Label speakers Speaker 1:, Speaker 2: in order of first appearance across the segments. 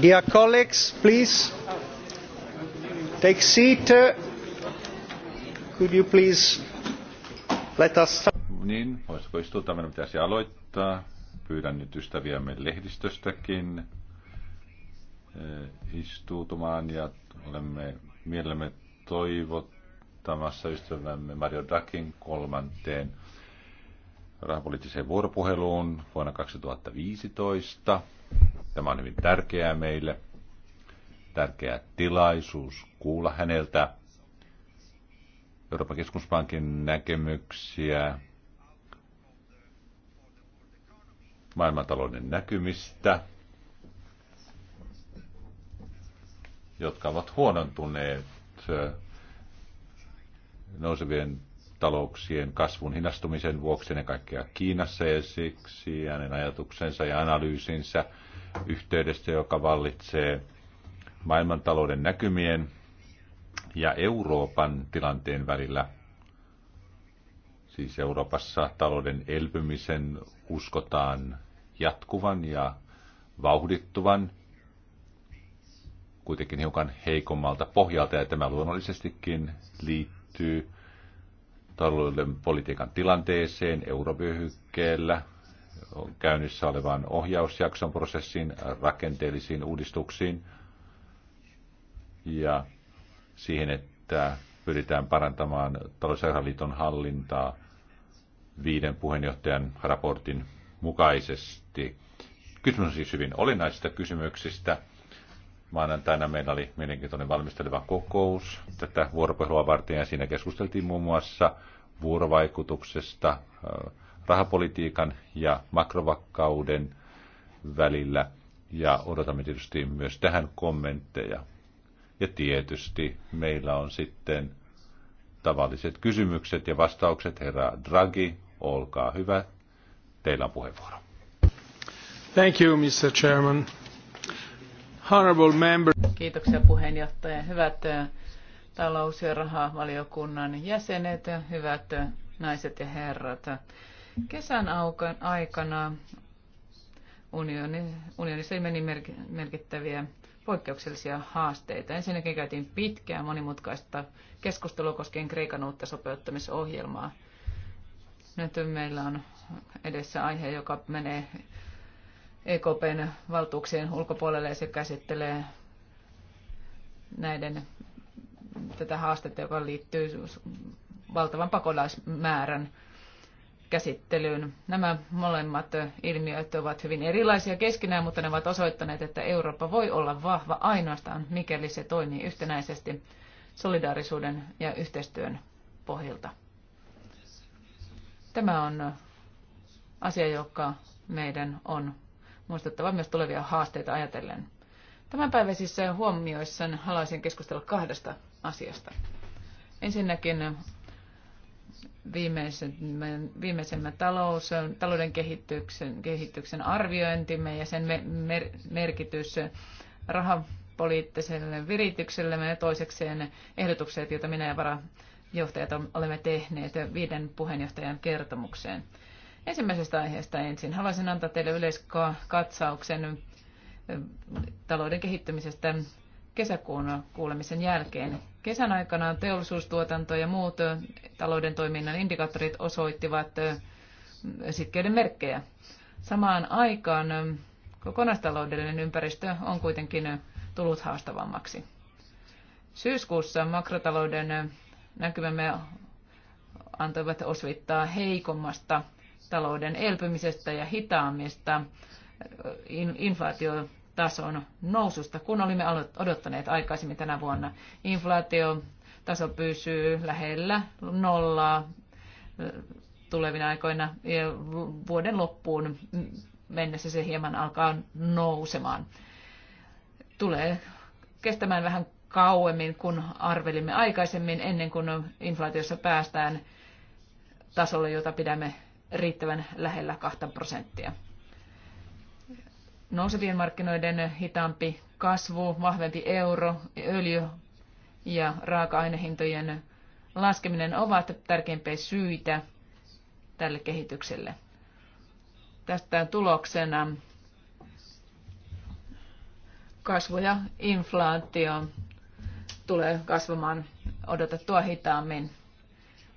Speaker 1: Dear colleagues, please take seat. Could you please let us start? Niin, voisiko istulta meidän pitäisi aloittaa. Pyydän nyt ystäviämme lehdistöstäkin eh, istuutumaan ja olemme mielemme toivottamassa ystävämme Mario Dakin kolmanteen rahapoliittiseen vuoropuheluun vuonna 2015. Tämä on hyvin tärkeää meille, tärkeä tilaisuus kuulla häneltä Euroopan keskuspankin näkemyksiä, maailmantalouden näkymistä, jotka ovat huonontuneet äh, nousevien talouksien kasvun hinastumisen vuoksi ne kaikkea Kiinassa ja siksi hänen ajatuksensa ja analyysinsä yhteydestä, joka vallitsee maailmantalouden näkymien ja Euroopan tilanteen välillä. Siis Euroopassa talouden elpymisen uskotaan jatkuvan ja vauhdittuvan kuitenkin hiukan heikommalta pohjalta ja tämä luonnollisestikin liittyy talouden politiikan tilanteeseen eurovyöhykkeellä, käynnissä olevaan ohjausjakson prosessiin, rakenteellisiin uudistuksiin ja siihen, että pyritään parantamaan talousarvoliiton hallintaa viiden puheenjohtajan raportin mukaisesti. Kysymys on siis hyvin olennaisista kysymyksistä – Maanantaina meillä oli mielenkiintoinen valmisteleva kokous tätä vuoropuhelua varten ja siinä keskusteltiin muun muassa vuorovaikutuksesta rahapolitiikan ja makrovakkauden välillä ja odotamme tietysti myös tähän kommentteja. Ja tietysti meillä on sitten tavalliset kysymykset ja vastaukset. Herra Draghi, olkaa hyvä. Teillä on puheenvuoro. Thank you, Mr. Chairman. Honorable member.
Speaker 2: Kiitoksia puheenjohtaja. Hyvät talous- ja rahavaliokunnan jäsenet, hyvät naiset ja herrat. Kesän aikana unionissa ilmeni merkittäviä poikkeuksellisia haasteita. Ensinnäkin käytiin pitkää monimutkaista keskustelua koskien Kreikan uutta sopeuttamisohjelmaa. Nyt meillä on edessä aihe, joka menee EKPn valtuuksien ulkopuolelle ja se käsittelee näiden tätä haastetta, joka liittyy valtavan pakolaismäärän käsittelyyn. Nämä molemmat ilmiöt ovat hyvin erilaisia keskenään, mutta ne ovat osoittaneet, että Eurooppa voi olla vahva ainoastaan, mikäli se toimii yhtenäisesti solidaarisuuden ja yhteistyön pohjalta. Tämä on asia, joka meidän on muistettava myös tulevia haasteita ajatellen. Tämänpäiväisissä huomioissa haluaisin keskustella kahdesta asiasta. Ensinnäkin viimeisemmän talous, talouden kehityksen, kehityksen arviointimme ja sen mer- merkitys rahapoliittiselle viritykselle ja toisekseen ehdotukset, joita minä ja varajohtajat olemme tehneet viiden puheenjohtajan kertomukseen. Ensimmäisestä aiheesta ensin. Haluaisin antaa teille yleiskatsauksen talouden kehittymisestä kesäkuun kuulemisen jälkeen. Kesän aikana teollisuustuotanto ja muut talouden toiminnan indikaattorit osoittivat sitkeyden merkkejä. Samaan aikaan kokonaistaloudellinen ympäristö on kuitenkin tullut haastavammaksi. Syyskuussa makrotalouden näkymämme antoivat osvittaa heikommasta talouden elpymisestä ja hitaammista inflaatiotason noususta, kun olimme odottaneet aikaisemmin tänä vuonna. Inflaatiotaso pysyy lähellä nollaa tulevina aikoina ja vuoden loppuun mennessä se hieman alkaa nousemaan. Tulee kestämään vähän kauemmin kuin arvelimme aikaisemmin, ennen kuin inflaatiossa päästään tasolle, jota pidämme riittävän lähellä 2 prosenttia. Nousevien markkinoiden hitaampi kasvu, vahvempi euro, öljy ja raaka-ainehintojen laskeminen ovat tärkeimpiä syitä tälle kehitykselle. Tästä tuloksena kasvu ja inflaatio tulee kasvamaan odotettua hitaammin.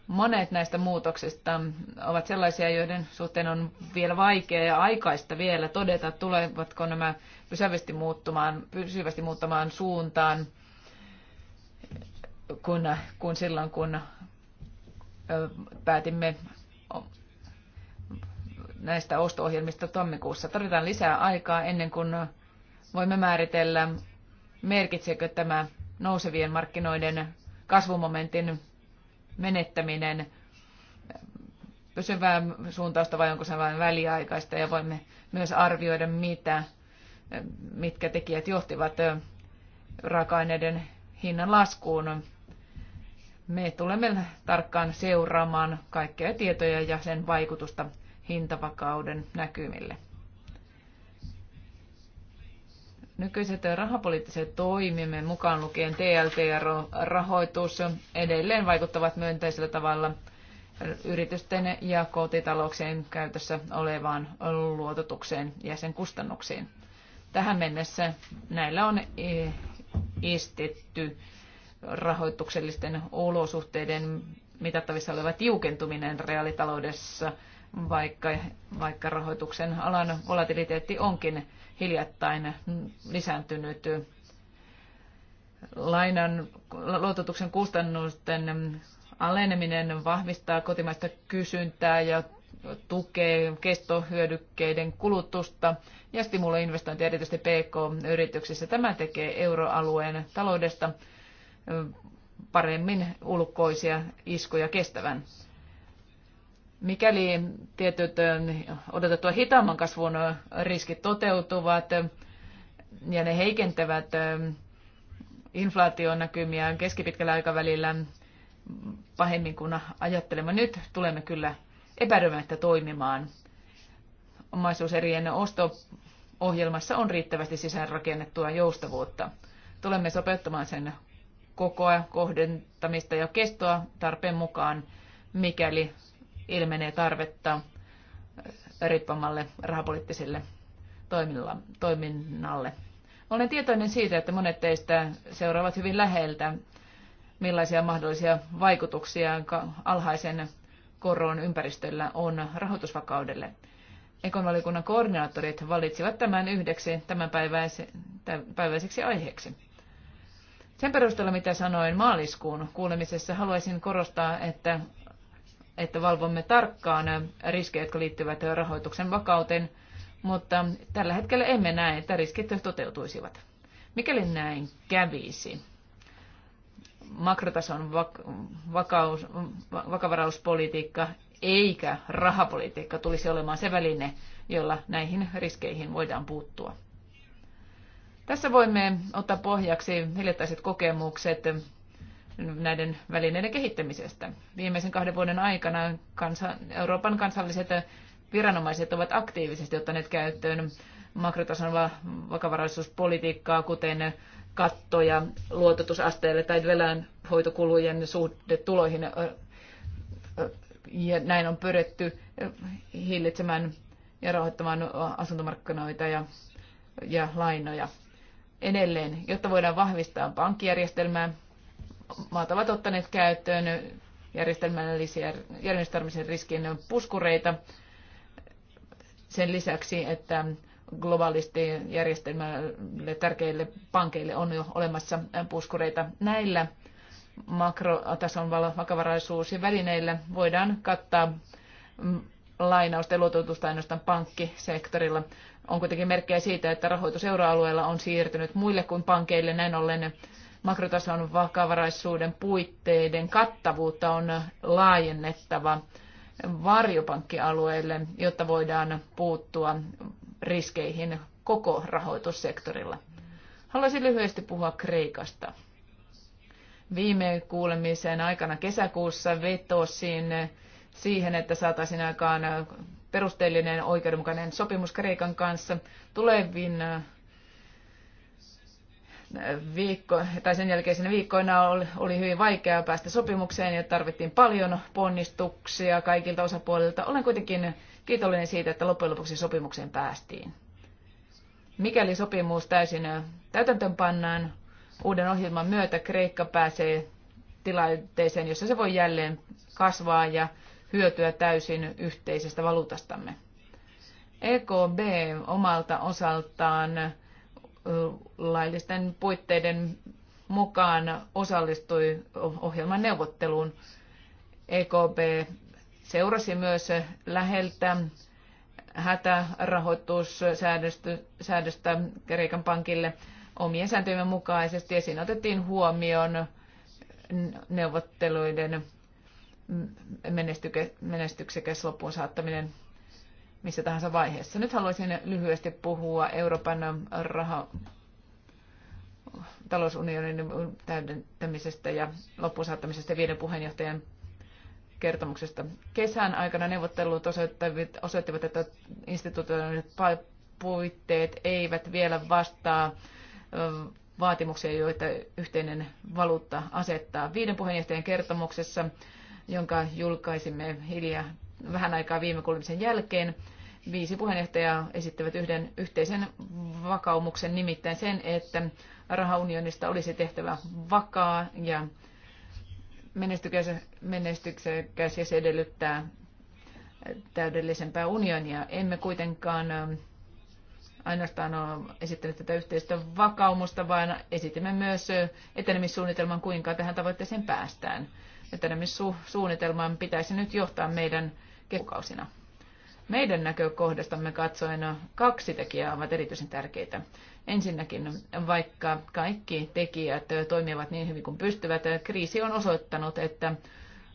Speaker 2: Monet näistä muutoksista ovat sellaisia, joiden suhteen on vielä vaikea ja aikaista vielä todeta, tulevatko nämä pysyvästi, muuttumaan, pysyvästi muuttamaan suuntaan kun, kun silloin, kun päätimme näistä osto-ohjelmista tammikuussa. Tarvitaan lisää aikaa ennen kuin voimme määritellä, merkitseekö tämä nousevien markkinoiden kasvumomentin menettäminen pysyvää suuntausta vai onko se vain väliaikaista ja voimme myös arvioida, mitä, mitkä tekijät johtivat raaka-aineiden hinnan laskuun. Me tulemme tarkkaan seuraamaan kaikkea tietoja ja sen vaikutusta hintavakauden näkymille. Nykyiset rahapoliittiset toimimme mukaan lukien TLTR-rahoitus edelleen vaikuttavat myönteisellä tavalla yritysten ja kotitalouksien käytössä olevaan luototukseen ja sen kustannuksiin. Tähän mennessä näillä on e, estetty rahoituksellisten olosuhteiden mitattavissa oleva tiukentuminen reaalitaloudessa, vaikka, vaikka rahoituksen alan volatiliteetti onkin hiljattain lisääntynyt lainan luototuksen kustannusten aleneminen vahvistaa kotimaista kysyntää ja tukee kestohyödykkeiden kulutusta ja stimuloi investointeja erityisesti PK-yrityksissä. Tämä tekee euroalueen taloudesta paremmin ulkoisia iskuja kestävän. Mikäli tietyt odotettua hitaamman kasvun riskit toteutuvat ja ne heikentävät inflaation näkymiä keskipitkällä aikavälillä pahemmin kuin ajattelemme nyt, tulemme kyllä epäröimättä toimimaan. Omaisuuserien osto-ohjelmassa on riittävästi sisäänrakennettua joustavuutta. Tulemme sopeuttamaan sen kokoa, kohdentamista ja kestoa tarpeen mukaan, mikäli ilmenee tarvetta riippamalle rahapoliittiselle toiminnalle. Olen tietoinen siitä, että monet teistä seuraavat hyvin läheltä, millaisia mahdollisia vaikutuksia alhaisen koron ympäristöllä on rahoitusvakaudelle. Ekonvalikunnan koordinaattorit valitsivat tämän yhdeksi tämänpäiväiseksi aiheeksi. Sen perusteella, mitä sanoin maaliskuun kuulemisessa, haluaisin korostaa, että että valvomme tarkkaan riskejä, jotka liittyvät rahoituksen vakauteen, mutta tällä hetkellä emme näe, että riskit toteutuisivat. Mikäli näin kävisi, makrotason vakaus, vakavarauspolitiikka eikä rahapolitiikka tulisi olemaan se väline, jolla näihin riskeihin voidaan puuttua. Tässä voimme ottaa pohjaksi hiljattaiset kokemukset näiden välineiden kehittämisestä. Viimeisen kahden vuoden aikana kansa, Euroopan kansalliset viranomaiset ovat aktiivisesti ottaneet käyttöön makrotason vakavaraisuuspolitiikkaa, kuten kattoja luototusasteelle tai hoitokulujen suhde tuloihin. Ja näin on pyritty hillitsemään ja rahoittamaan asuntomarkkinoita ja, ja lainoja. Edelleen, jotta voidaan vahvistaa pankkijärjestelmää, maat ovat ottaneet käyttöön järjestelmällisiä, järjestelmällisen riskin puskureita sen lisäksi, että globaalisti järjestelmälle tärkeille pankeille on jo olemassa puskureita. Näillä makrotason vakavaraisuusvälineillä voidaan kattaa lainausta ja luototusta ainoastaan pankkisektorilla. On kuitenkin merkkejä siitä, että rahoitus euroalueella on siirtynyt muille kuin pankeille. Näin ollen makrotason vakavaraisuuden puitteiden kattavuutta on laajennettava varjopankkialueille, jotta voidaan puuttua riskeihin koko rahoitussektorilla. Haluaisin lyhyesti puhua Kreikasta. Viime kuulemisen aikana kesäkuussa vetosin siihen, että saataisiin aikaan perusteellinen oikeudenmukainen sopimus Kreikan kanssa. Tulevin viikko, tai sen jälkeisenä viikkoina oli, oli hyvin vaikeaa päästä sopimukseen ja tarvittiin paljon ponnistuksia kaikilta osapuolilta. Olen kuitenkin kiitollinen siitä, että loppujen lopuksi sopimukseen päästiin. Mikäli sopimus täysin täytäntöön pannaan, uuden ohjelman myötä Kreikka pääsee tilanteeseen, jossa se voi jälleen kasvaa ja hyötyä täysin yhteisestä valuutastamme. EKB omalta osaltaan laillisten puitteiden mukaan osallistui ohjelman neuvotteluun. EKP seurasi myös läheltä hätärahoitussäädöstä Kreikan pankille omien sääntöjen mukaisesti ja siinä otettiin huomioon neuvotteluiden menestyksekäs loppuun saattaminen missä tahansa vaiheessa. Nyt haluaisin lyhyesti puhua Euroopan raha, talousunionin täydentämisestä ja loppusaattamisesta viiden puheenjohtajan kertomuksesta. Kesän aikana neuvottelut osoittivat, että instituutioiden puitteet eivät vielä vastaa vaatimuksia, joita yhteinen valuutta asettaa. Viiden puheenjohtajan kertomuksessa, jonka julkaisimme hiljaa vähän aikaa viime kuulemisen jälkeen. Viisi puheenjohtajaa esittävät yhden yhteisen vakaumuksen, nimittäin sen, että rahaunionista olisi tehtävä vakaa ja menestyksekäs, menestyksekäs ja se edellyttää täydellisempää unionia. Emme kuitenkaan ähm, ainoastaan ole esittäneet tätä yhteistä vakaumusta, vaan esitimme myös äh, etenemissuunnitelman, kuinka tähän tavoitteeseen päästään. Etenemissuunnitelman pitäisi nyt johtaa meidän kuukausina. Meidän näkökohdastamme katsoen kaksi tekijää ovat erityisen tärkeitä. Ensinnäkin, vaikka kaikki tekijät toimivat niin hyvin kuin pystyvät, kriisi on osoittanut, että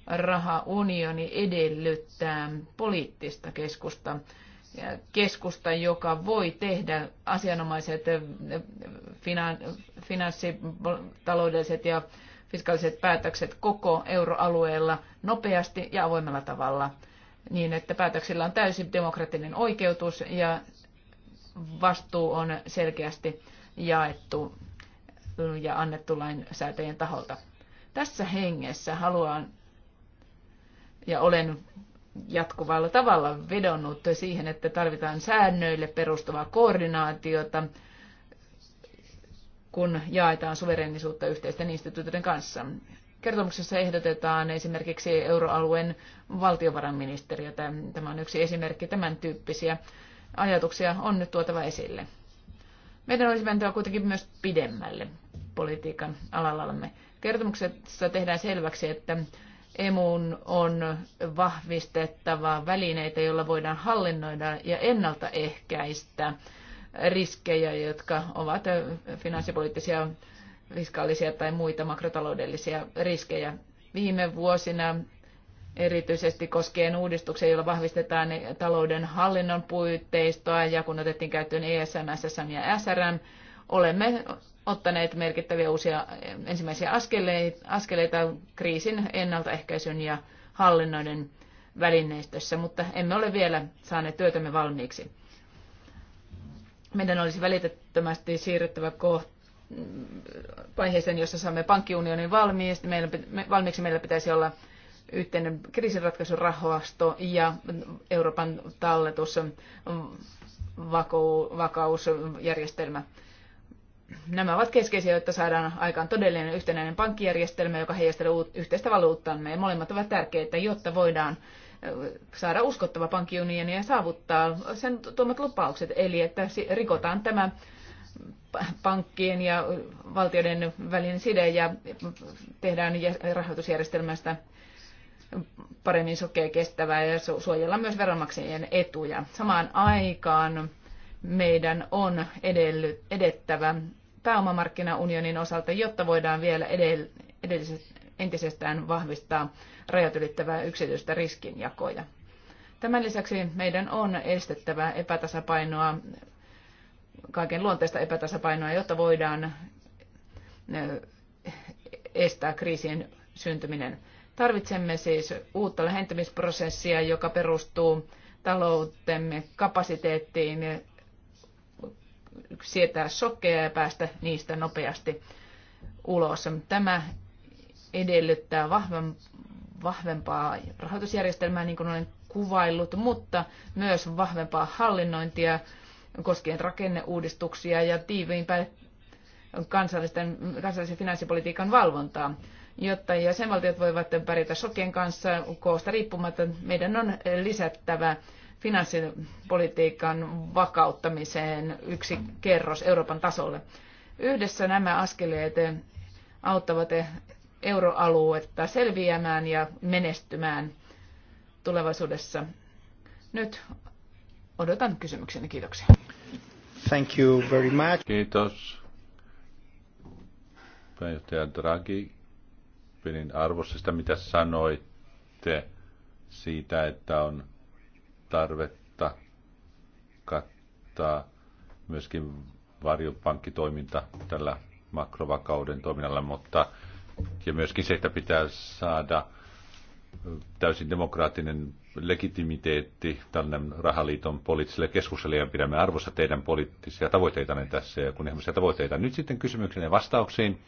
Speaker 2: rahaunioni edellyttää poliittista keskusta, keskusta, joka voi tehdä asianomaiset finanssitaloudelliset ja fiskaaliset päätökset koko euroalueella nopeasti ja avoimella tavalla – niin, että päätöksillä on täysin demokraattinen oikeutus ja vastuu on selkeästi jaettu ja annettu lainsäätäjien taholta. Tässä hengessä haluan ja olen jatkuvalla tavalla vedonnut siihen, että tarvitaan säännöille perustuvaa koordinaatiota, kun jaetaan suverenisuutta yhteisten instituutioiden kanssa. Kertomuksessa ehdotetaan esimerkiksi euroalueen valtiovarainministeriötä. Tämä on yksi esimerkki. Tämän tyyppisiä ajatuksia on nyt tuotava esille. Meidän olisi mentävä kuitenkin myös pidemmälle politiikan alallamme. Kertomuksessa tehdään selväksi, että EMUn on vahvistettava välineitä, joilla voidaan hallinnoida ja ennaltaehkäistä riskejä, jotka ovat finanssipoliittisia fiskaalisia tai muita makrotaloudellisia riskejä. Viime vuosina erityisesti koskien uudistuksia, joilla vahvistetaan talouden hallinnon puitteistoa ja kun otettiin käyttöön ESM, SSM ja SRM, olemme ottaneet merkittäviä uusia ensimmäisiä askeleita kriisin ennaltaehkäisyn ja hallinnoiden välineistössä, mutta emme ole vielä saaneet työtämme valmiiksi. Meidän olisi välitettömästi siirryttävä kohti vaiheeseen, jossa saamme pankkiunionin valmiiksi. Meillä, valmiiksi meillä pitäisi olla yhteinen kriisinratkaisurahasto ja Euroopan talletus vakausjärjestelmä. Nämä ovat keskeisiä, jotta saadaan aikaan todellinen yhtenäinen pankkijärjestelmä, joka heijastelee yhteistä valuuttamme. Ja molemmat ovat tärkeitä, jotta voidaan äh, saada uskottava pankkiunioni ja saavuttaa sen tuomat lupaukset, eli että rikotaan tämä pankkien ja valtioiden välinen side ja tehdään rahoitusjärjestelmästä paremmin sokea kestävää ja suojella myös veronmaksajien etuja. Samaan aikaan meidän on edelly, edettävä pääomamarkkinaunionin osalta, jotta voidaan vielä edell, entisestään vahvistaa rajat ylittävää yksityistä riskinjakoja. Tämän lisäksi meidän on estettävä epätasapainoa kaiken luonteista epätasapainoa, jotta voidaan estää kriisien syntyminen. Tarvitsemme siis uutta lähentymisprosessia, joka perustuu taloutemme kapasiteettiin sietää sokkeja ja päästä niistä nopeasti ulos. Tämä edellyttää vahvempaa rahoitusjärjestelmää, niin kuin olen kuvaillut, mutta myös vahvempaa hallinnointia koskien rakenneuudistuksia ja tiiviimpää kansallisten, kansallisen finanssipolitiikan valvontaa. Jotta jäsenvaltiot voivat pärjätä sokien kanssa koosta riippumatta, meidän on lisättävä finanssipolitiikan vakauttamiseen yksi kerros Euroopan tasolle. Yhdessä nämä askeleet auttavat euroaluetta selviämään ja menestymään tulevaisuudessa. Nyt Odotan kysymyksenne. Kiitoksia.
Speaker 1: Thank you very much. Kiitos. Pääjohtaja Draghi, pidin arvossa sitä, mitä sanoitte siitä, että on tarvetta kattaa myöskin varjopankkitoiminta tällä makrovakauden toiminnalla, mutta ja myöskin se, että pitää saada täysin demokraattinen legitimiteetti tänne rahaliiton poliittiselle keskukselle ja pidämme arvossa teidän poliittisia tavoitteitanne tässä ja kunnianhimoisia tavoitteita. Nyt sitten kysymyksiin ja vastauksiin.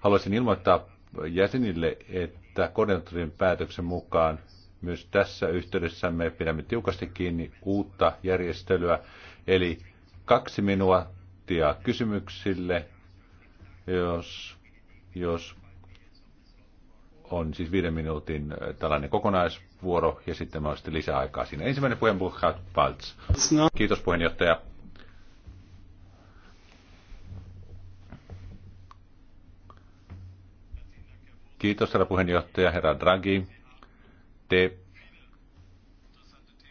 Speaker 1: Haluaisin ilmoittaa jäsenille, että koordinaattorin päätöksen mukaan myös tässä yhteydessä me pidämme tiukasti kiinni uutta järjestelyä, eli kaksi minuuttia kysymyksille, jos, jos on siis viiden minuutin äh, tällainen kokonaisvuoro ja sitten mä sitten lisäaikaa siinä. Ensimmäinen puheenvuoro Paltz. Kiitos puheenjohtaja. Kiitos herra puheenjohtaja, herra Draghi. Te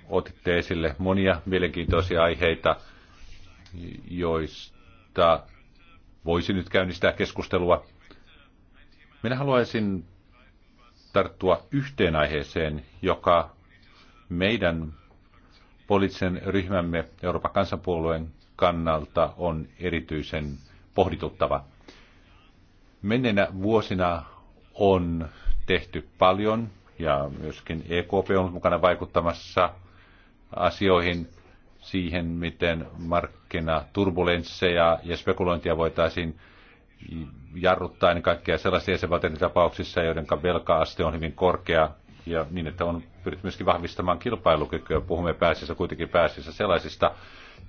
Speaker 1: otitte esille monia mielenkiintoisia aiheita, joista voisi nyt käynnistää keskustelua. Minä haluaisin tarttua yhteen aiheeseen, joka meidän poliittisen ryhmämme Euroopan kansanpuolueen kannalta on erityisen pohdituttava. Menneinä vuosina on tehty paljon ja myöskin EKP on mukana vaikuttamassa asioihin siihen, miten markkinaturbulensseja ja spekulointia voitaisiin jarruttaa ennen kaikkea sellaisia jäsenvaltioiden tapauksissa, joiden velka-aste on hyvin korkea ja niin, että on pyritty myöskin vahvistamaan kilpailukykyä. Puhumme pääsissä kuitenkin pääsissä sellaisista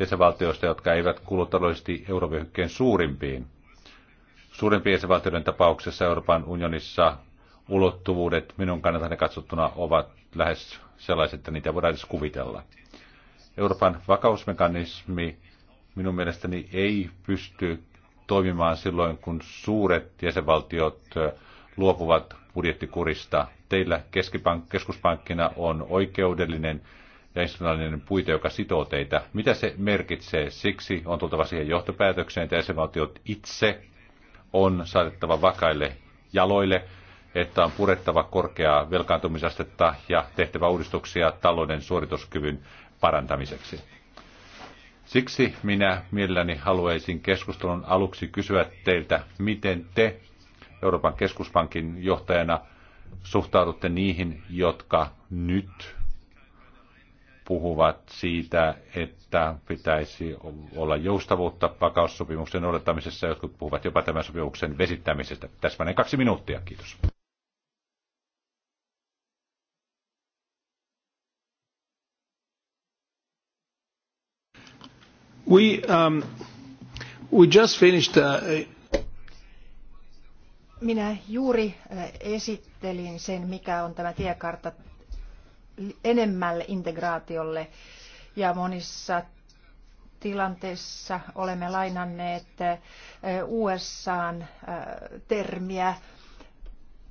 Speaker 1: jäsenvaltioista, jotka eivät kuulu taloudellisesti eurovyöhykkeen suurimpiin. Suurimpien jäsenvaltioiden tapauksessa Euroopan unionissa ulottuvuudet minun kannaltani katsottuna ovat lähes sellaiset, että niitä voidaan edes kuvitella. Euroopan vakausmekanismi minun mielestäni ei pysty toimimaan silloin, kun suuret jäsenvaltiot luopuvat budjettikurista. Teillä keskuspankkina on oikeudellinen ja institutionaalinen puite, joka sitoo teitä. Mitä se merkitsee? Siksi on tultava siihen johtopäätökseen, että jäsenvaltiot itse on saatettava vakaille jaloille, että on purettava korkeaa velkaantumisastetta ja tehtävä uudistuksia talouden suorituskyvyn parantamiseksi. Siksi minä mielelläni haluaisin keskustelun aluksi kysyä teiltä, miten te Euroopan keskuspankin johtajana suhtaudutte niihin, jotka nyt puhuvat siitä, että pitäisi olla joustavuutta vakaussopimuksen noudattamisessa. Jotkut puhuvat jopa tämän sopimuksen vesittämisestä. Täsmälleen kaksi minuuttia. Kiitos. We, um, we just finished, uh...
Speaker 3: Minä juuri äh, esittelin sen, mikä on tämä tiekartta enemmälle integraatiolle ja monissa tilanteissa olemme lainanneet äh, USAn äh, termiä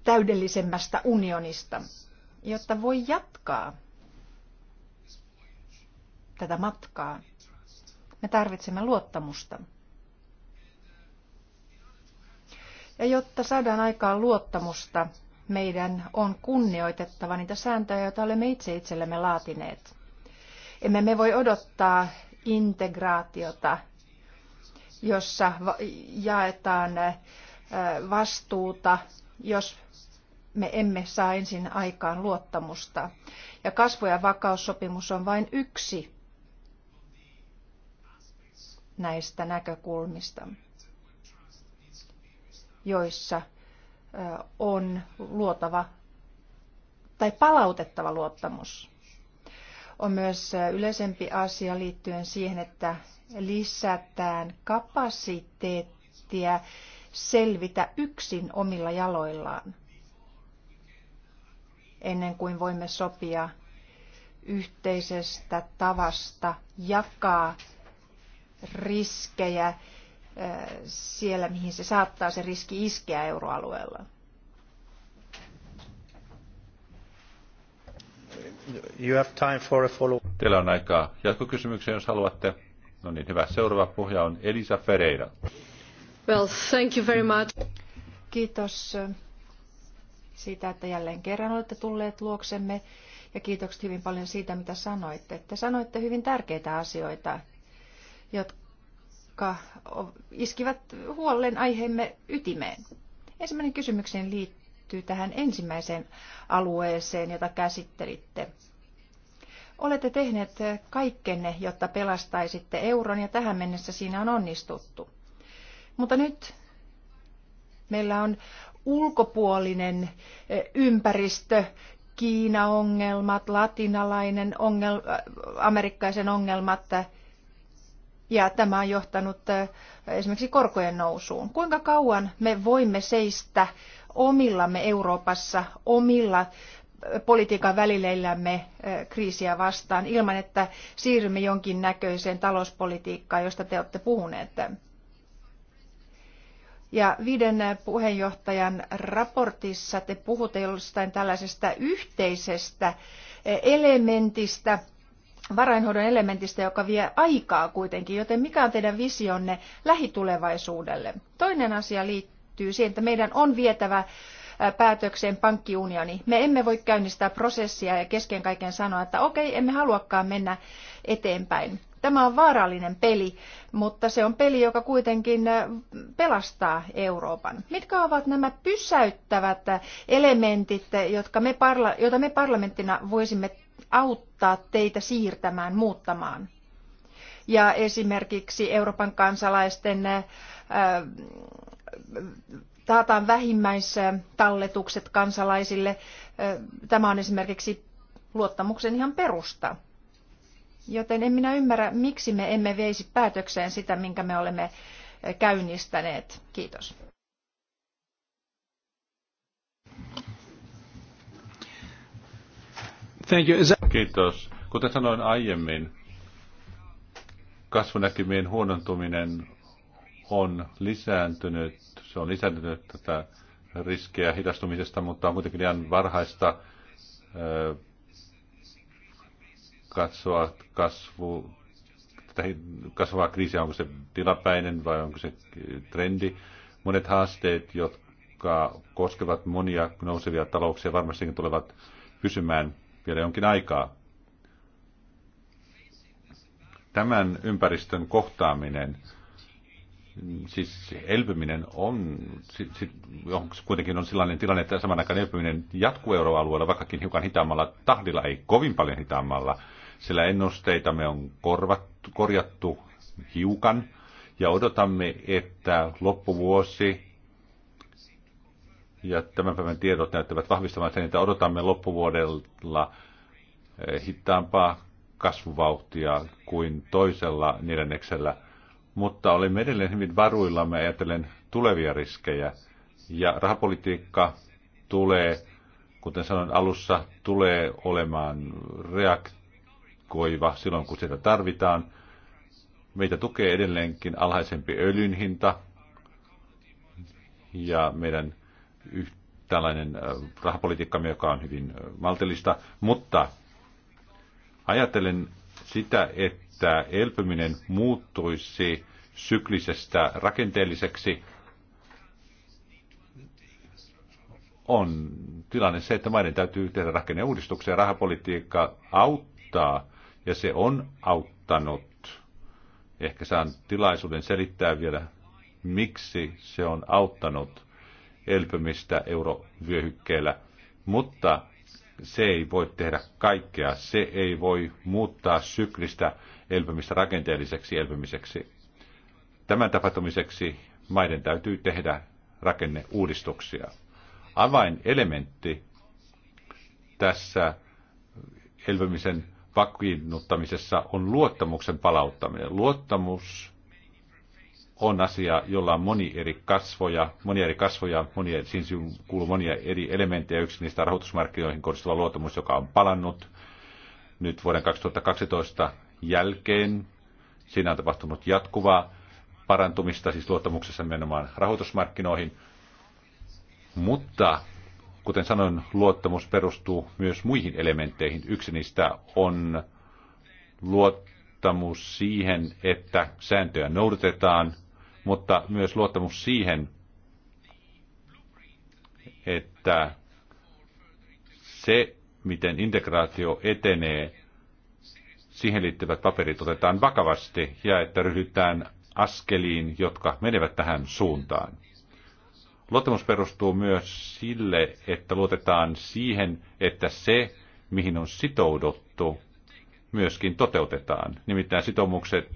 Speaker 3: täydellisemmästä unionista, jotta voi jatkaa tätä matkaa. Me tarvitsemme luottamusta. Ja jotta saadaan aikaan luottamusta, meidän on kunnioitettava niitä sääntöjä, joita olemme itse itsellemme laatineet. Emme me voi odottaa integraatiota, jossa jaetaan vastuuta, jos me emme saa ensin aikaan luottamusta. Ja kasvu- ja vakaussopimus on vain yksi näistä näkökulmista, joissa on luotava tai palautettava luottamus. On myös yleisempi asia liittyen siihen, että lisätään kapasiteettia selvitä yksin omilla jaloillaan ennen kuin voimme sopia yhteisestä tavasta jakaa riskejä siellä, mihin se saattaa se riski iskeä euroalueella?
Speaker 1: You have time for a follow. Teillä on aikaa jatkokysymykseen, jos haluatte. No niin, hyvä. Seuraava puhuja on Elisa Ferreira. Well, thank
Speaker 3: you very much. Kiitos siitä, että jälleen kerran olette tulleet luoksemme ja kiitokset hyvin paljon siitä, mitä sanoitte. Te sanoitte hyvin tärkeitä asioita jotka iskivät huolen aiheemme ytimeen. Ensimmäinen kysymykseen liittyy tähän ensimmäiseen alueeseen, jota käsittelitte. Olette tehneet kaikkenne, jotta pelastaisitte euron ja tähän mennessä siinä on onnistuttu. Mutta nyt meillä on ulkopuolinen e, ympäristö, Kiina-ongelmat, latinalainen ongelma, amerikkaisen ongelmat, ja tämä on johtanut esimerkiksi korkojen nousuun. Kuinka kauan me voimme seistä omillamme Euroopassa, omilla politiikan välileillämme kriisiä vastaan ilman, että siirrymme jonkin näköiseen talouspolitiikkaan, josta te olette puhuneet? Ja viiden puheenjohtajan raportissa te puhutte jostain tällaisesta yhteisestä elementistä, varainhoidon elementistä, joka vie aikaa kuitenkin, joten mikä on teidän visionne lähitulevaisuudelle? Toinen asia liittyy siihen, että meidän on vietävä päätökseen pankkiunioni. Me emme voi käynnistää prosessia ja kesken kaiken sanoa, että okei, emme haluakaan mennä eteenpäin. Tämä on vaarallinen peli, mutta se on peli, joka kuitenkin pelastaa Euroopan. Mitkä ovat nämä pysäyttävät elementit, jotka me parla- joita me parlamenttina voisimme auttaa teitä siirtämään, muuttamaan. Ja esimerkiksi Euroopan kansalaisten ää, äh, taataan vähimmäistalletukset kansalaisille. Äh, tämä on esimerkiksi luottamuksen ihan perusta. Joten en minä ymmärrä, miksi me emme veisi päätökseen sitä, minkä me olemme äh, käynnistäneet. Kiitos.
Speaker 1: Thank you. Kiitos. Kuten sanoin aiemmin, kasvunäkymien huonontuminen on lisääntynyt. Se on lisännyt tätä riskejä hidastumisesta, mutta on kuitenkin ihan varhaista katsoa kasvu, kasvavaa kriisiä, onko se tilapäinen vai onko se trendi. Monet haasteet, jotka koskevat monia nousevia talouksia, varmastikin tulevat pysymään vielä jonkin aikaa. Tämän ympäristön kohtaaminen, siis elpyminen on, kuitenkin on sellainen tilanne, että saman aikaan elpyminen jatkuu euroalueella, vaikkakin hiukan hitaammalla tahdilla, ei kovin paljon hitaammalla, sillä ennusteita me on korvattu, korjattu hiukan, ja odotamme, että loppuvuosi ja tämän päivän tiedot näyttävät vahvistamaan, sen, että odotamme loppuvuodella eh, hitaampaa kasvuvauhtia kuin toisella neljänneksellä, mutta olemme edelleen hyvin varuillamme ajatellen tulevia riskejä. Ja rahapolitiikka tulee, kuten sanoin alussa, tulee olemaan reaktoiva silloin, kun sitä tarvitaan. Meitä tukee edelleenkin alhaisempi öljyn hinta ja meidän tällainen rahapolitiikka, joka on hyvin maltillista, mutta ajatellen sitä, että elpyminen muuttuisi syklisestä rakenteelliseksi, on tilanne se, että maiden täytyy tehdä rakenneuudistuksia. Rahapolitiikka auttaa, ja se on auttanut. Ehkä saan tilaisuuden selittää vielä, miksi se on auttanut elpymistä eurovyöhykkeellä, mutta se ei voi tehdä kaikkea. Se ei voi muuttaa syklistä elpymistä rakenteelliseksi elpymiseksi. Tämän tapahtumiseksi maiden täytyy tehdä rakenneuudistuksia. Avainelementti tässä elpymisen vakiinnuttamisessa on luottamuksen palauttaminen. Luottamus on asia, jolla on moni eri kasvoja, monia eri kasvoja, monia, siinä kuuluu monia eri elementtejä. Yksi niistä rahoitusmarkkinoihin kohdistuva luottamus, joka on palannut nyt vuoden 2012 jälkeen. Siinä on tapahtunut jatkuvaa parantumista, siis luottamuksessa nimenomaan rahoitusmarkkinoihin. Mutta kuten sanoin, luottamus perustuu myös muihin elementteihin. Yksi niistä on luottamus siihen, että sääntöjä noudatetaan mutta myös luottamus siihen, että se, miten integraatio etenee, siihen liittyvät paperit otetaan vakavasti ja että ryhdytään askeliin, jotka menevät tähän suuntaan. Luottamus perustuu myös sille, että luotetaan siihen, että se, mihin on sitouduttu, myöskin toteutetaan. Nimittäin sitoumukset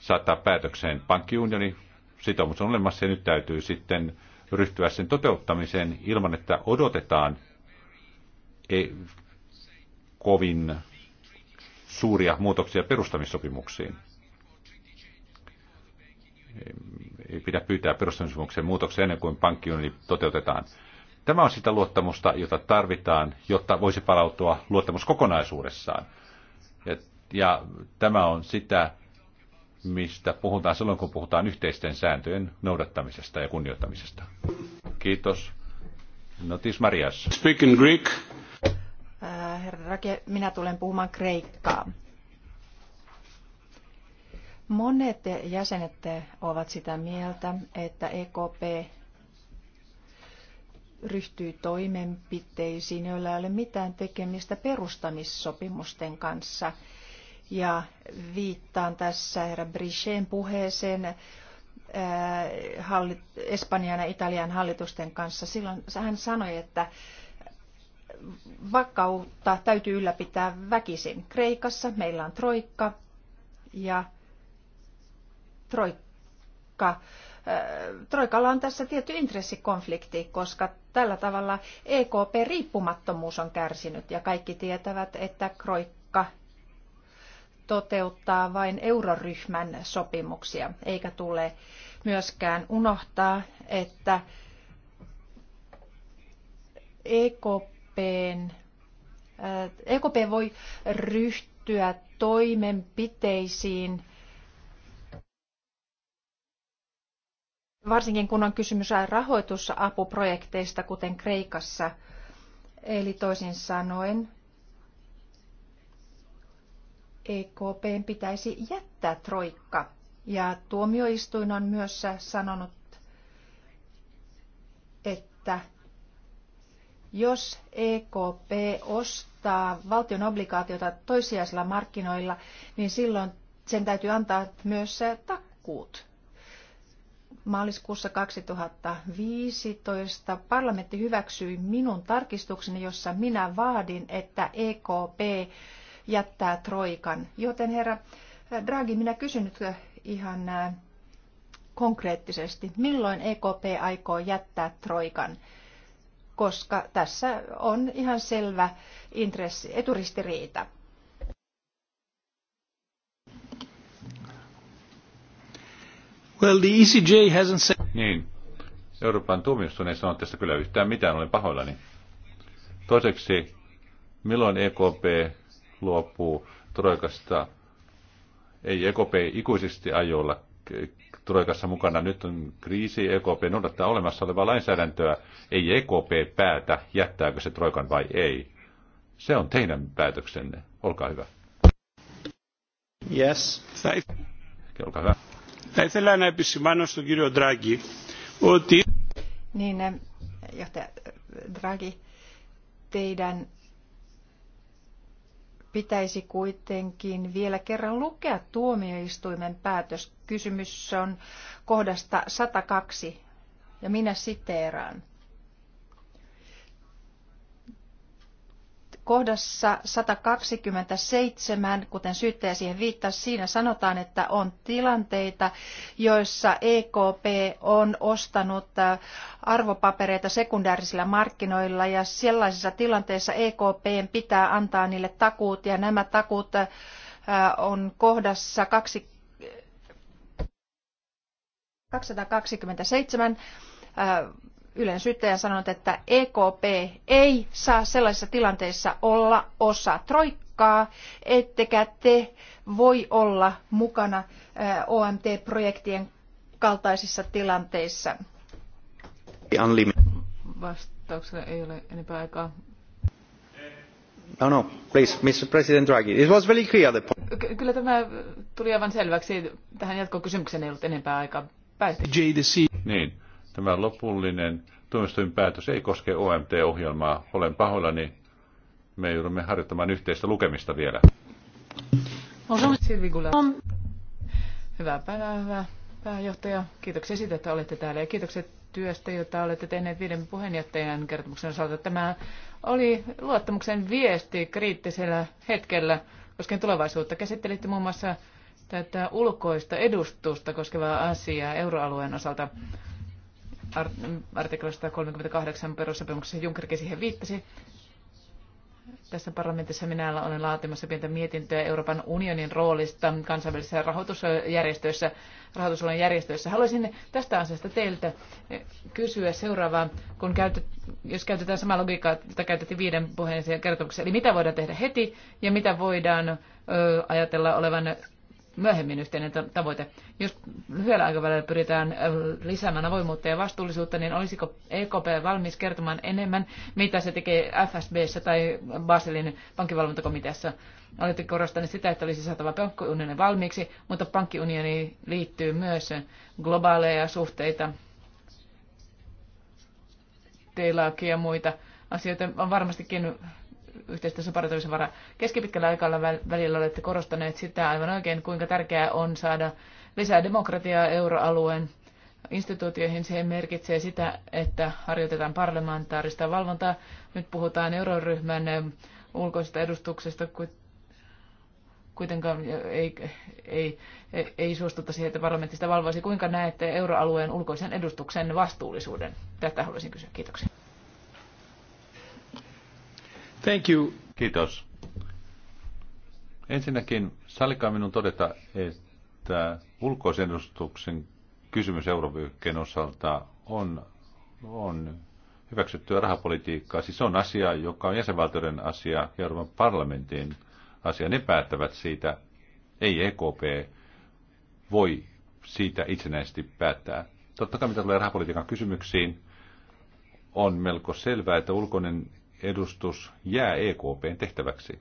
Speaker 1: saattaa päätökseen pankkiunioni. Sitoumus on olemassa ja nyt täytyy sitten ryhtyä sen toteuttamiseen ilman, että odotetaan ei kovin suuria muutoksia perustamissopimuksiin. Ei pidä pyytää perustamissopimuksen muutoksia ennen kuin pankkiunioni toteutetaan. Tämä on sitä luottamusta, jota tarvitaan, jotta voisi palautua luottamus kokonaisuudessaan. Ja, ja tämä on sitä, mistä puhutaan silloin, kun puhutaan yhteisten sääntöjen noudattamisesta ja kunnioittamisesta. Kiitos. Notis Marias. Speak in Greek.
Speaker 3: Uh, herra Rake, minä tulen puhumaan kreikkaa. Monet jäsenet ovat sitä mieltä, että EKP ryhtyy toimenpiteisiin, joilla ei ole mitään tekemistä perustamissopimusten kanssa – ja viittaan tässä herra Brichén puheeseen äh, hallit, Espanjan ja Italian hallitusten kanssa. Silloin hän sanoi, että vakautta täytyy ylläpitää väkisin. Kreikassa meillä on troikka ja troikka. Äh, troikalla on tässä tietty intressikonflikti, koska tällä tavalla EKP-riippumattomuus on kärsinyt ja kaikki tietävät, että Kroikka toteuttaa vain euroryhmän sopimuksia, eikä tule myöskään unohtaa, että EKPn, äh, EKP voi ryhtyä toimenpiteisiin, varsinkin kun on kysymys rahoitusapuprojekteista, kuten Kreikassa. Eli toisin sanoen EKPn pitäisi jättää troikka. Ja tuomioistuin on myös sanonut, että jos EKP ostaa valtion obligaatiota toisiaisilla markkinoilla, niin silloin sen täytyy antaa myös takkuut. Maaliskuussa 2015 parlamentti hyväksyi minun tarkistukseni, jossa minä vaadin, että EKP jättää Troikan. Joten herra eh, Draghi, minä kysyn nyt eh, ihan eh, konkreettisesti, milloin EKP aikoo jättää Troikan? Koska tässä on ihan selvä intressi, eturistiriita.
Speaker 1: Well, the ECJ hasn't said... Niin. Euroopan tuomioistuin ei sano tästä kyllä yhtään mitään, olen pahoillani. Toiseksi, milloin EKP luopuu Troikasta. Ei EKP ikuisesti aio olla Troikassa mukana. Nyt on kriisi, EKP noudattaa olemassa olevaa lainsäädäntöä. Ei EKP päätä, jättääkö se Troikan vai ei. Se on teidän päätöksenne. Olkaa hyvä. Yes. Olkaa hyvä. Θα ήθελα να επισημάνω στον κύριο Ντράγκη ότι...
Speaker 3: Niin, johtaja Draghi, teidän pitäisi kuitenkin vielä kerran lukea tuomioistuimen päätös. Kysymys on kohdasta 102 ja minä siteeraan. Kohdassa 127, kuten syyttäjä siihen viittasi, siinä sanotaan, että on tilanteita, joissa EKP on ostanut äh, arvopapereita sekundäärisillä markkinoilla ja sellaisissa tilanteissa EKPn pitää antaa niille takuut ja nämä takuut äh, on kohdassa 227 Ylen syyttäjä sanonut, että EKP ei saa sellaisissa tilanteissa olla osa troikkaa, ettekä te voi olla mukana OMT-projektien kaltaisissa tilanteissa.
Speaker 2: Vastauksena ei ole enempää aikaa.
Speaker 1: No, no, please, Mr. President Draghi. It was very clear the
Speaker 2: point. Kyllä tämä tuli aivan selväksi. Tähän jatkokysymykseen ei ollut enempää aikaa.
Speaker 1: Päästiin. JDC. Niin Tämä lopullinen tuomioistuin päätös ei koske OMT-ohjelmaa. Olen pahoillani. Me joudumme harjoittamaan yhteistä lukemista vielä.
Speaker 2: Hyvää päivää, hyvä pääjohtaja. Kiitoksia siitä, että olette täällä ja kiitokset työstä, jota olette tehneet viiden puheenjohtajan kertomuksen osalta. Tämä oli luottamuksen viesti kriittisellä hetkellä koskien tulevaisuutta. Käsittelitte muun muassa tätä ulkoista edustusta koskevaa asiaa euroalueen osalta artiklasta 38 perussopimuksessa Junckerkin siihen viittasi. Tässä parlamentissa minä olen laatimassa pientä mietintöä Euroopan unionin roolista kansainvälisissä rahoitusjärjestöissä, rahoitusalan järjestöissä. Haluaisin tästä asiasta teiltä kysyä seuraavaa, kun käytet, jos käytetään samaa logiikkaa, jota käytettiin viiden puheenjohtajan kertomuksessa, eli mitä voidaan tehdä heti ja mitä voidaan ö, ajatella olevan myöhemmin yhteinen tavoite. Jos lyhyellä aikavälillä pyritään lisäämään avoimuutta ja vastuullisuutta, niin olisiko EKP valmis kertomaan enemmän, mitä se tekee FSBssä tai Baselin pankkivalvontakomiteassa? Olette korostaneet sitä, että olisi saatava pankkiunioni valmiiksi, mutta pankkiunioni liittyy myös globaaleja suhteita, teilaakin ja muita asioita on varmastikin yhteistyössä parantamisen varaa. Keskipitkällä välillä olette korostaneet sitä aivan oikein, kuinka tärkeää on saada lisää demokratiaa euroalueen instituutioihin. Se merkitsee sitä, että harjoitetaan parlamentaarista valvontaa. Nyt puhutaan euroryhmän eh, ulkoisesta edustuksesta, kuitenkaan ei, ei, ei, ei suostuta siihen, että parlamentista valvoisi. Kuinka näette euroalueen ulkoisen edustuksen vastuullisuuden? Tätä haluaisin kysyä. Kiitoksia.
Speaker 1: Thank you. Kiitos. Ensinnäkin sallikaa minun todeta, että ulkoisennustuksen kysymys Euroopan osalta on, on hyväksyttyä rahapolitiikkaa. Siis se on asia, joka on jäsenvaltioiden asia ja Euroopan parlamentin asia. Ne päättävät siitä, ei EKP voi siitä itsenäisesti päättää. Totta kai mitä tulee rahapolitiikan kysymyksiin, on melko selvää, että ulkoinen edustus jää EKPn tehtäväksi.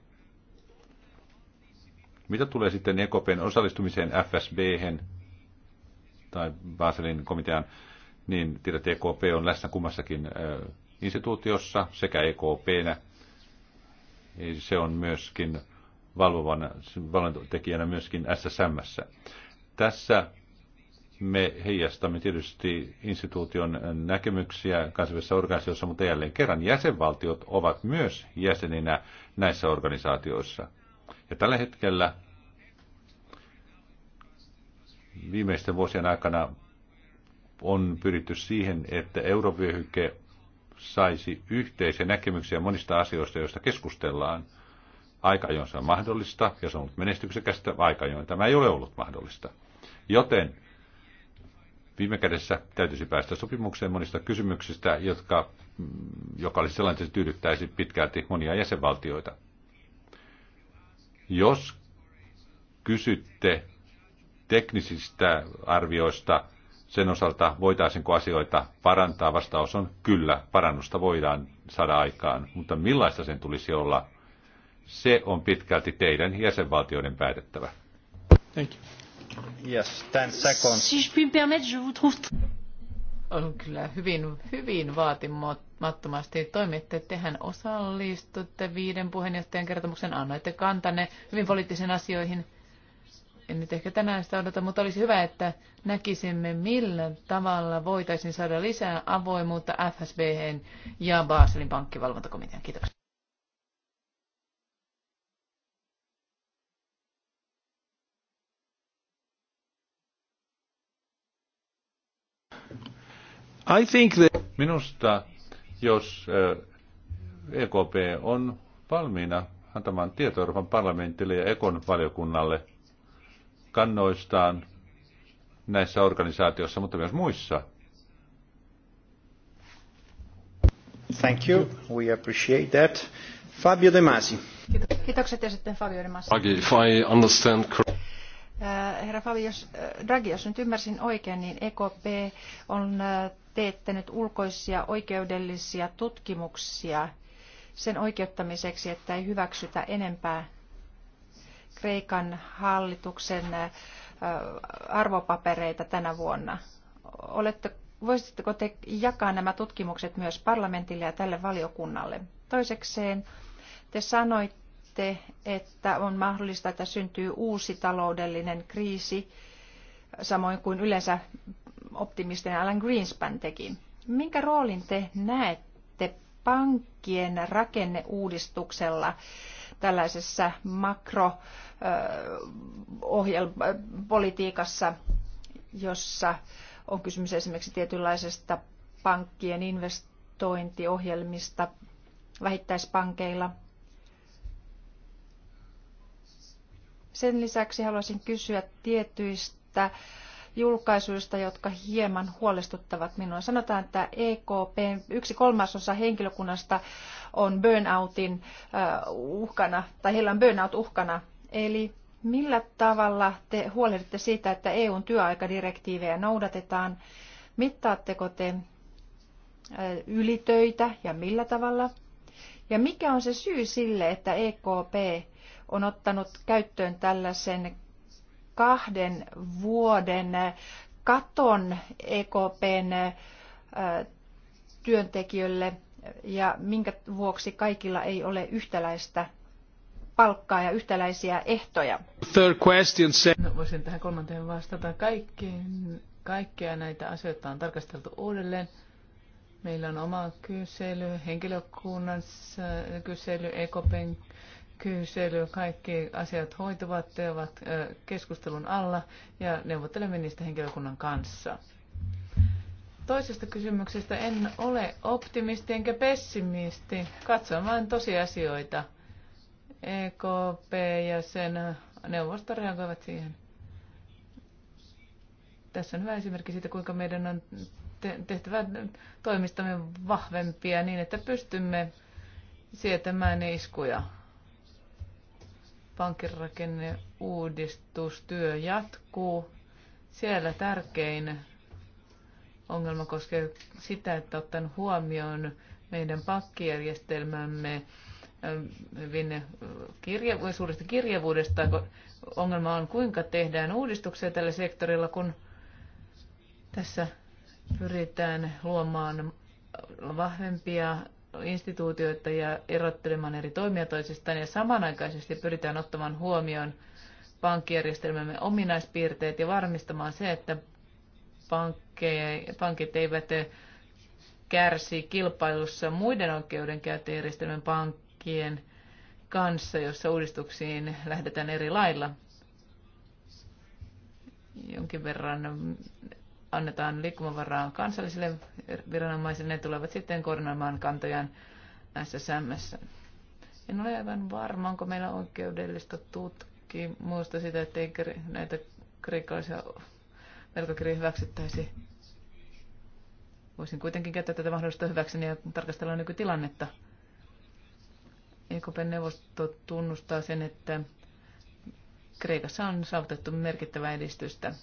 Speaker 1: Mitä tulee sitten EKPn osallistumiseen fsb tai Baselin komitean, niin tiedät, EKP e on läsnä kummassakin instituutiossa sekä EKPnä. Se on myöskin valvovan, valvontatekijänä myöskin SSMssä. Tässä me heijastamme tietysti instituution näkemyksiä kansainvälisissä organisaatioissa, mutta jälleen kerran jäsenvaltiot ovat myös jäseninä näissä organisaatioissa. Ja tällä hetkellä viimeisten vuosien aikana on pyritty siihen, että eurovyöhyke saisi yhteisiä näkemyksiä monista asioista, joista keskustellaan. Aika ajoin se on mahdollista ja se on ollut menestyksekästä, aika ajoin tämä ei ole ollut mahdollista. Joten Viime kädessä täytyisi päästä sopimukseen monista kysymyksistä, jotka, mm, joka olisi sellainen, että tyydyttäisi pitkälti monia jäsenvaltioita. Jos kysytte teknisistä arvioista sen osalta, voitaisiinko asioita parantaa, vastaus on kyllä, parannusta voidaan saada aikaan, mutta millaista sen tulisi olla, se on pitkälti teidän jäsenvaltioiden päätettävä. Thank you. Si je
Speaker 3: puis me permettre, je vous trouve...
Speaker 2: On kyllä hyvin, hyvin vaatimattomasti toimitte. Tehän osallistutte viiden puheenjohtajan kertomuksen, annoitte kantanne hyvin poliittisiin asioihin. En nyt ehkä tänään sitä odota, mutta olisi hyvä, että näkisimme, millä tavalla voitaisiin saada lisää avoimuutta FSBhen ja Baselin pankkivalvontakomitean. Kiitos.
Speaker 1: I think that... Minusta, jos EKP eh, e on valmiina antamaan tietoa Euroopan parlamentille ja Ekon valiokunnalle kannoistaan näissä organisaatioissa, mutta myös muissa. Thank you. We appreciate that. Fabio De Masi.
Speaker 3: Kiitokset ja sitten Fabio De Masi. Draghi,
Speaker 1: if I understand eh,
Speaker 3: Herra Fabio, jos, eh, Draghi, jos nyt ymmärsin oikein, niin EKP on teettänyt ulkoisia oikeudellisia tutkimuksia sen oikeuttamiseksi, että ei hyväksytä enempää Kreikan hallituksen arvopapereita tänä vuonna. Olette, voisitteko te jakaa nämä tutkimukset myös parlamentille ja tälle valiokunnalle? Toisekseen te sanoitte, että on mahdollista, että syntyy uusi taloudellinen kriisi, samoin kuin yleensä optimistinen Alan Greenspan teki. Minkä roolin te näette pankkien rakenneuudistuksella tällaisessa makropolitiikassa, jossa on kysymys esimerkiksi tietynlaisesta pankkien investointiohjelmista vähittäispankeilla. Sen lisäksi haluaisin kysyä tietyistä julkaisuista, jotka hieman huolestuttavat minua. Sanotaan, että EKP yksi kolmasosa henkilökunnasta on burnoutin äh, uhkana, tai heillä on burnout uhkana. Eli millä tavalla te huolehditte siitä, että EUn työaikadirektiivejä noudatetaan? Mittaatteko te äh, ylitöitä ja millä tavalla? Ja mikä on se syy sille, että EKP on ottanut käyttöön tällaisen kahden vuoden katon EKPn työntekijöille ja minkä vuoksi kaikilla ei ole yhtäläistä palkkaa ja yhtäläisiä ehtoja?
Speaker 2: Third question, no, voisin tähän kolmanteen vastata. kaikkein kaikkea näitä asioita on tarkasteltu uudelleen. Meillä on oma kysely, henkilökunnan kysely, EKPn kysely, kaikki asiat hoituvat ja ovat keskustelun alla ja neuvottelemme niistä henkilökunnan kanssa. Toisesta kysymyksestä en ole optimisti enkä pessimisti. Katson vain tosiasioita. EKP ja sen neuvosto reagoivat siihen. Tässä on hyvä esimerkki siitä, kuinka meidän on tehtävä toimistamme vahvempia niin, että pystymme sietämään iskuja pankkirakenneuudistustyö jatkuu. Siellä tärkein ongelma koskee sitä, että ottan huomioon meidän pankkijärjestelmämme ähm, hyvin kirja, suuresta kirjavuudesta. Ongelma on, kuinka tehdään uudistuksia tällä sektorilla, kun tässä pyritään luomaan vahvempia instituutioita ja erottelemaan eri toimia toisistaan ja samanaikaisesti pyritään ottamaan huomioon pankkijärjestelmämme ominaispiirteet ja varmistamaan se, että pankit eivät kärsi kilpailussa muiden oikeudenkäyttöjärjestelmän pankkien kanssa, jossa uudistuksiin lähdetään eri lailla. Jonkin verran annetaan liikkumavaraa kansallisille viranomaisille, ne tulevat sitten koordinoimaan kantojaan SSMssä. En ole aivan varma, onko meillä oikeudellista tutkimusta sitä, ettei näitä kriikkalaisia velkakirjoja hyväksyttäisi. Voisin kuitenkin käyttää tätä mahdollista hyväkseni ja tarkastella nykytilannetta. ekp neuvosto tunnustaa sen, että Kreikassa on saavutettu merkittävää edistystä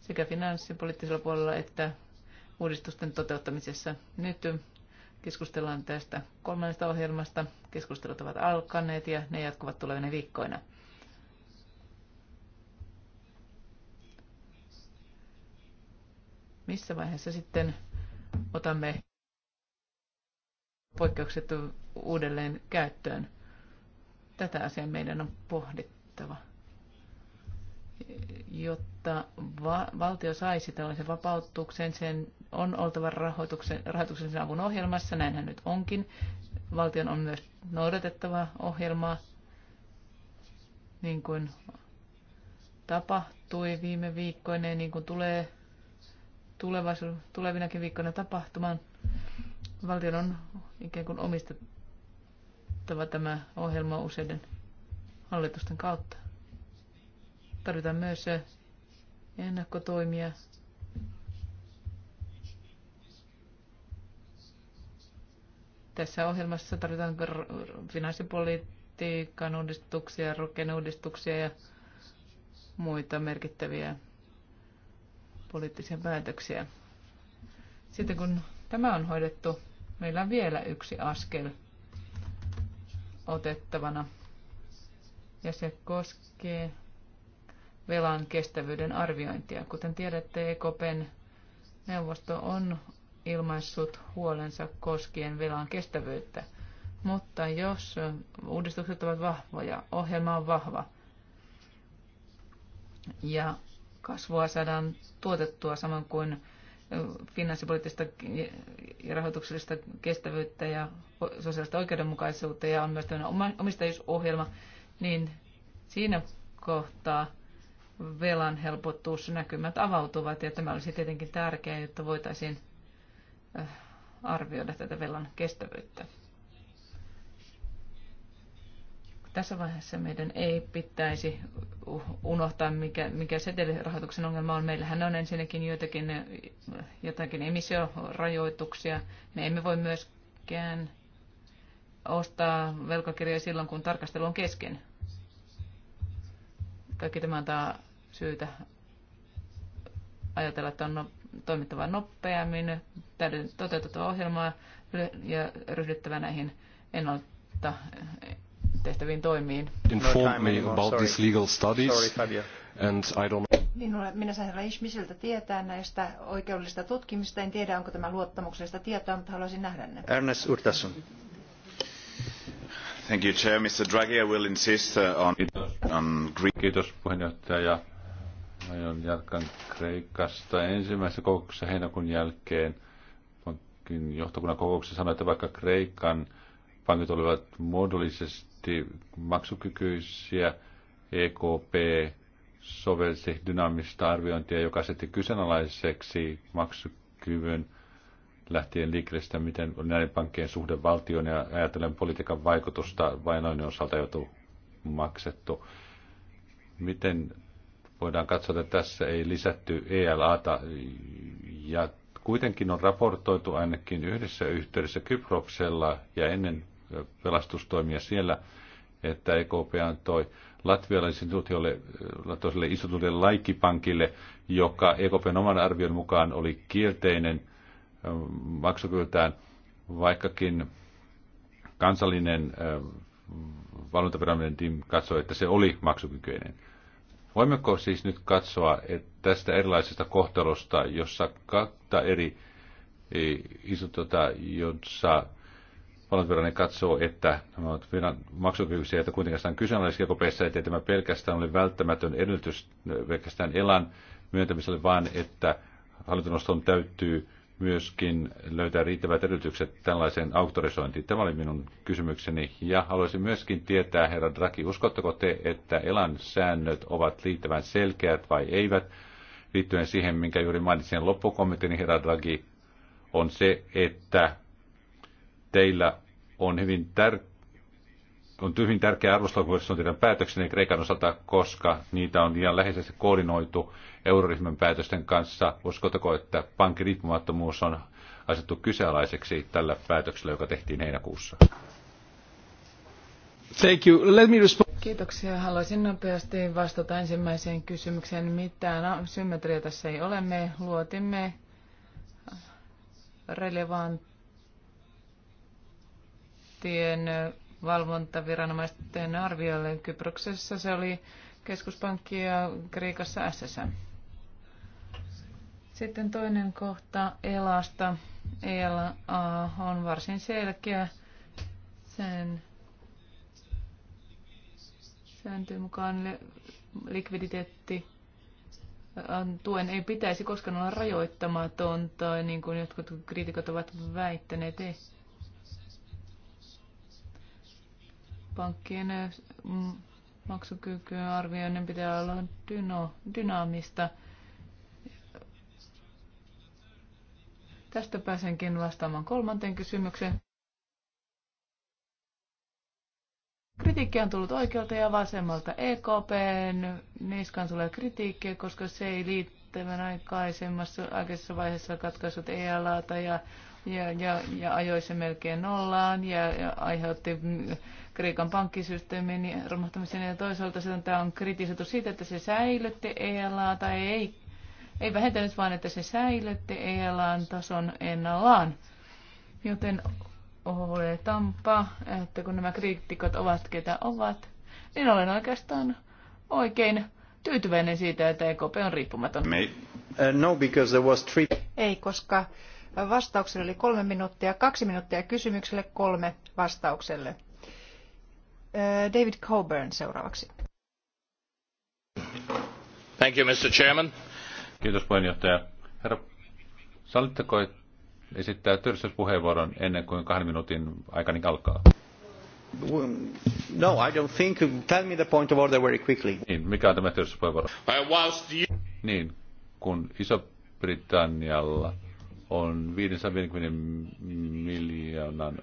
Speaker 2: sekä finanssipoliittisella puolella että uudistusten toteuttamisessa. Nyt keskustellaan tästä kolmannesta ohjelmasta. Keskustelut ovat alkaneet ja ne jatkuvat tulevina viikkoina. Missä vaiheessa sitten otamme poikkeukset uudelleen käyttöön? Tätä asiaa meidän on pohdittava jotta va- valtio saisi tällaisen vapautuksen, sen on oltava rahoituksen, rahoituksen avun ohjelmassa, näinhän nyt onkin. Valtion on myös noudatettava ohjelmaa, niin kuin tapahtui viime viikkoina ja niin kuin tulee tulevaisu- tulevinakin viikkoina tapahtumaan. Valtion on ikään kuin omistettava tämä ohjelma useiden hallitusten kautta. Tarvitaan myös eh, ennakkotoimia. Tässä ohjelmassa tarvitaan finanssipolitiikan uudistuksia, rakenneuudistuksia ja muita merkittäviä poliittisia päätöksiä. Sitten kun tämä on hoidettu, meillä on vielä yksi askel otettavana. Ja se koskee velan kestävyyden arviointia. Kuten tiedätte, EKPn neuvosto on ilmaissut huolensa koskien velan kestävyyttä. Mutta jos uudistukset ovat vahvoja, ohjelma on vahva ja kasvua saadaan tuotettua samoin kuin finanssipoliittista ja rahoituksellista kestävyyttä ja sosiaalista oikeudenmukaisuutta ja on myös tämmöinen omistajuusohjelma, niin siinä kohtaa velan näkymät avautuvat. Ja tämä olisi tietenkin tärkeää, jotta voitaisiin äh, arvioida tätä velan kestävyyttä. Tässä vaiheessa meidän ei pitäisi uh, unohtaa, mikä, mikä setelirahoituksen ongelma on. Meillähän on ensinnäkin joitakin, äh, jotakin emissiorajoituksia. Me emme voi myöskään ostaa velkakirjoja silloin, kun tarkastelu on kesken. Kaikki tämä antaa syytä ajatella, että on no, toimittava nopeammin, toteutettava ohjelmaa ja ryhdyttävä näihin ennalta tehtäviin toimiin. Inform me no about these legal studies.
Speaker 1: And I don't...
Speaker 3: Minulle, niin, minä sain olla ihmisiltä tietää näistä oikeudellisista tutkimista. En tiedä, onko tämä luottamuksellista tietoa, mutta haluaisin nähdä ne. Ernest Urtasun.
Speaker 1: Thank you, Chair. Mr. Draghi, I will insist uh, on, on Greek. Kiitos puheenjohtaja. Aion jatkan Kreikasta. Ensimmäisessä kokouksessa heinäkuun jälkeen pankin johtokunnan kokouksessa sanoi, että vaikka Kreikan pankit olivat muodollisesti maksukykyisiä, EKP sovelsi dynaamista arviointia, joka asetti kyseenalaiseksi maksukyvyn lähtien liikkeelle miten näiden pankkien suhde valtioon ja ajatellen politiikan vaikutusta noin osalta joutuu maksettu. Miten voidaan katsoa, että tässä ei lisätty ELAta. Ja kuitenkin on raportoitu ainakin yhdessä yhteydessä Kyproksella ja ennen pelastustoimia siellä, että EKP antoi latvialaiselle latvialaiselle instituutille Laikipankille, joka EKPn oman arvion mukaan oli kielteinen maksukyltään, vaikkakin kansallinen valvontaviranomainen katsoi, että se oli maksukykyinen. Voimmeko siis nyt katsoa että tästä erilaisesta kohtelusta, jossa kahta eri e, isotota, jossa valvontaviranomainen katsoo, että nämä ovat maksukykyisiä, että kuitenkin kyseenalaisia kopeissa, ettei tämä pelkästään ole välttämätön edellytys pelkästään elan myöntämiselle, vaan että hallintonoston täytyy myöskin löytää riittävät edellytykset tällaiseen auktorisointiin? Tämä oli minun kysymykseni. Ja haluaisin myöskin tietää, herra Draki, uskotteko te, että elan säännöt ovat riittävän selkeät vai eivät? Liittyen siihen, minkä juuri mainitsin loppukommenttini, herra Draghi, on se, että teillä on hyvin tärkeä on hyvin tärkeä arvostaa, kun on teidän päätöksenne Kreikan osalta, koska niitä on liian läheisesti koordinoitu euroryhmän päätösten kanssa. Uskotako, että pankin riippumattomuus on asettu kyseenalaiseksi tällä päätöksellä, joka tehtiin heinäkuussa? Thank you. Let me
Speaker 2: Kiitoksia. Haluaisin nopeasti vastata ensimmäiseen kysymykseen. Mitään symmetriä tässä ei ole. Me luotimme relevanttien valvontaviranomaisten arvioille. Kyproksessa se oli keskuspankki ja Kreikassa SSM. Sitten toinen kohta ELAsta. ELA on varsin selkeä. Sen sääntöjen mukaan likviditeetti tuen ei pitäisi koskaan olla rajoittamatonta, niin kuin jotkut kriitikot ovat väittäneet. Ei pankkien maksukykyä arvioinnin pitää olla dyno, dynaamista. Tästä pääsenkin vastaamaan kolmanteen kysymykseen. Kritiikkiä on tullut oikealta ja vasemmalta. EKPn niskaan tulee kritiikkiä, koska se ei liittävän aikaisemmassa aikaisessa vaiheessa katkaisut ELAta ja, ja, ja, ja ajoi se melkein nollaan ja, ja aiheutti Kreikan pankkisysteemin niin romahtamisen ja toisaalta se on kritisoitu siitä, että se säilytti ELA tai ei, ei vähentänyt, vaan että se säilytti ELAn tason ennallaan. Joten oletanpa, että kun nämä kriitikot ovat ketä ovat, niin olen oikeastaan oikein tyytyväinen siitä, että EKP on riippumaton.
Speaker 1: Uh, no, because there was three...
Speaker 2: Ei, koska
Speaker 3: vastaukselle oli kolme minuuttia, kaksi minuuttia kysymykselle, kolme vastaukselle. Äh, David Coburn seuraavaksi.
Speaker 1: Thank you, Mr. Chairman. Kiitos puheenjohtaja. Herra, sallitteko esittää työllisyyspuheenvuoron ennen kuin kahden minuutin aikani alkaa? No, I don't think. Tell me the point of order very quickly. Niin, mikä on tämä työllisyyspuheenvuoro? Niin, kun Iso-Britannialla on 550 miljoonan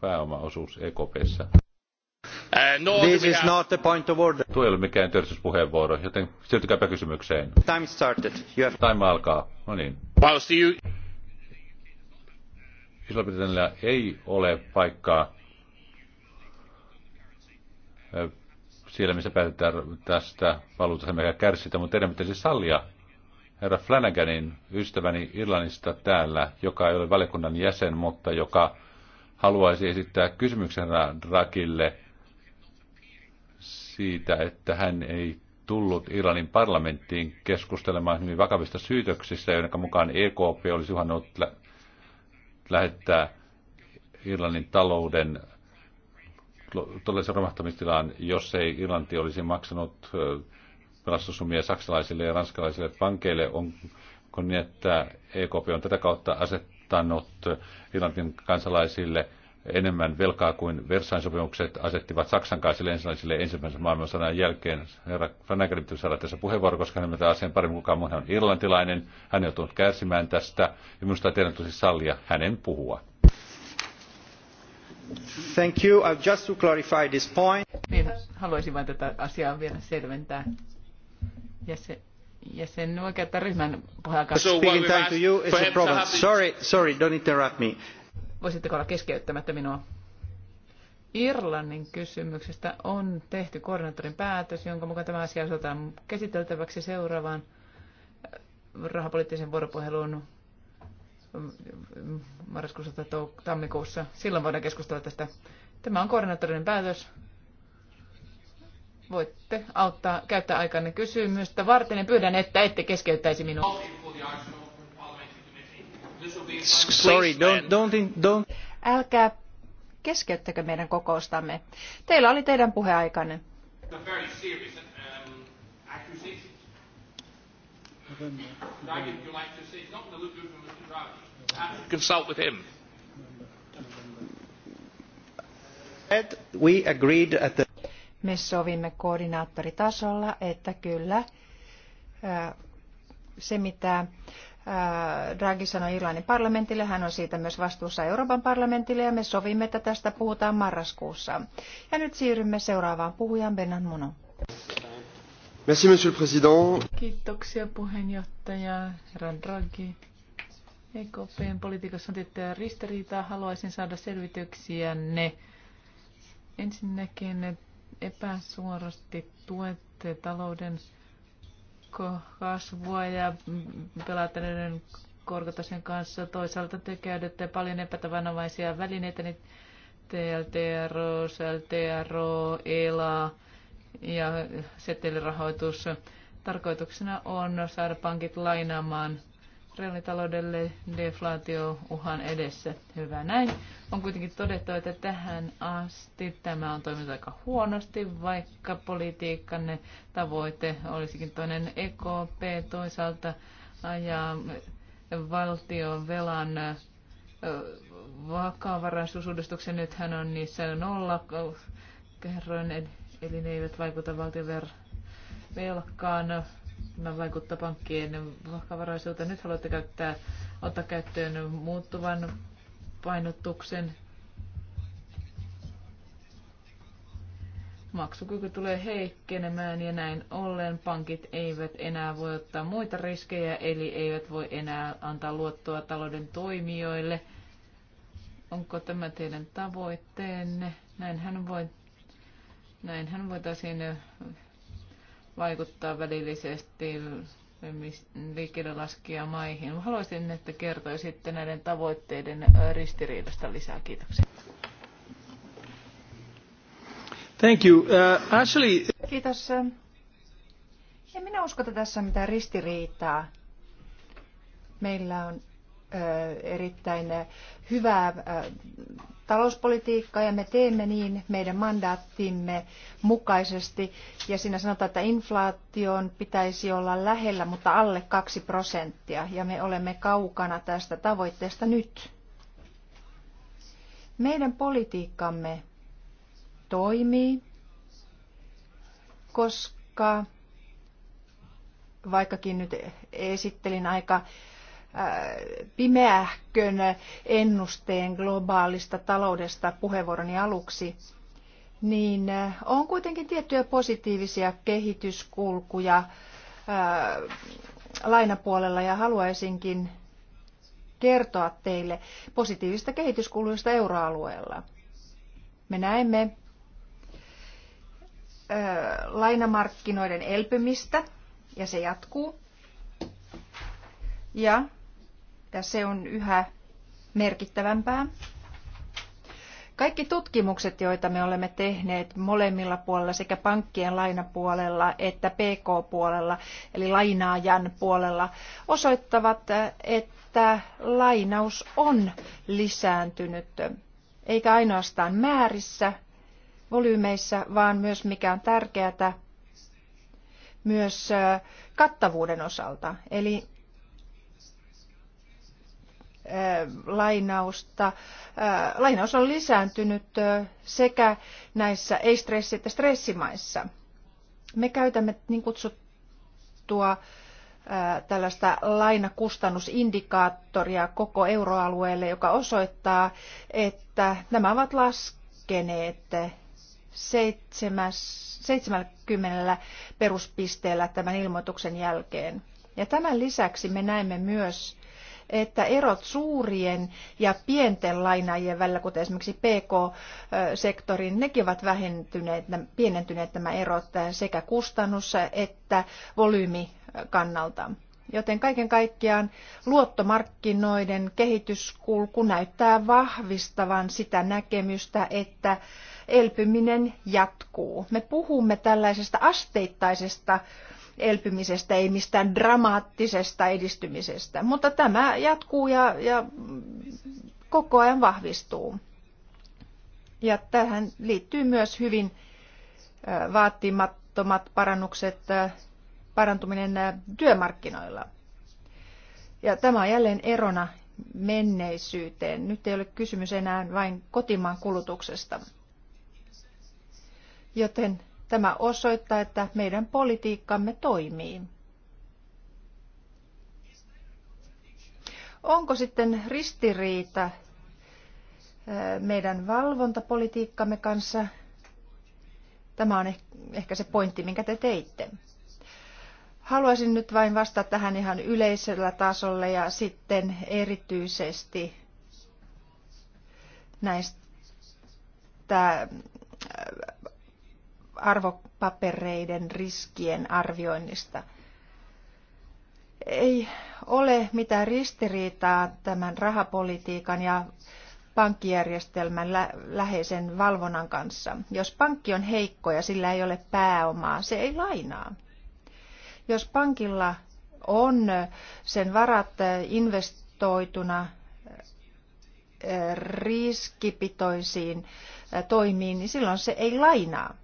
Speaker 1: pääomaosuus EKPssä. Eh, no, This niin is not a point of order. Tuo ei ole mikään työllisyyspuheenvuoro, joten siirtykääpä kysymykseen. Time started. You have... Time alkaa. No niin. You... Iso-Britannialla ei ole paikkaa eh, siellä, missä päätetään tästä valuutasta, mikä kärsitään, mutta teidän pitäisi sallia herra Flanaganin ystäväni Irlannista täällä, joka ei ole valiokunnan jäsen, mutta joka haluaisi esittää kysymyksen Rakille – siitä, että hän ei tullut Irlannin parlamenttiin keskustelemaan hyvin vakavista syytöksistä, joiden mukaan EKP olisi uhannut lä- lähettää Irlannin talouden todellisen romahtamistilaan, jos ei Irlanti olisi maksanut pelastusumia saksalaisille ja ranskalaisille pankeille. On, kun niin, että EKP on tätä kautta asettanut Irlantin kansalaisille enemmän velkaa kuin Versain sopimukset asettivat Saksan kanssa ensimmäiselle ensimmäisen maailmansodan jälkeen. Herra Flanagan pitäisi saada tässä puheenvuoro, koska hän ymmärtää asian paremmin kukaan muu. Hän on irlantilainen, hän on joutunut kärsimään tästä ja minusta teidän tulisi sallia hänen puhua. Thank you. I've just to clarify this point.
Speaker 2: Niin, haluaisin vain tätä asiaa vielä selventää. Ja se, ja sen oikeutta ryhmän puheenjohtaja. So Speaking time to you is a problem. Sorry,
Speaker 1: sorry, don't interrupt me.
Speaker 2: Voisitteko olla keskeyttämättä minua? Irlannin kysymyksestä on tehty koordinaattorin päätös, jonka mukaan tämä asia osataan käsiteltäväksi seuraavaan äh, rahapoliittisen vuoropuheluun mm, mm, marraskuussa tai tammikuussa. Silloin voidaan keskustella tästä. Tämä on koordinaattorin päätös. Voitte auttaa, käyttää aikanne kysymystä varten ja pyydän, että ette keskeyttäisi minua.
Speaker 1: Sorry, don't, don't, don't.
Speaker 3: Älkää keskeyttäkö meidän kokoustamme. Teillä oli teidän puheaikanne.
Speaker 1: Um, uh, Consult with him. We agreed at the...
Speaker 3: Me sovimme koordinaattoritasolla, että kyllä se mitä Draghi sanoi Irlannin parlamentille, hän on siitä myös vastuussa Euroopan parlamentille ja me sovimme, että tästä puhutaan marraskuussa. Ja nyt siirrymme seuraavaan puhujaan Bernard Muno.
Speaker 2: Merci, monsieur le président. Kiitoksia puheenjohtaja Herran Draghi. EKPn politiikassa on tiettyä ristiriitaa. Haluaisin saada selvityksiä ne. Ensinnäkin epäsuorasti tuette talouden kasvua ja pelaatteiden korkotasen kanssa. Toisaalta te käytätte paljon epätavanomaisia välineitä, niin TLTRO, SLTRO, ELA ja setelirahoitus. Tarkoituksena on saada pankit lainaamaan reaalitaloudelle deflaatio-uhan edessä. Hyvä näin. On kuitenkin todettava, että tähän asti tämä on toiminut aika huonosti, vaikka politiikkanne tavoite olisikin toinen EKP toisaalta ja valtion velan vakavaraisuusuudistuksen. Nythän on niissä nolla kerroin, eli ne eivät vaikuta valtion velkaan mä vaikuttaa pankkien vakavaraisuutta. Nyt haluatte käyttää, ottaa käyttöön muuttuvan painotuksen. Maksukyky tulee heikkenemään ja näin ollen pankit eivät enää voi ottaa muita riskejä, eli eivät voi enää antaa luottoa talouden toimijoille. Onko tämä teidän tavoitteenne? Näinhän voi näinhän voitaisiin vaikuttaa välillisesti liikkeelle maihin. Haluaisin, että kertoisitte näiden tavoitteiden ristiriidasta lisää. Kiitoksia.
Speaker 1: Thank you. Uh, Ashley...
Speaker 3: Kiitos. En minä usko, että tässä on mitään ristiriitaa. Meillä on erittäin hyvää talouspolitiikkaa ja me teemme niin meidän mandaattimme mukaisesti. Ja siinä sanotaan, että inflaation pitäisi olla lähellä, mutta alle 2 prosenttia ja me olemme kaukana tästä tavoitteesta nyt. Meidän politiikkamme toimii, koska vaikkakin nyt esittelin aika Äh, pimeähkön ennusteen globaalista taloudesta puheenvuoroni aluksi, niin äh, on kuitenkin tiettyjä positiivisia kehityskulkuja äh, lainapuolella ja haluaisinkin kertoa teille positiivista kehityskuluista euroalueella. Me näemme lainamarkkinoiden elpymistä ja se jatkuu. Ja ja se on yhä merkittävämpää. Kaikki tutkimukset, joita me olemme tehneet molemmilla puolella, sekä pankkien lainapuolella että PK-puolella, eli lainaajan puolella, osoittavat, että lainaus on lisääntynyt, eikä ainoastaan määrissä, volyymeissa, vaan myös mikä on tärkeää, myös kattavuuden osalta. Eli lainausta. Lainaus on lisääntynyt sekä näissä ei-stressi- että stressimaissa. Me käytämme niin kutsuttua tällaista lainakustannusindikaattoria koko euroalueelle, joka osoittaa, että nämä ovat laskeneet 70 peruspisteellä tämän ilmoituksen jälkeen. Ja tämän lisäksi me näemme myös, että erot suurien ja pienten lainaajien välillä, kuten esimerkiksi PK-sektorin, nekin ovat vähentyneet, pienentyneet nämä erot sekä kustannus että volyymikannalta. Joten kaiken kaikkiaan luottomarkkinoiden kehityskulku näyttää vahvistavan sitä näkemystä, että elpyminen jatkuu. Me puhumme tällaisesta asteittaisesta elpymisestä, ei mistään dramaattisesta edistymisestä. Mutta tämä jatkuu ja, ja koko ajan vahvistuu. Ja tähän liittyy myös hyvin vaatimattomat parannukset, parantuminen työmarkkinoilla. Ja tämä on jälleen erona menneisyyteen. Nyt ei ole kysymys enää vain kotimaan kulutuksesta. Joten Tämä osoittaa, että meidän politiikkamme toimii. Onko sitten ristiriita meidän valvontapolitiikkamme kanssa? Tämä on ehkä se pointti, minkä te teitte. Haluaisin nyt vain vastata tähän ihan yleisellä tasolla ja sitten erityisesti näistä arvopapereiden riskien arvioinnista. Ei ole mitään ristiriitaa tämän rahapolitiikan ja pankkijärjestelmän lä- läheisen valvonnan kanssa. Jos pankki on heikko ja sillä ei ole pääomaa, se ei lainaa. Jos pankilla on sen varat investoituna eh, riskipitoisiin eh, toimiin, niin silloin se ei lainaa.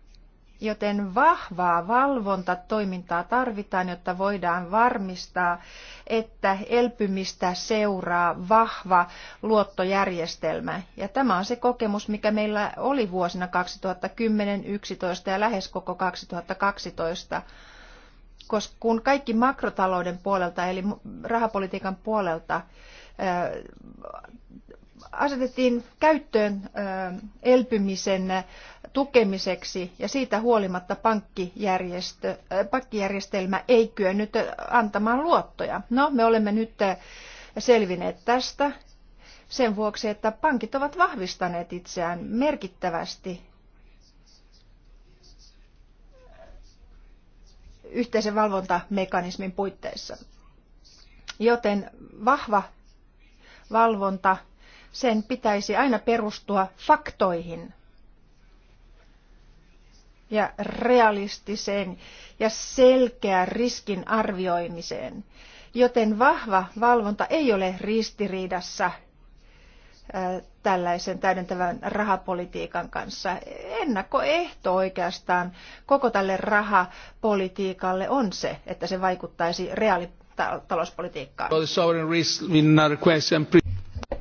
Speaker 3: Joten vahvaa valvontatoimintaa tarvitaan, jotta voidaan varmistaa, että elpymistä seuraa vahva luottojärjestelmä. Ja tämä on se kokemus, mikä meillä oli vuosina 2010, 2011 ja lähes koko 2012 koska kun kaikki makrotalouden puolelta eli rahapolitiikan puolelta asetettiin käyttöön elpymisen tukemiseksi ja siitä huolimatta pankkijärjestö, äh, pankkijärjestelmä ei kyennyt antamaan luottoja. No, me olemme nyt äh, selvinneet tästä sen vuoksi, että pankit ovat vahvistaneet itseään merkittävästi yhteisen valvontamekanismin puitteissa. Joten vahva valvonta, sen pitäisi aina perustua faktoihin ja realistiseen ja selkeään riskin arvioimiseen. Joten vahva valvonta ei ole ristiriidassa äh, tällaisen täydentävän rahapolitiikan kanssa. Ennakkoehto oikeastaan koko tälle rahapolitiikalle on se, että se vaikuttaisi reaalitalouspolitiikkaan.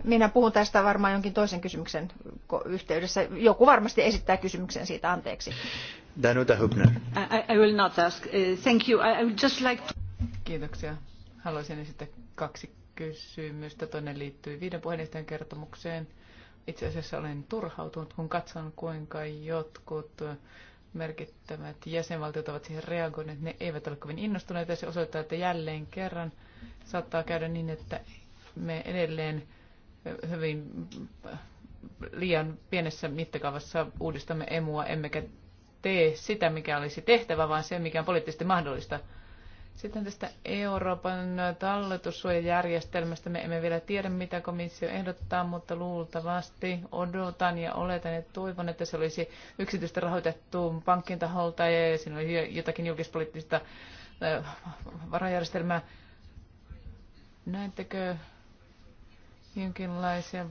Speaker 3: Minä puhun tästä varmaan jonkin toisen kysymyksen yhteydessä. Joku varmasti esittää kysymyksen siitä,
Speaker 2: anteeksi.
Speaker 1: Danuta Hübner.
Speaker 2: I, will not ask. Uh, thank you. I would just like to... Kiitoksia. Haluaisin esittää kaksi kysymystä. Toinen liittyy viiden puheenjohtajan kertomukseen. Itse asiassa olen turhautunut, kun katson, kuinka jotkut merkittävät jäsenvaltiot ovat siihen reagoineet. Ne eivät ole kovin innostuneita. Se osoittaa, että jälleen kerran saattaa käydä niin, että me edelleen hyvin liian pienessä mittakaavassa uudistamme emua, emmekä tee sitä, mikä olisi tehtävä, vaan se, mikä on poliittisesti mahdollista. Sitten tästä Euroopan talletussuojajärjestelmästä me emme vielä tiedä, mitä komissio ehdottaa, mutta luultavasti odotan ja oletan ja toivon, että se olisi yksityistä rahoitettu pankin taholta ja siinä olisi jotakin julkispoliittista äh, varajärjestelmää. Näettekö jonkinlaisia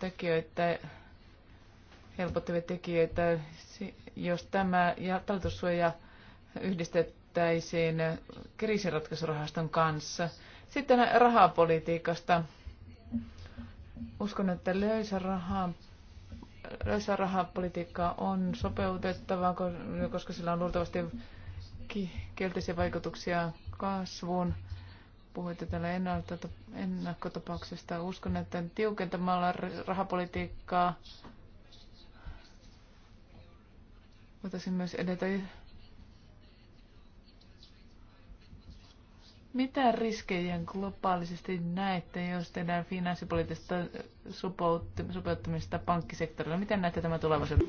Speaker 2: tekijöitä, helpottavia tekijöitä jos tämä ja talletussuoja yhdistettäisiin kriisinratkaisurahaston kanssa. Sitten rahapolitiikasta. Uskon, että löysä raha, löysä rahapolitiikka on sopeutettava, koska sillä on luultavasti kielteisiä vaikutuksia kasvuun. Puhuitte täällä ennakkotapauksesta. Uskon, että tiukentamalla rahapolitiikkaa voitaisiin myös edetä. Mitä riskejä globaalisesti näette, jos tehdään finanssipoliittista sopeuttamista pankkisektorilla? Miten näette tämä tulevaisuuden?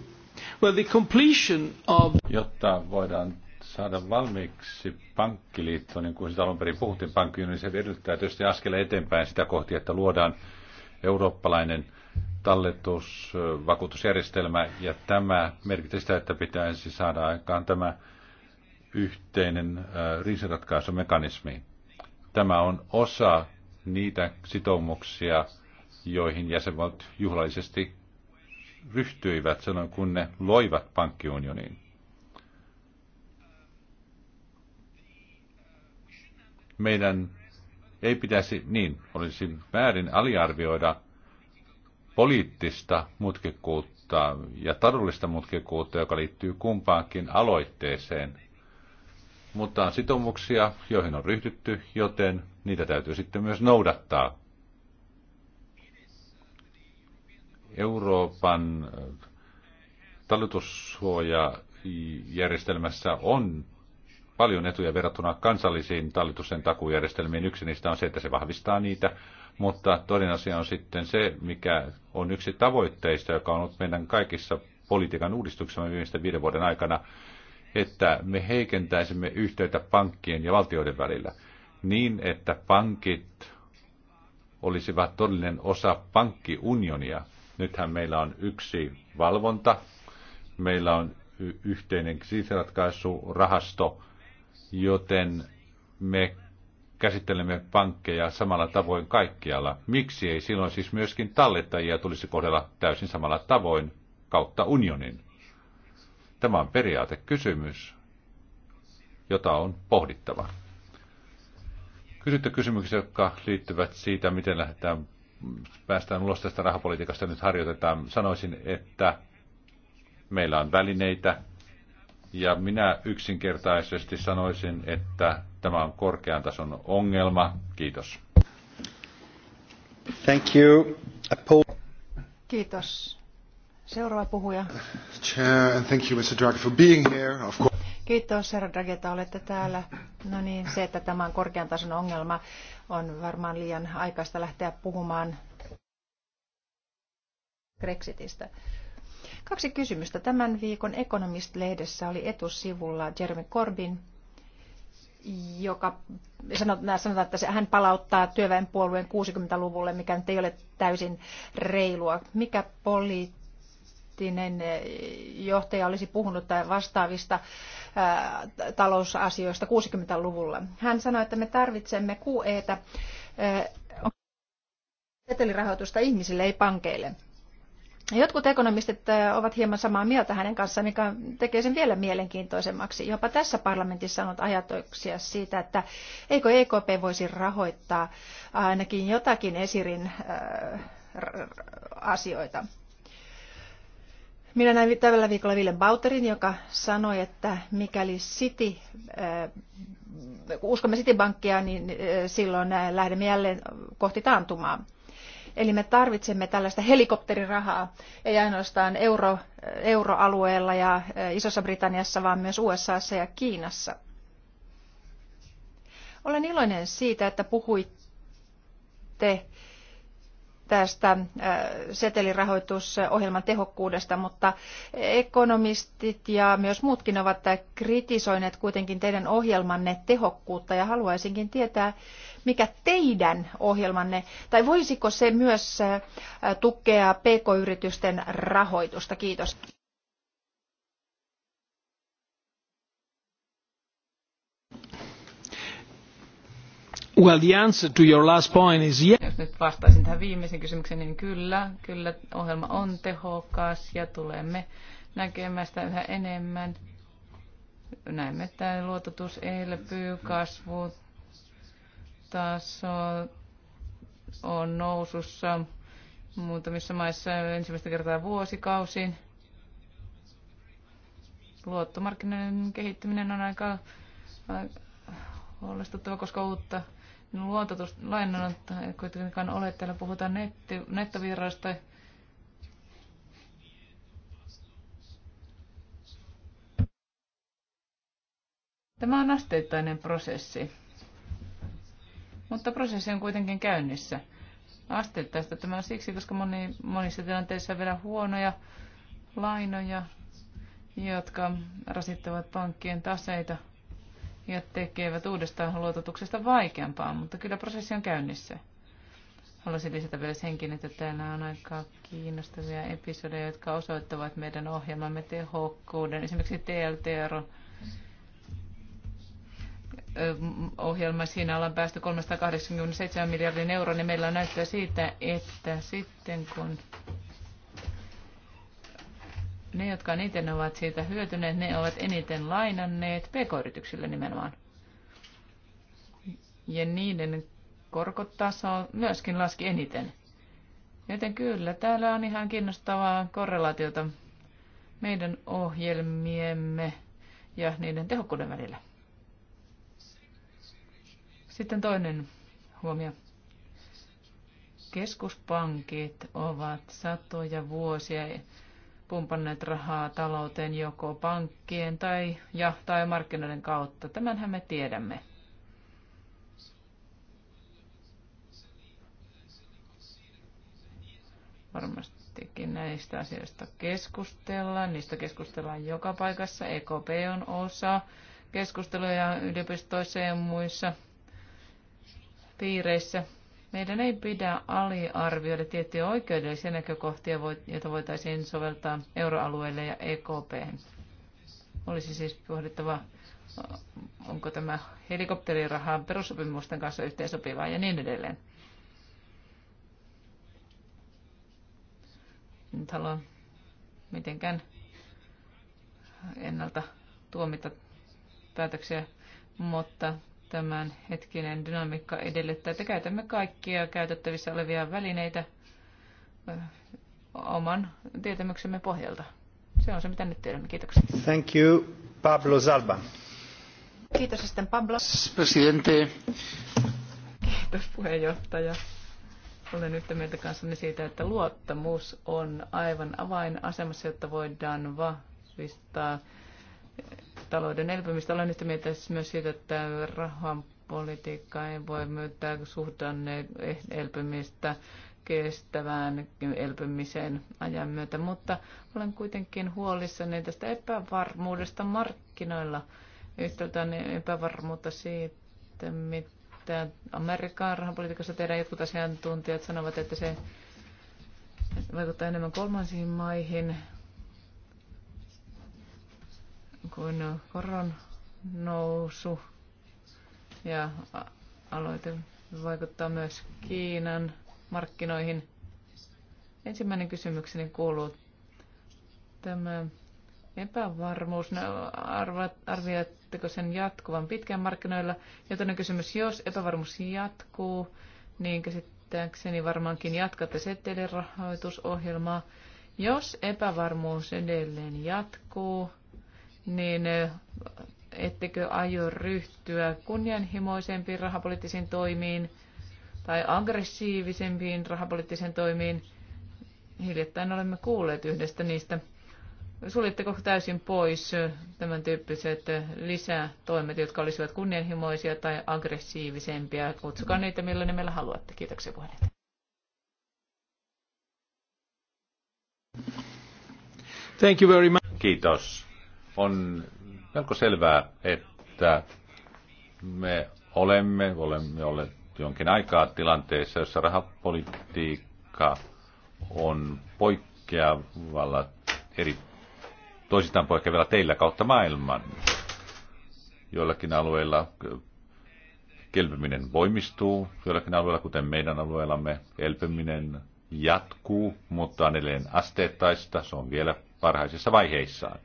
Speaker 1: Well, the completion of... Jotta voidaan saada valmiiksi pankkiliitto, niin kuin sitä alun perin puhuttiin pankkiin, niin se edellyttää tietysti askele eteenpäin sitä kohti, että luodaan eurooppalainen talletusvakuutusjärjestelmä ja tämä merkitsee sitä, että pitäisi saada aikaan tämä yhteinen riisiratkaisumekanismi. Tämä on osa niitä sitoumuksia, joihin jäsenvaltiot juhlallisesti ryhtyivät silloin, kun ne loivat pankkiunionin. Meidän ei pitäisi, niin olisi väärin aliarvioida poliittista mutkikuutta ja taloudellista mutkikuutta, joka liittyy kumpaankin aloitteeseen. Mutta on sitoumuksia, joihin on ryhdytty, joten niitä täytyy sitten myös noudattaa. Euroopan äh, talletussuojajärjestelmässä on paljon etuja verrattuna kansallisiin talletusten takujärjestelmiin. Yksi niistä on se, että se vahvistaa niitä mutta toinen asia on sitten se, mikä on yksi tavoitteista, joka on ollut meidän kaikissa politiikan uudistuksessa viimeisten viiden vuoden aikana, että me heikentäisimme yhteyttä pankkien ja valtioiden välillä niin, että pankit olisivat todellinen osa pankkiunionia. Nythän meillä on yksi valvonta, meillä on yhteinen kriisiratkaisurahasto, joten me käsittelemme pankkeja samalla tavoin kaikkialla. Miksi ei silloin siis myöskin tallettajia tulisi kohdella täysin samalla tavoin kautta unionin? Tämä on periaatekysymys, jota on pohdittava. Kysytte kysymyksiä, jotka liittyvät siitä, miten lähdetään, päästään ulos tästä rahapolitiikasta nyt harjoitetaan. Sanoisin, että meillä on välineitä, ja minä yksinkertaisesti sanoisin, että Tämä on korkean tason ongelma. Kiitos. Thank you.
Speaker 3: Kiitos. Seuraava puhuja.
Speaker 1: Chair, and thank you, Mr. Draghi, for being here. Of course.
Speaker 3: Kiitos, herra Draghi, että olette täällä. No niin, se, että tämä on korkean tason ongelma, on varmaan liian aikaista lähteä puhumaan Brexitistä. Kaksi kysymystä. Tämän viikon Economist-lehdessä oli etusivulla Jeremy Corbyn, joka sanotaan, että hän palauttaa työväenpuolueen 60-luvulle, mikä nyt ei ole täysin reilua. Mikä poliittinen eh, johtaja olisi puhunut vastaavista talousasioista 60-luvulla? Hän sanoi, että me tarvitsemme e ää, setelirahoitusta ihmisille, ei pankeille. Jotkut ekonomistit äh, ovat hieman samaa mieltä hänen kanssaan, mikä tekee sen vielä mielenkiintoisemmaksi. Jopa tässä parlamentissa on ajatuksia siitä, että eikö EKP voisi rahoittaa ainakin jotakin esirin äh, asioita. Minä näin tällä viikolla Ville Bauterin, joka sanoi, että mikäli City, äh, uskomme Citibankkia, niin silloin lähdemme jälleen kohti taantumaa. Eli me tarvitsemme tällaista helikopterirahaa, ei ainoastaan euroalueella ja eh, Isossa Britanniassa, vaan myös USAssa ja Kiinassa. Olen iloinen siitä, että puhuitte tästä äh, setelirahoitusohjelman tehokkuudesta, mutta ekonomistit ja myös muutkin ovat kritisoineet kuitenkin teidän ohjelmanne tehokkuutta ja haluaisinkin tietää, mikä teidän ohjelmanne, tai voisiko se myös äh, tukea pk-yritysten rahoitusta? Kiitos.
Speaker 1: Well, the answer to your last point is yes.
Speaker 2: Jos nyt vastaisin tähän viimeisen kysymykseen, niin kyllä, kyllä ohjelma on tehokas ja tulemme näkemään sitä yhä enemmän. Näemme, että luototus elpyy, kasvu, taso on nousussa muutamissa maissa ensimmäistä kertaa vuosikausiin. Luottomarkkinoiden kehittyminen on aika, aika huolestuttava, koska uutta luontotulainanotto ei kuitenkaan ole. Täällä puhutaan netti, nettovirroista. Tämä on asteittainen prosessi, mutta prosessi on kuitenkin käynnissä. Asteittaista tämä on siksi, koska moni, monissa tilanteissa on vielä huonoja lainoja, jotka rasittavat pankkien taseita – ja tekevät uudestaan luototuksesta vaikeampaa, mutta kyllä prosessi on käynnissä. Haluaisin lisätä vielä senkin, että täällä on aika kiinnostavia episodeja, jotka osoittavat meidän ohjelmamme tehokkuuden. Esimerkiksi TLTR ohjelma, siinä ollaan päästy 387 miljardin euroon, niin meillä on näyttöä siitä, että sitten kun ne, jotka eniten ovat siitä hyötyneet, ne ovat eniten lainanneet pk-yrityksille nimenomaan. Ja niiden korkotaso myöskin laski eniten. Joten kyllä, täällä on ihan kiinnostavaa korrelaatiota meidän ohjelmiemme ja niiden tehokkuuden välillä. Sitten toinen huomio. Keskuspankit ovat satoja vuosia pumpanneet rahaa talouteen joko pankkien tai, ja, tai markkinoiden kautta. Tämänhän me tiedämme. Varmastikin näistä asioista keskustellaan. Niistä keskustellaan joka paikassa. EKP on osa keskusteluja yliopistoissa ja muissa piireissä. Meidän ei pidä aliarvioida tiettyjä oikeudellisia näkökohtia, joita voitaisiin soveltaa euroalueelle ja EKP. Olisi siis pohdittava, onko tämä helikopteriraha perussopimusten kanssa yhteensopivaa ja niin edelleen. Nyt haluan mitenkään ennalta tuomita päätöksiä, mutta tämän hetkinen dynamiikka edellyttää, että käytämme kaikkia käytettävissä olevia välineitä äh, oman tietämyksemme pohjalta. Se on se, mitä nyt tiedämme. Kiitoksia.
Speaker 1: Thank you, Pablo Zalba.
Speaker 2: Kiitos sitten Pablo.
Speaker 1: Presidente.
Speaker 2: Kiitos puheenjohtaja. Olen yhtä mieltä kanssani siitä, että luottamus on aivan avainasemassa, jotta voidaan vahvistaa talouden elpymistä. Olen yhtä mieltä myös siitä, että rahan politiikka ei voi myöntää suhdanne elpymistä kestävään elpymiseen ajan myötä, mutta olen kuitenkin huolissani tästä epävarmuudesta markkinoilla. Yhtäältä epävarmuutta siitä, mitä Amerikan rahapolitiikassa tehdään. Jotkut asiantuntijat sanovat, että se vaikuttaa enemmän kolmansiin maihin, kuin koron nousu ja aloite vaikuttaa myös Kiinan markkinoihin. Ensimmäinen kysymykseni kuuluu tämä epävarmuus. No, arvioitteko sen jatkuvan pitkään markkinoilla? Ja toinen kysymys, jos epävarmuus jatkuu, niin käsittääkseni varmaankin jatkatte setelirahoitusohjelmaa. Jos epävarmuus edelleen jatkuu, niin ettekö aio ryhtyä kunnianhimoisempiin rahapoliittisiin toimiin tai aggressiivisempiin rahapoliittisiin toimiin? Hiljattain olemme kuulleet yhdestä niistä. Suljetteko täysin pois tämän tyyppiset lisätoimet, jotka olisivat kunnianhimoisia tai aggressiivisempia? Kutsukaa niitä, millä ne meillä haluatte. Kiitoksia puheenjohtaja.
Speaker 1: Thank you very much. Kiitos on melko selvää, että me olemme, olemme olleet jonkin aikaa tilanteessa, jossa rahapolitiikka on poikkeavalla eri toisistaan poikkeavalla teillä kautta maailman. Joillakin alueilla elpyminen voimistuu, joillakin alueilla, kuten meidän alueellamme, elpyminen jatkuu, mutta on edelleen asteettaista, se on vielä parhaisissa vaiheissaan.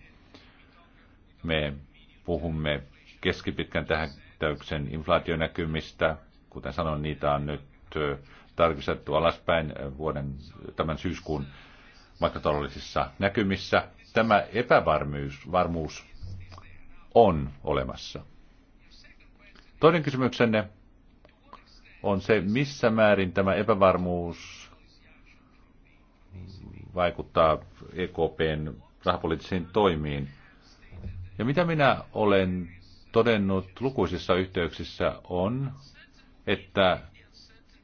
Speaker 1: Me puhumme keskipitkän tähtäyksen inflaationäkymistä. Kuten sanoin, niitä on nyt tarkistettu alaspäin vuoden tämän syyskuun makrotaloudellisissa näkymissä. Tämä epävarmuus varmuus on olemassa. Toinen kysymyksenne on se, missä määrin tämä epävarmuus vaikuttaa EKPn rahapoliittisiin toimiin. Ja mitä minä olen todennut lukuisissa yhteyksissä on, että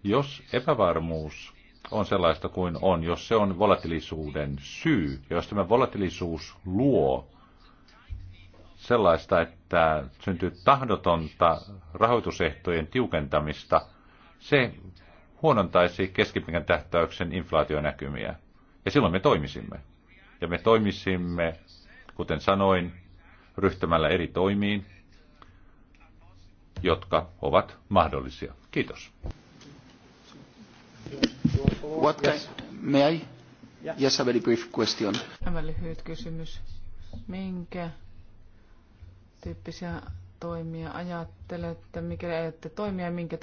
Speaker 1: jos epävarmuus on sellaista kuin on, jos se on volatilisuuden syy, ja jos tämä volatilisuus luo sellaista, että syntyy tahdotonta rahoitusehtojen tiukentamista, se huonontaisi keskipitkän tähtäyksen inflaationäkymiä. Ja silloin me toimisimme. Ja me toimisimme, kuten sanoin, ryhtymällä eri toimiin, jotka ovat mahdollisia. Kiitos.
Speaker 2: What may I? Yes, a very brief question. Tämä lyhyt kysymys. Minkä tyyppisiä toimia ajattelette, mikä ajatte toimia ja minkä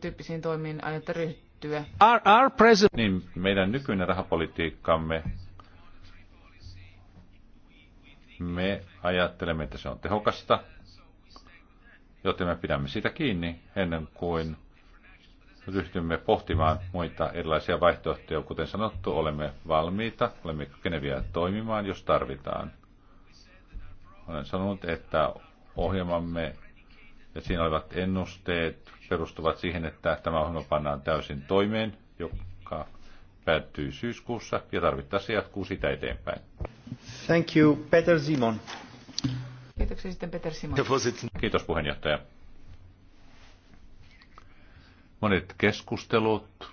Speaker 2: tyyppisiin toimiin ajatte ryhtyä?
Speaker 1: Our, our president... niin, meidän nykyinen rahapolitiikkamme me ajattelemme, että se on tehokasta, joten me pidämme sitä kiinni ennen kuin ryhtymme pohtimaan muita erilaisia vaihtoehtoja. Kuten sanottu, olemme valmiita, olemme kykeneviä toimimaan, jos tarvitaan. Olen sanonut, että ohjelmamme ja siinä olevat ennusteet perustuvat siihen, että tämä ohjelma pannaan täysin toimeen, joka päättyy syyskuussa ja tarvittaessa jatkuu sitä eteenpäin. Thank you, Peter Simon.
Speaker 2: Kiitoksia sitten Peter Simon.
Speaker 1: Kiitos puheenjohtaja. Monet keskustelut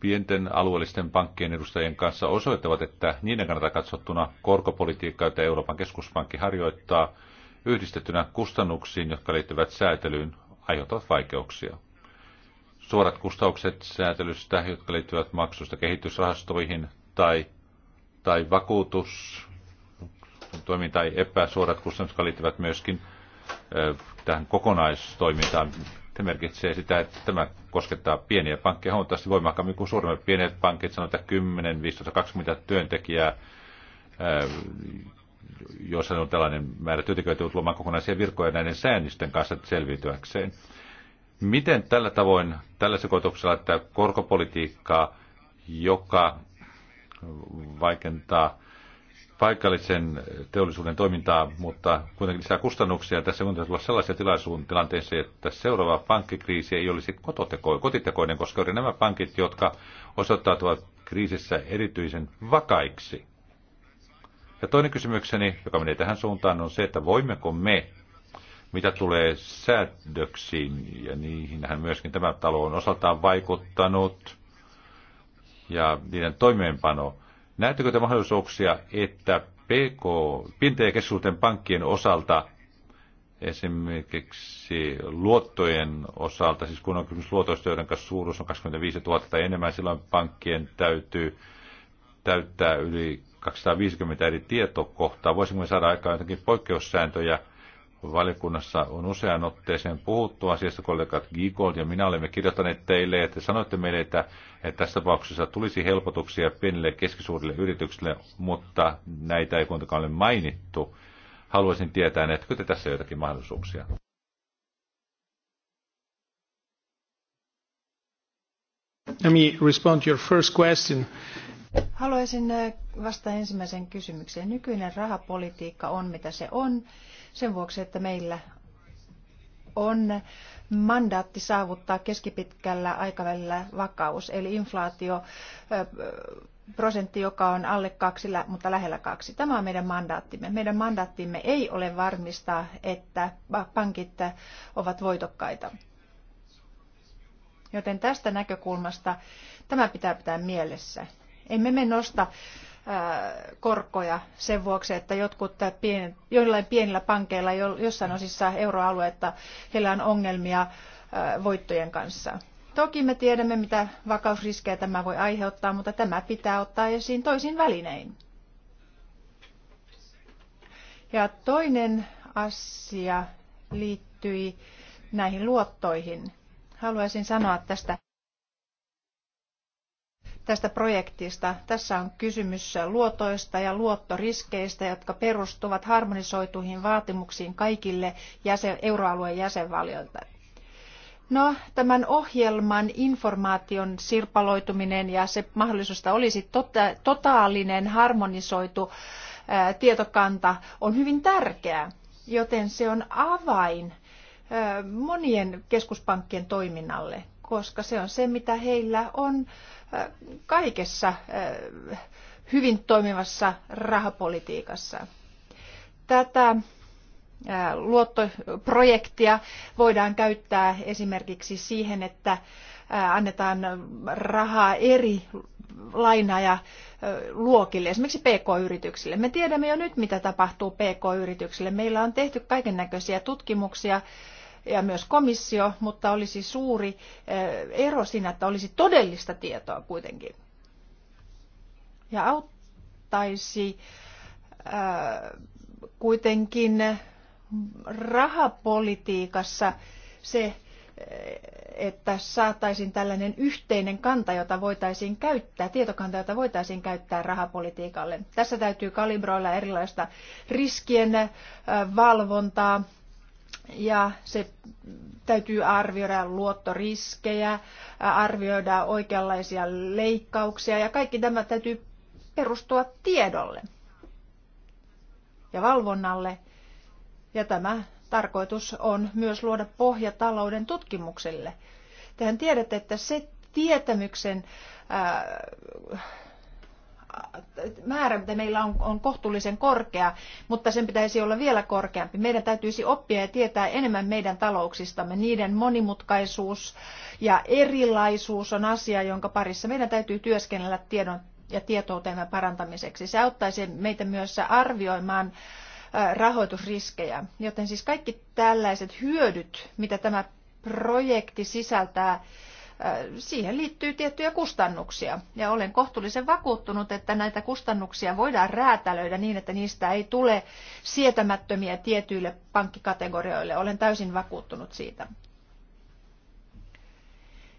Speaker 1: pienten alueellisten pankkien edustajien kanssa osoittavat, että niiden kannalta katsottuna korkopolitiikka, jota Euroopan keskuspankki harjoittaa, yhdistettynä kustannuksiin, jotka liittyvät säätelyyn, aiheuttavat vaikeuksia suorat kustaukset säätelystä, jotka liittyvät maksusta kehitysrahastoihin tai, tai vakuutus, toiminta tai epäsuorat kustannukset, jotka liittyvät myöskin tähän kokonaistoimintaan. Se merkitsee sitä, että tämä koskettaa pieniä pankkeja huomattavasti voimakkaammin kuin suuremmat pienet pankit, sanotaan 10, 15, 20 työntekijää, jossa on tällainen määrä työntekijöitä luomaan kokonaisia virkoja näiden säännösten kanssa selviytyäkseen. Miten tällä tavoin, tällä sekoituksella, että korkopolitiikkaa, joka vaikentaa paikallisen teollisuuden toimintaa, mutta kuitenkin lisää kustannuksia. Tässä on tulla sellaisia tilanteessa, että seuraava pankkikriisi ei olisi kotitekoinen, koska oli nämä pankit, jotka osoittautuvat kriisissä erityisen vakaiksi. Ja toinen kysymykseni, joka menee tähän suuntaan, on se, että voimmeko me mitä tulee säädöksiin, ja niihinhän myöskin tämä talo on osaltaan vaikuttanut, ja niiden toimeenpano. Näettekö te mahdollisuuksia, että PK, pinta- ja keskusten pankkien osalta esimerkiksi luottojen osalta, siis kun on kysymys luotoista, joiden kanssa suuruus on 25 000 tai enemmän, silloin pankkien täytyy täyttää yli 250 eri tietokohtaa. Voisimme saada aikaan jotakin poikkeussääntöjä, valiokunnassa on usean otteeseen puhuttu asiasta, Kollegat Giegold ja minä olemme kirjoittaneet teille, että sanoitte meille, että, että tässä tapauksessa tulisi helpotuksia pienille keskisuurille yrityksille, mutta näitä ei kuitenkaan ole mainittu. Haluaisin tietää, etkö te tässä jotakin mahdollisuuksia? Let me respond to your first question.
Speaker 3: Haluaisin äh, vastata ensimmäiseen kysymykseen. Nykyinen rahapolitiikka on mitä se on sen vuoksi, että meillä on mandaatti saavuttaa keskipitkällä aikavälillä vakaus, eli inflaatio prosentti, joka on alle kaksi, mutta lähellä kaksi. Tämä on meidän mandaattimme. Meidän mandaattimme ei ole varmistaa, että pankit ovat voitokkaita. Joten tästä näkökulmasta tämä pitää pitää mielessä. Emme me nosta korkoja sen vuoksi, että jotkut joillain pienillä pankeilla joissain osissa euroaluetta heillä on ongelmia voittojen kanssa. Toki me tiedämme, mitä vakausriskejä tämä voi aiheuttaa, mutta tämä pitää ottaa esiin toisin välinein. Ja toinen asia liittyi näihin luottoihin. Haluaisin sanoa tästä tästä projektista. Tässä on kysymys luotoista ja luottoriskeistä, jotka perustuvat harmonisoituihin vaatimuksiin kaikille jäsen, euroalueen jäsenvaltioilta. No, tämän ohjelman informaation sirpaloituminen ja se mahdollisuus, olisi tota, totaalinen harmonisoitu ää, tietokanta, on hyvin tärkeää, joten se on avain monien keskuspankkien toiminnalle koska se on se, mitä heillä on äh, kaikessa äh, hyvin toimivassa rahapolitiikassa. Tätä äh, luottoprojektia voidaan käyttää esimerkiksi siihen, että annetaan rahaa eri laina- ja luokille, esimerkiksi PK-yrityksille. Me tiedämme jo nyt, mitä tapahtuu PK-yrityksille. Meillä on tehty kaiken näköisiä tutkimuksia ja myös komissio, mutta olisi suuri eh, ero siinä, että olisi todellista tietoa kuitenkin. Ja auttaisi eh, kuitenkin rahapolitiikassa se, eh, että saataisiin tällainen yhteinen kanta, jota voitaisiin käyttää, tietokanta, jota voitaisiin käyttää rahapolitiikalle. Tässä täytyy kalibroilla erilaista riskien valvontaa, ja se täytyy arvioida luottoriskejä, arvioida oikeanlaisia leikkauksia ja kaikki tämä täytyy perustua tiedolle ja valvonnalle. Ja tämä tarkoitus on myös luoda pohja talouden tutkimukselle. Tehän tiedätte, että se tietämyksen määrä, mitä meillä on, on kohtuullisen korkea, mutta sen pitäisi olla vielä korkeampi. Meidän täytyisi oppia ja tietää enemmän meidän talouksistamme. Niiden monimutkaisuus ja erilaisuus on asia, jonka parissa meidän täytyy työskennellä tiedon ja tietouteemme parantamiseksi. Se auttaisi meitä myös arvioimaan rahoitusriskejä. Joten siis kaikki tällaiset hyödyt, mitä tämä projekti sisältää, Äh, siihen liittyy tiettyjä kustannuksia. Ja olen kohtuullisen vakuuttunut, että näitä kustannuksia voidaan räätälöidä niin, että niistä ei tule sietämättömiä tietyille pankkikategorioille. Olen täysin vakuuttunut siitä.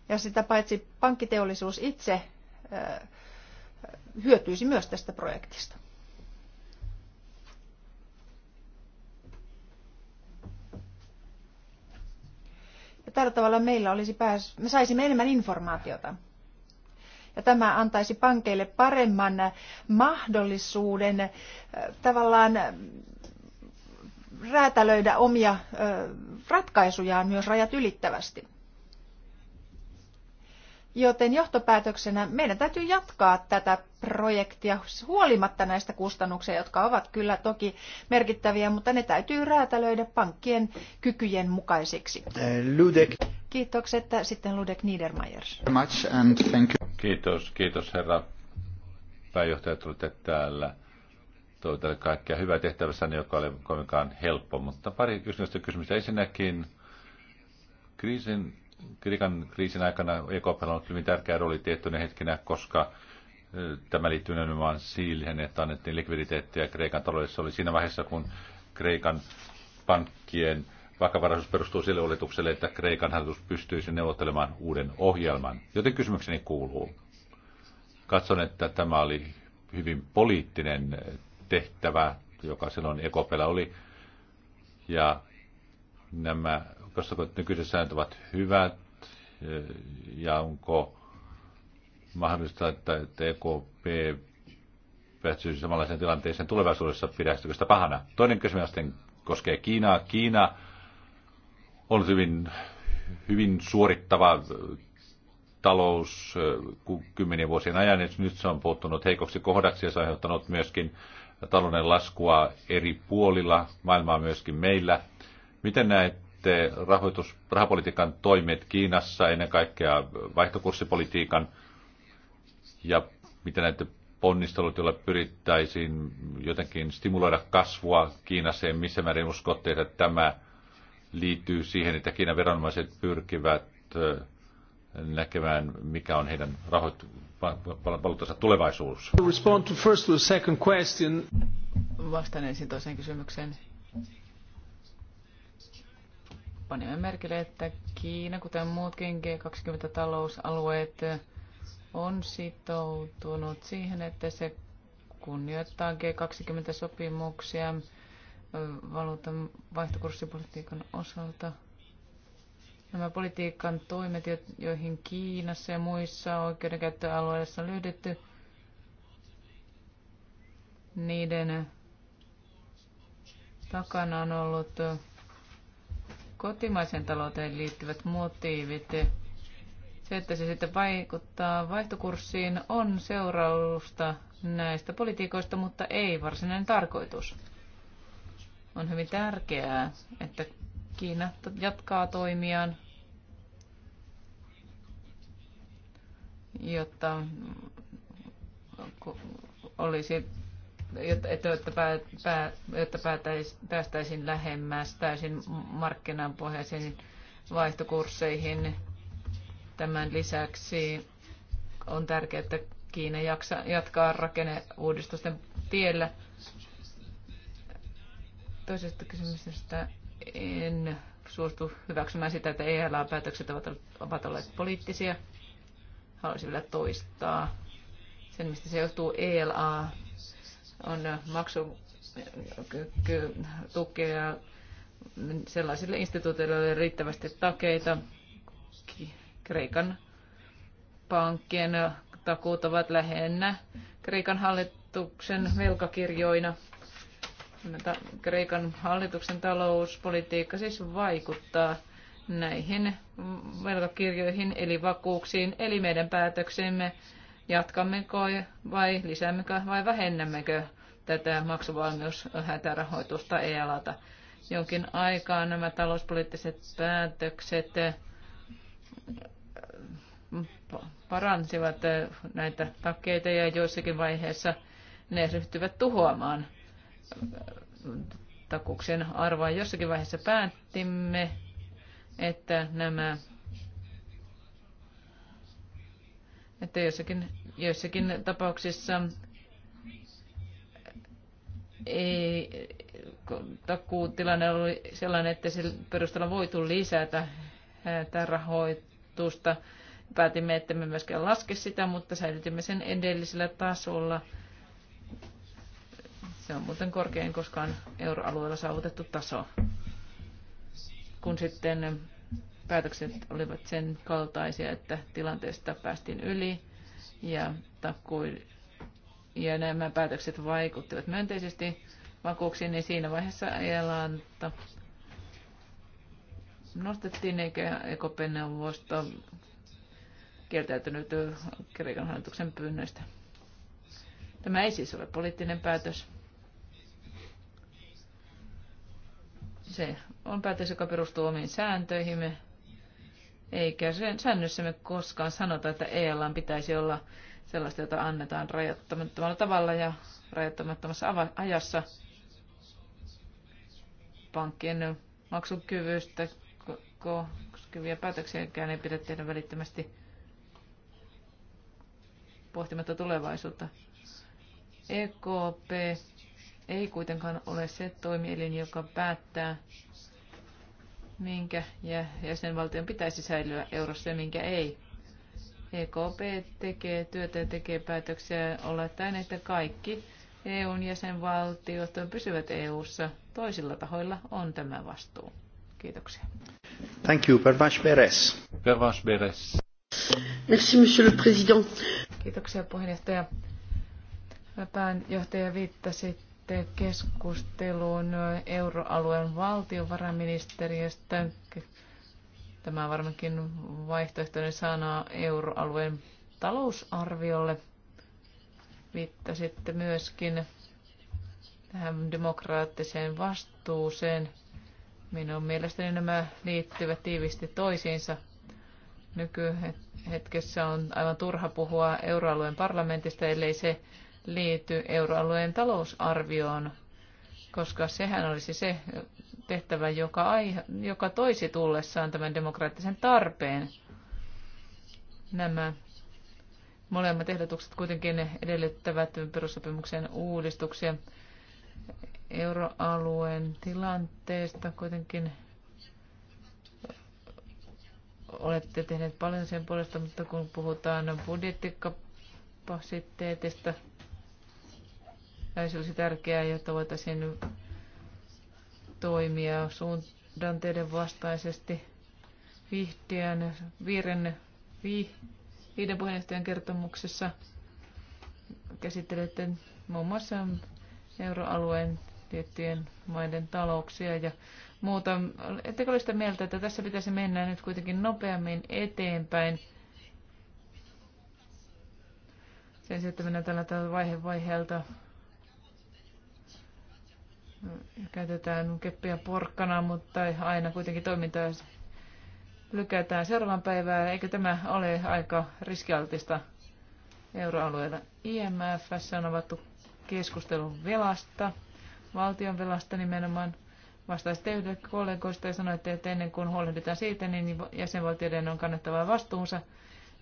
Speaker 3: Ja sitä paitsi pankkiteollisuus itse äh, hyötyisi myös tästä projektista. tällä tavalla meillä olisi pääs, me saisimme enemmän informaatiota. Ja tämä antaisi pankeille paremman mahdollisuuden äh, tavallaan äh, räätälöidä omia äh, ratkaisujaan myös rajat ylittävästi. Joten johtopäätöksenä meidän täytyy jatkaa tätä projektia huolimatta näistä kustannuksista, jotka ovat kyllä toki merkittäviä, mutta ne täytyy räätälöidä pankkien kykyjen mukaisiksi. Ludek. Kiitokset. Sitten Ludek Niedermayer.
Speaker 1: Kiitos, kiitos herra pääjohtaja, tulitte täällä. Toivotan kaikkea hyvää tehtävässäni, joka oli kovinkaan helppo, mutta pari kysymystä kysymystä. Ensinnäkin kriisin Kreikan kriisin aikana EKP on ollut hyvin tärkeä rooli tiettynä hetkinä, koska tämä liittyy nimenomaan siihen, että annettiin likviditeettiä Kreikan taloudessa. oli siinä vaiheessa, kun Kreikan pankkien vakavaraisuus perustuu sille oletukselle, että Kreikan hallitus pystyisi neuvottelemaan uuden ohjelman. Joten kysymykseni kuuluu. Katson, että tämä oli hyvin poliittinen tehtävä, joka silloin EKPllä oli. Ja nämä koska nykyiset säännöt ovat hyvät eh, ja onko mahdollista, että EKP päätyisi samanlaiseen tilanteeseen tulevaisuudessa, pidäisikö sitä pahana? Toinen kysymys sitten koskee Kiinaa. Kiina on hyvin, hyvin suorittava eh, talous eh, kymmenien vuosien ajan, nyt se on puuttunut heikoksi kohdaksi ja se on aiheuttanut myöskin talouden laskua eri puolilla maailmaa myöskin meillä. Miten näet sitten rahoitus, rahapolitiikan toimet Kiinassa, ennen kaikkea vaihtokurssipolitiikan ja mitä näitä ponnistelut, joilla pyrittäisiin jotenkin stimuloida kasvua Kiinassa ja missä määrin uskotte, että tämä liittyy siihen, että Kiinan veronomaiset pyrkivät äh, näkemään, mikä on heidän rahoit- valuuttansa tulevaisuus.
Speaker 2: Vastaan ensin toiseen kysymykseen. Panimme merkille, että Kiina, kuten muutkin G20-talousalueet, on sitoutunut siihen, että se kunnioittaa G20-sopimuksia valuutan vaihtokurssipolitiikan osalta. Nämä politiikan toimet, joihin Kiinassa ja muissa oikeudenkäyttöalueissa on lyhdytty, niiden takana on ollut kotimaisen talouteen liittyvät motiivit. Se, että se sitten vaikuttaa vaihtokurssiin, on seurausta näistä politiikoista, mutta ei varsinainen tarkoitus. On hyvin tärkeää, että Kiina jatkaa toimiaan, jotta olisi jotta, pää, pää, jotta päätäis, päästäisiin lähemmäs täysin markkinapohjaisiin vaihtokursseihin. Tämän lisäksi on tärkeää, että Kiina jaksa, jatkaa rakenneuudistusten tiellä. Toisesta kysymyksestä en suostu hyväksymään sitä, että ELA-päätökset ovat, ovat olleet poliittisia. Haluaisin vielä toistaa sen, mistä se johtuu. ELA on maksutukea sellaisille instituutioille joille riittävästi takeita. Kreikan pankkien takuut ovat lähennä Kreikan hallituksen velkakirjoina. Kreikan hallituksen talouspolitiikka siis vaikuttaa näihin velkakirjoihin eli vakuuksiin, eli meidän päätöksemme jatkammeko vai lisäämmekö vai vähennämmekö tätä maksuvalmiushätärahoitusta EALalta. Jonkin aikaa nämä talouspoliittiset päätökset eh, paransivat eh, näitä takkeita ja joissakin vaiheessa ne ryhtyvät tuhoamaan eh, takuksen arvoa. Jossakin vaiheessa päättimme, että nämä että joissakin, joissakin tapauksissa ei, takuutilanne oli sellainen, että sen perusteella voitu lisätä tätä rahoitusta. Päätimme, että me myöskään laske sitä, mutta säilytimme sen edellisellä tasolla. Se on muuten korkein koskaan euroalueella saavutettu taso. Kun sitten päätökset olivat sen kaltaisia, että tilanteesta päästiin yli ja, takui, ja nämä päätökset vaikuttivat myönteisesti vakuuksiin, niin siinä vaiheessa Elanta nostettiin eikä ekopenneuvosto kieltäytynyt Kreikan hallituksen pyynnöistä. Tämä ei siis ole poliittinen päätös. Se on päätös, joka perustuu omiin sääntöihimme eikä sen me koskaan sanota, että EL pitäisi olla sellaista, jota annetaan rajoittamattomalla tavalla ja rajoittamattomassa ajassa pankkien maksukyvystä koskevia päätöksiäkään ei pidä tehdä välittömästi pohtimatta tulevaisuutta. EKP ei kuitenkaan ole se toimielin, joka päättää minkä ja jäsenvaltion pitäisi säilyä eurossa ja minkä ei. EKP tekee työtä ja tekee päätöksiä olettaen, että kaikki EUn jäsenvaltiot pysyvät EUssa. Toisilla tahoilla on tämä vastuu. Kiitoksia.
Speaker 1: Thank you, Pervash Beres. Pervash Beres. Merci, monsieur le
Speaker 2: président. Kiitoksia puheenjohtaja. Pääjohtaja viittasi keskusteluun euroalueen valtiovarainministeriöstä. Tämä on varmaankin vaihtoehtoinen sana euroalueen talousarviolle. Viittasitte myöskin tähän demokraattiseen vastuuseen. Minun mielestäni nämä liittyvät tiivisti toisiinsa. Nykyhetkessä on aivan turha puhua euroalueen parlamentista, ellei se liity euroalueen talousarvioon, koska sehän olisi se tehtävä, joka, aihe, joka toisi tullessaan tämän demokraattisen tarpeen. Nämä molemmat ehdotukset kuitenkin edellyttävät perussopimuksen uudistuksia euroalueen tilanteesta kuitenkin olette tehneet paljon sen puolesta, mutta kun puhutaan budjettikapasiteetista, se olisi tärkeää, jotta voitaisiin toimia suundanteiden vastaisesti. Vihtiän, viiren, vi, viiden puheenjohtajan kertomuksessa käsittelette muun muassa euroalueen tiettyjen maiden talouksia ja muuta. Ettekö ole sitä mieltä, että tässä pitäisi mennä nyt kuitenkin nopeammin eteenpäin? Sen sijaan, että mennään tällä vaihe vaiheelta käytetään keppiä porkkana, mutta aina kuitenkin toimintaa lykätään seuraavan päivään. Eikö tämä ole aika riskialtista euroalueella? IMF on avattu keskustelun velasta, valtion velasta nimenomaan. Vastaisitte yhdelle kollegoista ja sanoitte, että ennen kuin huolehditaan siitä, niin jäsenvaltioiden on kannettava vastuunsa.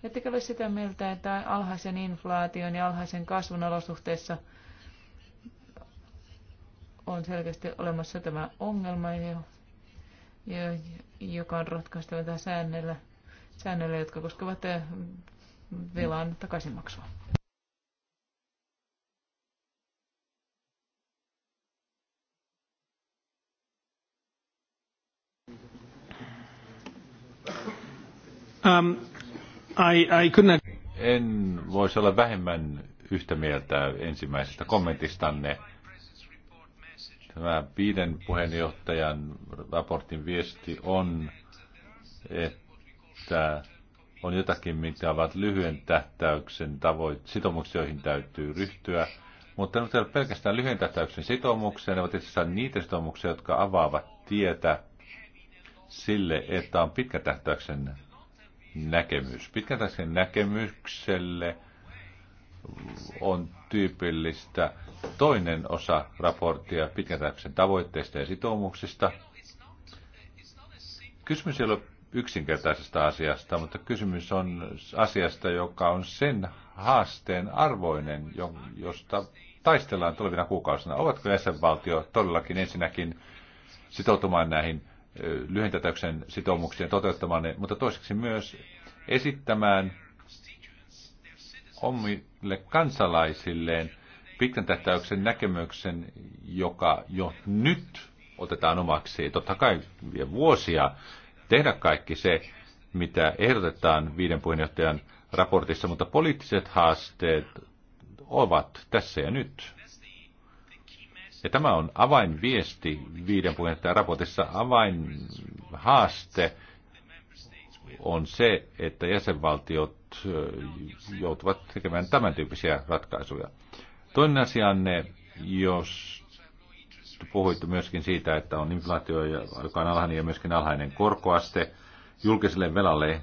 Speaker 2: Ettekö ole sitä mieltä, että alhaisen inflaation ja alhaisen kasvun olosuhteissa – on selkeästi olemassa tämä ongelma, joka on ratkaistava tällä säännöllä, säännöllä, jotka koskevat eh, velan takaisinmaksua.
Speaker 1: Um, I, I couldn't... En voisi olla vähemmän yhtä mieltä ensimmäisestä kommentistanne Tämä viiden puheenjohtajan raportin viesti on, että on jotakin, mitä ovat lyhyen tähtäyksen tavoit, sitoumuksia, joihin täytyy ryhtyä. Mutta ne ovat pelkästään lyhyen tähtäyksen sitoumuksia, ne ovat itse asiassa niitä sitoumuksia, jotka avaavat tietä sille, että on pitkän tähtäyksen näkemys. Pitkän tähtäyksen näkemykselle on tyypillistä toinen osa raporttia pitkän tähtäyksen tavoitteista ja sitoumuksista. Kysymys ei ole yksinkertaisesta asiasta, mutta kysymys on asiasta, joka on sen haasteen arvoinen, josta taistellaan tulevina kuukausina. Ovatko jäsenvaltio todellakin ensinnäkin sitoutumaan näihin lyhentätäyksen sitoumuksien toteuttamaan ne, mutta toiseksi myös esittämään omille kansalaisilleen pitkän tähtäyksen näkemyksen, joka jo nyt otetaan omaksi. Totta kai vie vuosia tehdä kaikki se, mitä ehdotetaan viiden puheenjohtajan raportissa, mutta poliittiset haasteet ovat tässä ja nyt. Ja tämä on avainviesti viiden puheenjohtajan raportissa. Avainhaaste on se, että jäsenvaltiot joutuvat tekemään tämän tyyppisiä ratkaisuja. Toinen asia on ne, jos puhuitte myöskin siitä, että on inflaatio, joka on alhainen ja myöskin alhainen korkoaste julkiselle velalle,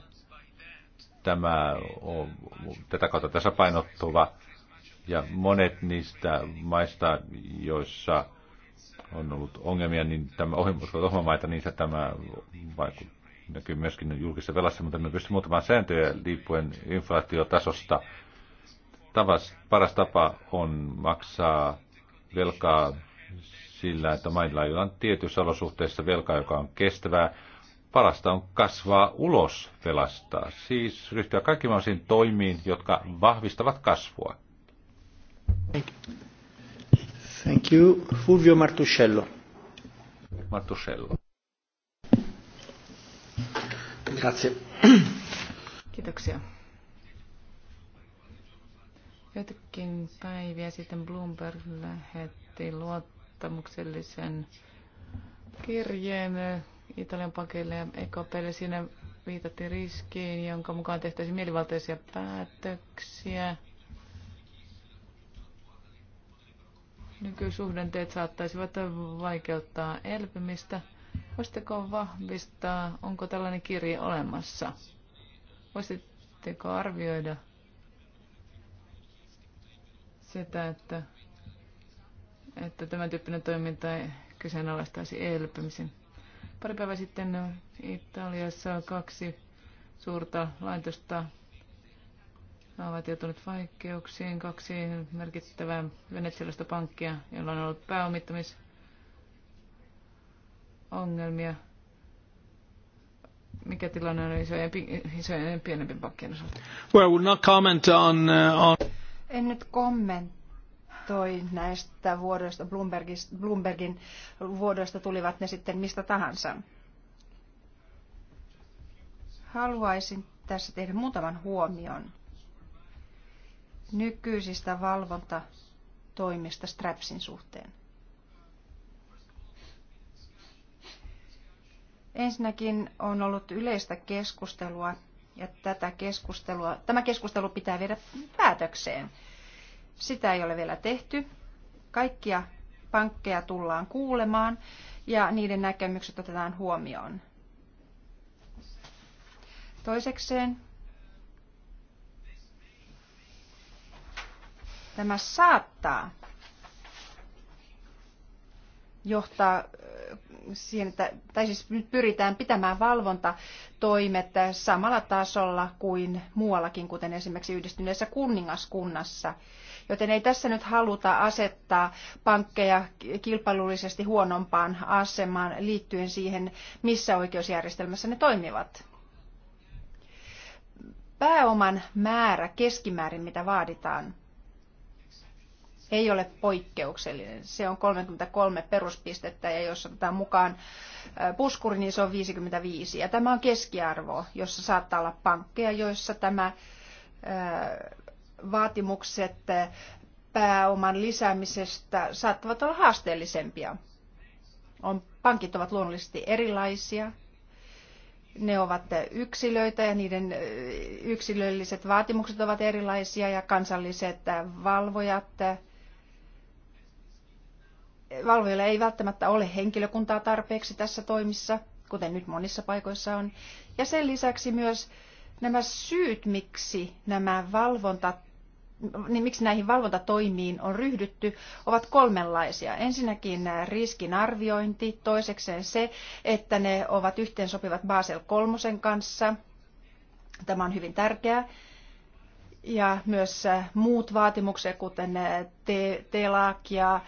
Speaker 1: tämä on tätä kautta tasapainottuva ja monet niistä maista, joissa on ollut ongelmia, niin tämä niin niissä tämä vaikuttaa näkyy myöskin julkisessa velassa, mutta me pystymme muuttamaan sääntöjä liippuen inflaatiotasosta. Tavas, paras tapa on maksaa velkaa sillä, että mailla, ei ole tietyissä olosuhteissa velkaa, joka on kestävää, parasta on kasvaa ulos velasta, siis ryhtyä kaikkiin mahdollisiin toimiin, jotka vahvistavat kasvua. Thank you. Fulvio Martuscello. Martuscello. Grazie.
Speaker 2: Kiitoksia. Jotkin päiviä sitten Bloomberg lähetti luottamuksellisen kirjeen Italian pakille ja EKPlle. Siinä viitattiin riskiin, jonka mukaan tehtäisiin mielivaltaisia päätöksiä. Nykysuhdanteet saattaisivat vaikeuttaa elpymistä. Voisitteko vahvistaa, onko tällainen kirje olemassa? Voisitteko arvioida sitä, että, että tämän tyyppinen toiminta kyseenalaistaisi elpymisen? Pari päivää sitten Italiassa kaksi suurta laitosta ovat joutuneet vaikeuksiin. Kaksi merkittävää venetsialaista pankkia, joilla on ollut pääomittamis ongelmia? Mikä tilanne on isojen, isojen pienempi pienempien pankkien osalta?
Speaker 1: Well, we'll not comment on, uh, on...
Speaker 3: En nyt kommentoi näistä vuodoista, Bloombergin vuodoista tulivat ne sitten mistä tahansa. Haluaisin tässä tehdä muutaman huomion nykyisistä valvontatoimista Strapsin suhteen. Ensinnäkin on ollut yleistä keskustelua ja tätä keskustelua, tämä keskustelu pitää viedä päätökseen. Sitä ei ole vielä tehty. Kaikkia pankkeja tullaan kuulemaan ja niiden näkemykset otetaan huomioon. Toisekseen tämä saattaa johtaa äh, siihen, että, tai siis nyt pyritään pitämään valvontatoimet samalla tasolla kuin muuallakin, kuten esimerkiksi yhdistyneessä kuningaskunnassa. Joten ei tässä nyt haluta asettaa pankkeja kilpailullisesti huonompaan asemaan liittyen siihen, missä oikeusjärjestelmässä ne toimivat. Pääoman määrä keskimäärin, mitä vaaditaan, ei ole poikkeuksellinen. Se on 33 peruspistettä ja jos otetaan mukaan puskuri, niin se on 55. Ja tämä on keskiarvo, jossa saattaa olla pankkeja, joissa tämä vaatimukset pääoman lisäämisestä saattavat olla haasteellisempia. On, pankit ovat luonnollisesti erilaisia. Ne ovat yksilöitä ja niiden yksilölliset vaatimukset ovat erilaisia ja kansalliset valvojat valvojilla ei välttämättä ole henkilökuntaa tarpeeksi tässä toimissa, kuten nyt monissa paikoissa on. Ja sen lisäksi myös nämä syyt, miksi nämä valvonta niin miksi näihin valvontatoimiin on ryhdytty, ovat kolmenlaisia. Ensinnäkin riskinarviointi, toisekseen se, että ne ovat yhteensopivat Basel kolmosen kanssa. Tämä on hyvin tärkeää. Ja myös muut vaatimukset, kuten TELAK ja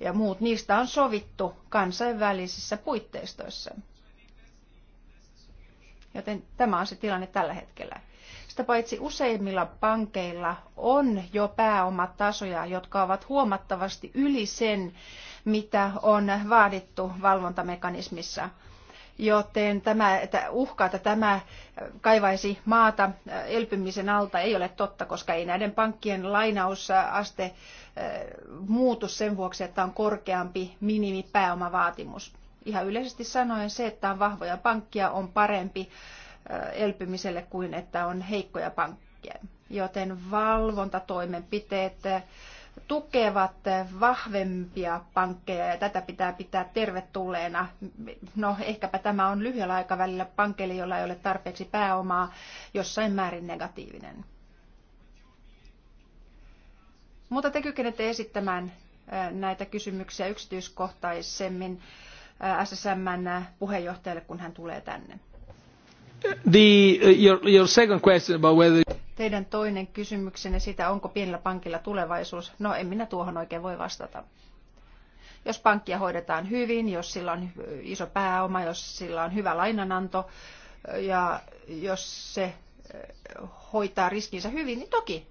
Speaker 3: ja muut, niistä on sovittu kansainvälisissä puitteistoissa. Joten tämä on se tilanne tällä hetkellä. Sitä paitsi useimmilla pankeilla on jo pääomatasoja, jotka ovat huomattavasti yli sen, mitä on vaadittu valvontamekanismissa joten tämä uhka, että tämä kaivaisi maata äh, elpymisen alta, ei ole totta, koska ei näiden pankkien lainausaste äh, muutu sen vuoksi, että on korkeampi minimipääomavaatimus. Ihan yleisesti sanoen se, että on vahvoja pankkia, on parempi äh, elpymiselle kuin että on heikkoja pankkeja. Joten valvontatoimenpiteet tukevat vahvempia pankkeja ja tätä pitää pitää tervetulleena. No ehkäpä tämä on lyhyellä aikavälillä pankkeille, jolla ei ole tarpeeksi pääomaa, jossain määrin negatiivinen. Mutta te kykenette esittämään näitä kysymyksiä yksityiskohtaisemmin SSMn puheenjohtajalle, kun hän tulee tänne. Uh, Teidän toinen kysymyksenne siitä, onko pienellä pankilla tulevaisuus. No en minä tuohon oikein voi vastata. Jos pankkia hoidetaan hyvin, jos sillä on iso pääoma, jos sillä on hyvä lainananto ja jos se hoitaa riskinsä hyvin, niin toki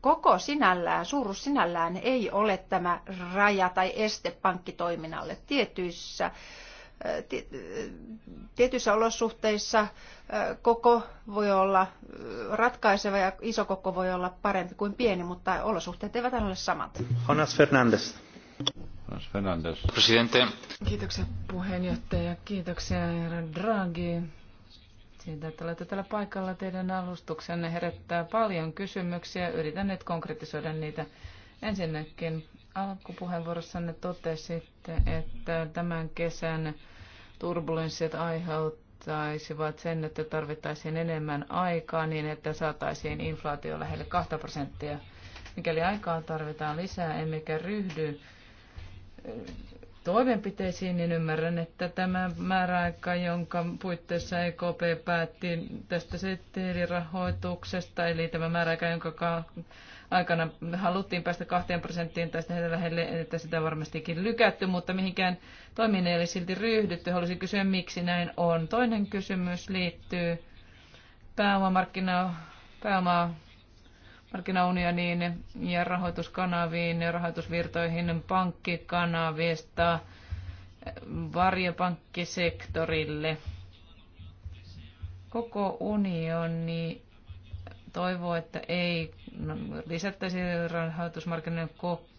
Speaker 3: koko sinällään, suuruus sinällään ei ole tämä raja tai este pankkitoiminnalle tietyissä tietyissä olosuhteissa koko voi olla ratkaiseva ja iso koko voi olla parempi kuin pieni, mutta olosuhteet
Speaker 2: eivät aina ole samat.
Speaker 1: Jonas Fernandes. Jonas Fernandes. Presidente.
Speaker 2: Kiitoksia puheenjohtaja. Kiitoksia herra Draghi. Siitä, että olette tällä paikalla. Teidän alustuksenne herättää paljon kysymyksiä. Yritän nyt konkretisoida niitä Ensinnäkin alkupuheenvuorossanne totesitte, että tämän kesän turbulenssit aiheuttaisivat sen, että tarvittaisiin enemmän aikaa niin, että saataisiin inflaatio lähelle 2 prosenttia. Mikäli aikaa tarvitaan lisää, emmekä ryhdy eh, toimenpiteisiin, niin ymmärrän, että tämä määräaika, jonka puitteissa EKP päätti tästä setelirahoituksesta, eli tämä määräaika, jonka aikana haluttiin päästä kahteen prosenttiin tai sitä lähelle, että sitä varmastikin lykätty, mutta mihinkään toimiin ei ole silti ryhdytty. Haluaisin kysyä, miksi näin on. Toinen kysymys liittyy pääomamarkkina, pääomaa ja rahoituskanaviin ja rahoitusvirtoihin pankkikanavista varjopankkisektorille. Koko unioni toivoo, että ei lisättäisi rahoitusmarkkinoiden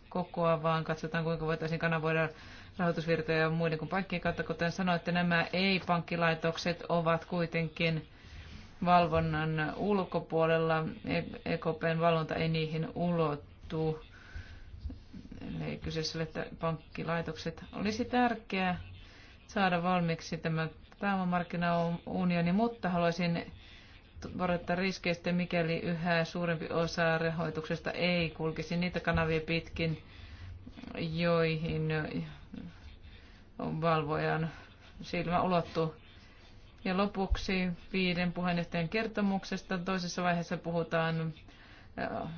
Speaker 2: kokoa, vaan katsotaan kuinka voitaisiin kanavoida rahoitusvirtoja muiden kuin pankkien kautta. Kuten sanoitte, nämä ei-pankkilaitokset ovat kuitenkin valvonnan ulkopuolella. EKPn e valvonta ei niihin ulottu. Eli kyseessä ole pankkilaitokset. Olisi tärkeää saada valmiiksi tämä pääomamarkkinaunioni, mutta haluaisin varetta riskeistä, mikäli yhä suurempi osa rahoituksesta ei kulkisi niitä kanavia pitkin, joihin valvojan silmä ulottuu. Ja lopuksi viiden puheenjohtajan kertomuksesta. Toisessa vaiheessa puhutaan äh,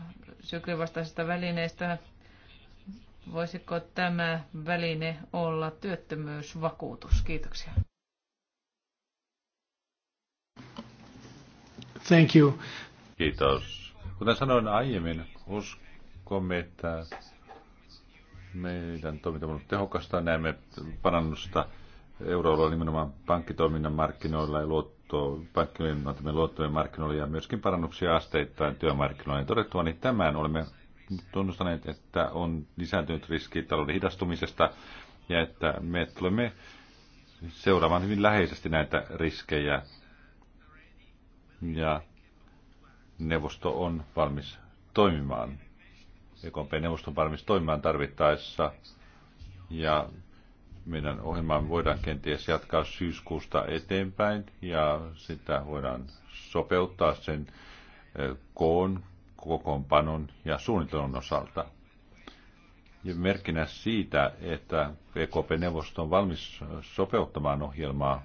Speaker 2: syklivastaisista välineistä Voisiko tämä väline olla työttömyysvakuutus? Kiitoksia.
Speaker 1: Thank you. Kiitos. Kuten sanoin aiemmin, uskomme, että meidän toiminta on ollut tehokasta. Näemme parannusta euroalueella nimenomaan pankkitoiminnan markkinoilla ja luotto, luottojen markkinoilla ja myöskin parannuksia asteittain työmarkkinoilla. Todettua, niin tämän olemme tunnustaneet, että on lisääntynyt riski talouden hidastumisesta ja että me tulemme seuraamaan hyvin läheisesti näitä riskejä ja neuvosto on valmis toimimaan. EKP-neuvosto on valmis toimimaan tarvittaessa ja meidän ohjelmaan voidaan kenties jatkaa syyskuusta eteenpäin ja sitä voidaan sopeuttaa sen koon, kokoonpanon ja suunnitelun osalta. Ja merkkinä siitä, että EKP-neuvosto on valmis sopeuttamaan ohjelmaa,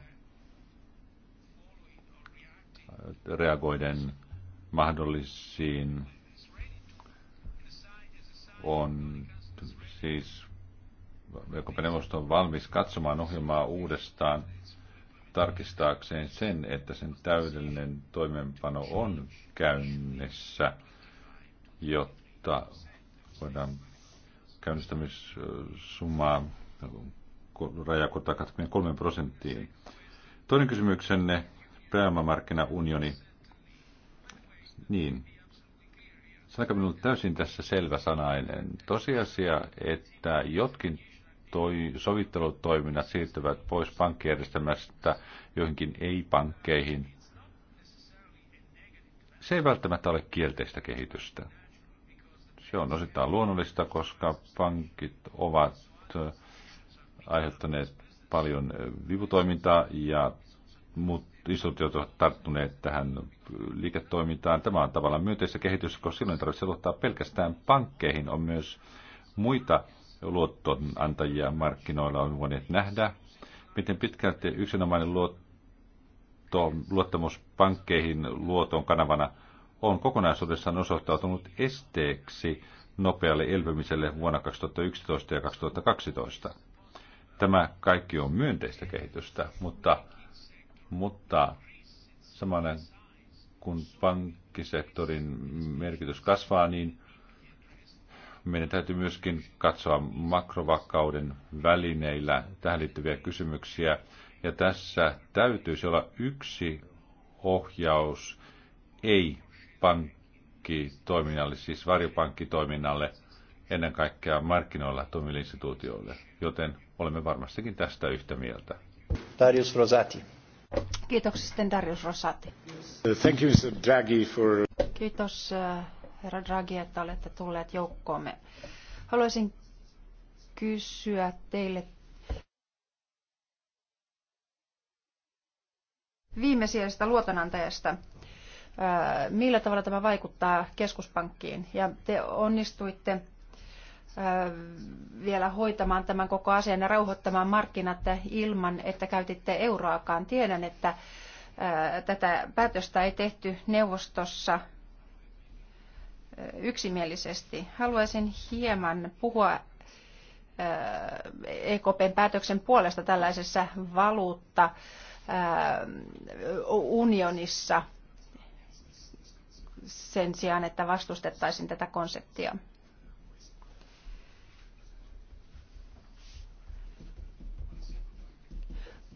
Speaker 1: reagoiden mahdollisiin on siis Euroopan neuvosto on valmis katsomaan ohjelmaa uudestaan tarkistaakseen sen, että sen täydellinen toimeenpano on käynnissä, jotta voidaan käynnistämissummaa rajakota 23 prosenttiin. Toinen kysymyksenne pääomamarkkinaunioni. Niin. Sanokaa minulle täysin tässä selvä sanainen. Tosiasia, että jotkin toi, sovittelutoiminnat siirtyvät pois pankkijärjestelmästä joihinkin ei-pankkeihin, se ei välttämättä ole kielteistä kehitystä. Se on osittain luonnollista, koska pankit ovat äh, aiheuttaneet paljon äh, vivutoimintaa, ja, mutta instituutiot ovat tarttuneet tähän liiketoimintaan. Tämä on tavallaan myönteistä kehitystä, koska silloin tarvitsee luottaa pelkästään pankkeihin. On myös muita luottonantajia markkinoilla on voineet nähdä, miten pitkälti yksinomainen luotto, luottamus pankkeihin luoton kanavana on kokonaisuudessaan osoittautunut esteeksi nopealle elpymiselle vuonna 2011 ja 2012. Tämä kaikki on myönteistä kehitystä, mutta mutta samalla kun pankkisektorin merkitys kasvaa, niin meidän täytyy myöskin katsoa makrovakauden välineillä tähän liittyviä kysymyksiä. Ja tässä täytyisi olla yksi ohjaus, ei pankkitoiminnalle, siis varjopankkitoiminnalle, ennen kaikkea markkinoilla toimiville instituutioille. Joten olemme varmastikin tästä yhtä mieltä. Darius Rosati.
Speaker 3: Kiitoksia sitten Darius Rosati.
Speaker 1: Thank you, Mr. Draghi, for...
Speaker 3: Kiitos äh, herra Draghi, että olette tulleet joukkoomme. Haluaisin kysyä teille viimesijaisesta luotonantajasta. Äh, millä tavalla tämä vaikuttaa keskuspankkiin? Ja te onnistuitte vielä hoitamaan tämän koko asian ja rauhoittamaan markkinat ilman, että käytitte euroakaan. Tiedän, että tätä päätöstä ei tehty neuvostossa yksimielisesti. Haluaisin hieman puhua EKPn päätöksen puolesta tällaisessa valuutta unionissa sen sijaan, että vastustettaisiin tätä konseptia.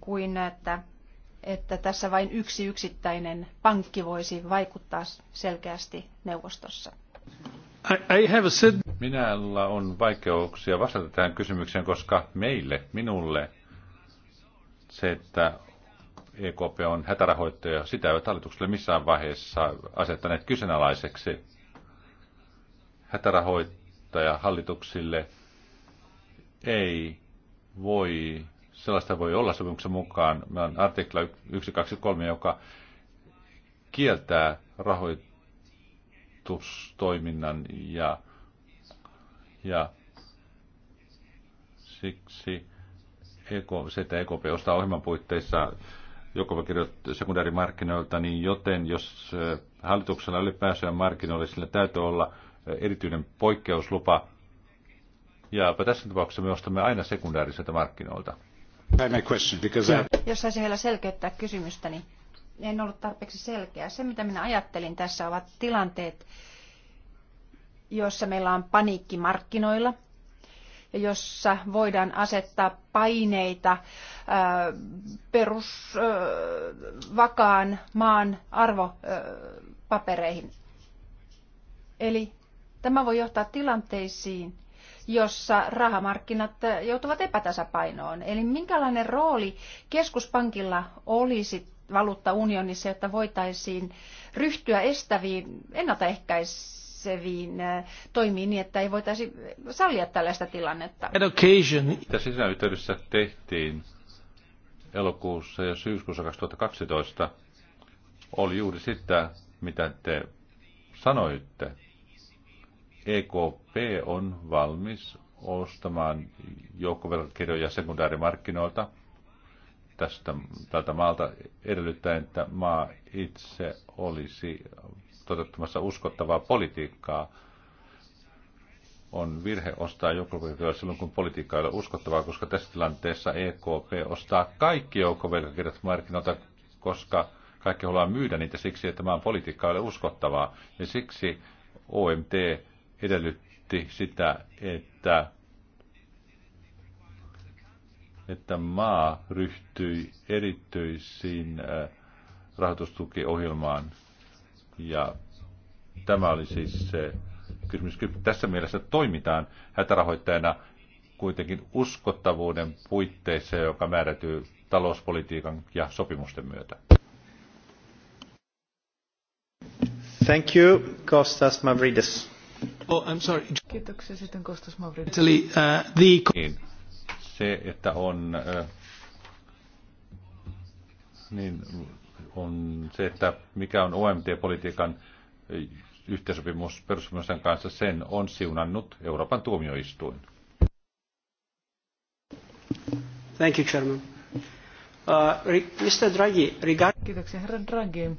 Speaker 3: kuin että, että tässä vain yksi yksittäinen pankki voisi vaikuttaa selkeästi neuvostossa?
Speaker 1: I, I have said... Minällä on vaikeuksia vastata tähän kysymykseen, koska meille, minulle, se, että EKP on hätärahoittaja, sitä eivät hallitukselle missään vaiheessa asettaneet kyseenalaiseksi. Hätärahoittaja hallituksille ei voi sellaista voi olla sopimuksen mukaan. Meillä on artikla 123, joka kieltää rahoitustoiminnan ja, ja siksi EK, se, että EKP ostaa ohjelman puitteissa joko sekundäärimarkkinoilta, niin joten jos hallituksella oli pääsyä markkinoille, sillä täytyy olla erityinen poikkeuslupa. Ja tässä tapauksessa me ostamme aina sekundääriseltä markkinoilta.
Speaker 3: Jos saisin vielä selkeyttää kysymystäni. Niin en ollut tarpeeksi selkeä. Se, mitä minä ajattelin tässä, ovat tilanteet, joissa meillä on paniikki markkinoilla, jossa voidaan asettaa paineita perusvakaan maan arvopapereihin. Eli tämä voi johtaa tilanteisiin, jossa rahamarkkinat eh, joutuvat epätasapainoon. Eli minkälainen rooli keskuspankilla olisi valuuttaunionissa, jotta voitaisiin ryhtyä estäviin ennaltaehkäiseviin eh, toimiin niin, että ei voitaisi sallia tällaista tilannetta.
Speaker 1: Mitä sisäyhteydessä tehtiin elokuussa ja syyskuussa 2012 oli juuri sitä, mitä te sanoitte. EKP on valmis ostamaan joukkovelkakirjoja sekundaarimarkkinoilta tästä, tältä maalta edellyttäen, että maa itse olisi toteuttamassa uskottavaa politiikkaa. On virhe ostaa joukkovelkakirjoja silloin, kun politiikka ei ole uskottavaa, koska tässä tilanteessa EKP ostaa kaikki joukkovelkakirjat markkinoilta, koska kaikki haluaa myydä niitä siksi, että maan politiikka ei ole uskottavaa. Ja siksi OMT edellytti sitä, että, että maa ryhtyi erityisiin äh, rahoitustukiohjelmaan. Ja tämä oli siis se kysymys. Tässä mielessä toimitaan hätärahoittajana kuitenkin uskottavuuden puitteissa, joka määrätyy talouspolitiikan ja sopimusten myötä. Thank you, Kostas Mavridis. Oh, I'm sorry. Kiitoksia
Speaker 2: sitten Kostas Mavridis. Eli,
Speaker 1: uh, the... Niin, se, että on, uh, niin on se, että mikä on OMT-politiikan uh, yhteensopimus perussopimusten kanssa, sen on siunannut Euroopan tuomioistuin. Thank you, Chairman. Uh, Mr. Draghi, regard... Kiitoksia, herra Draghi.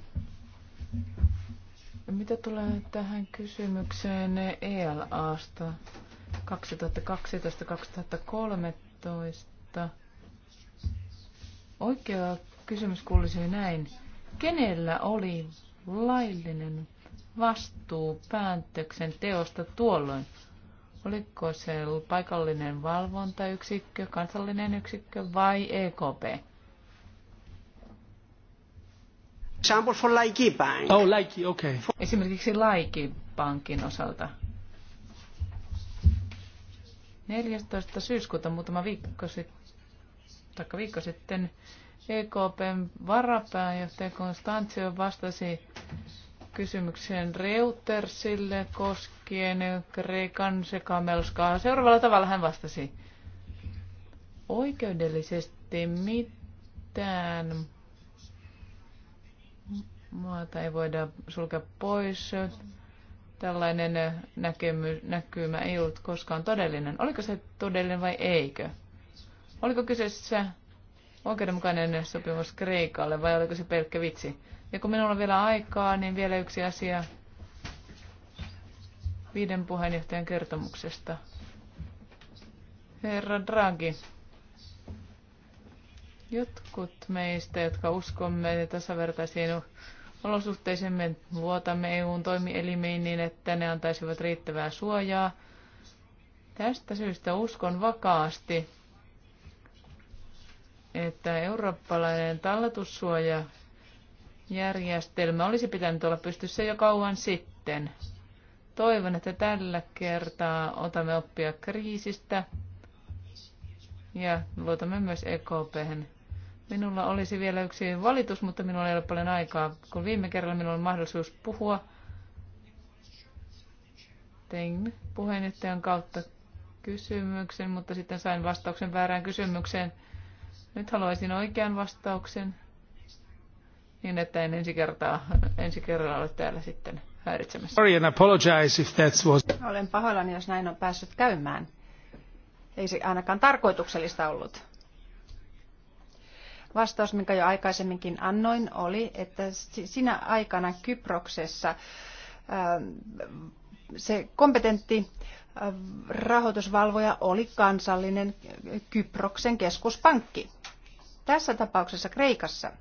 Speaker 2: Mitä tulee tähän kysymykseen ELAsta 2012-2013? Oikea kysymys kuulisi näin. Kenellä oli laillinen vastuu päätöksen teosta tuolloin? Oliko se paikallinen valvontayksikkö, kansallinen yksikkö vai EKP? Example for Laiki Bank. Oh, Laiki, okay. Esimerkiksi Laiki Bankin osalta. 14. syyskuuta muutama viikko sitten, viikko sitten EKPn varapääjohtaja Konstantio vastasi kysymykseen Reutersille koskien Kreikan sekamelskaa. Seuraavalla tavalla hän vastasi. Oikeudellisesti mitään maata ei voida sulkea pois. Tällainen näkymy, näkymä ei ollut koskaan todellinen. Oliko se todellinen vai eikö? Oliko kyseessä oikeudenmukainen sopimus Kreikalle vai oliko se pelkkä vitsi? Ja kun minulla on vielä aikaa, niin vielä yksi asia viiden puheenjohtajan kertomuksesta. Herra Draghi, jotkut meistä, jotka uskomme tasavertaisiin olosuhteisemme luotamme EUn toimielimiin niin, että ne antaisivat riittävää suojaa. Tästä syystä uskon vakaasti, että eurooppalainen talletussuojajärjestelmä olisi pitänyt olla pystyssä jo kauan sitten. Toivon, että tällä kertaa otamme oppia kriisistä ja luotamme myös EKPhen. Minulla olisi vielä yksi valitus, mutta minulla ei ole paljon aikaa. Kun viime kerralla minulla oli mahdollisuus puhua, tein puheenjohtajan kautta kysymyksen, mutta sitten sain vastauksen väärään kysymykseen. Nyt haluaisin oikean vastauksen, niin että en ensi, kertaa, ensi kerralla ole täällä sitten häiritsemässä.
Speaker 1: Sorry and apologize if was...
Speaker 2: Olen pahoillani, jos näin on
Speaker 3: päässyt käymään. Ei se ainakaan tarkoituksellista ollut. Vastaus, minkä jo aikaisemminkin annoin, oli, että sinä aikana Kyproksessa ähm, se kompetentti äh, rahoitusvalvoja oli kansallinen Kyproksen keskuspankki. Tässä tapauksessa Kreikassa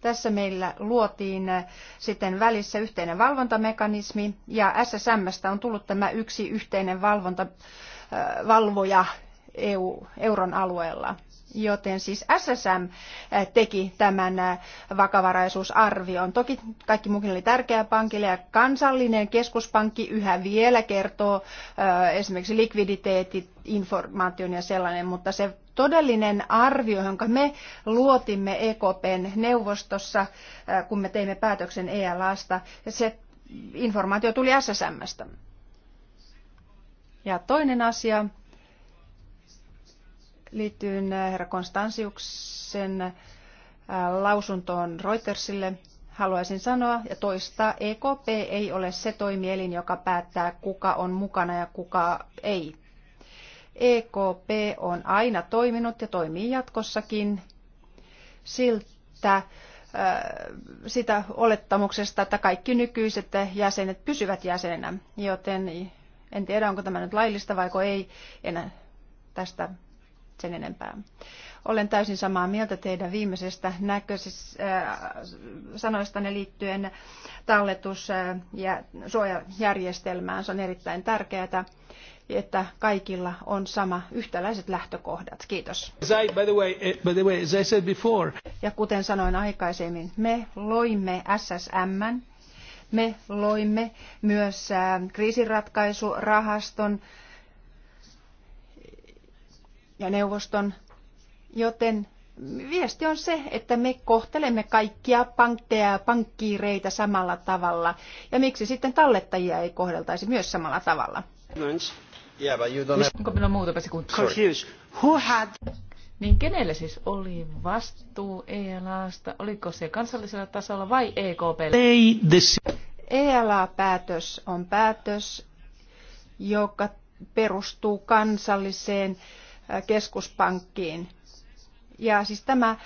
Speaker 3: tässä meillä luotiin äh, sitten välissä yhteinen valvontamekanismi ja SSMstä on tullut tämä yksi yhteinen valvonta, äh, valvoja EU, euron alueella. Joten siis SSM eh, teki tämän eh, vakavaraisuusarvion. Toki kaikki muukin oli tärkeää pankille ja kansallinen keskuspankki yhä vielä kertoo eh, esimerkiksi likviditeetit, informaation ja sellainen, mutta se todellinen arvio, jonka me luotimme EKPn neuvostossa, kun me teimme päätöksen ELAsta, se informaatio tuli SSMstä. Ja toinen asia, liittyen äh, herra Konstansiuksen äh, lausuntoon Reutersille haluaisin sanoa ja toistaa, EKP ei ole se toimielin, joka päättää, kuka on mukana ja kuka ei. EKP on aina toiminut ja toimii jatkossakin siltä, äh, sitä olettamuksesta, että kaikki nykyiset jäsenet pysyvät jäsenenä, joten en tiedä, onko tämä nyt laillista vai ei, en tästä sen enempää. Olen täysin samaa mieltä teidän viimeisestä näköisistä äh, sanoistanne liittyen talletus- ja suojajärjestelmään. Se on erittäin tärkeää, että kaikilla on sama yhtäläiset lähtökohdat. Kiitos.
Speaker 1: Eh,
Speaker 3: ja kuten sanoin aikaisemmin, me loimme SSM, me loimme myös äh, kriisinratkaisurahaston, ja neuvoston, joten viesti on se, että me kohtelemme kaikkia pankkeja ja pankkiireitä samalla tavalla. Ja miksi sitten tallettajia ei kohdeltaisi
Speaker 2: myös samalla tavalla? Onko minulla muutama Who had... Niin kenelle siis oli vastuu ELAsta? Oliko se kansallisella tasolla vai EKP? ELA-päätös on päätös,
Speaker 3: joka perustuu kansalliseen äh, keskuspankkiin. Ja siis tämä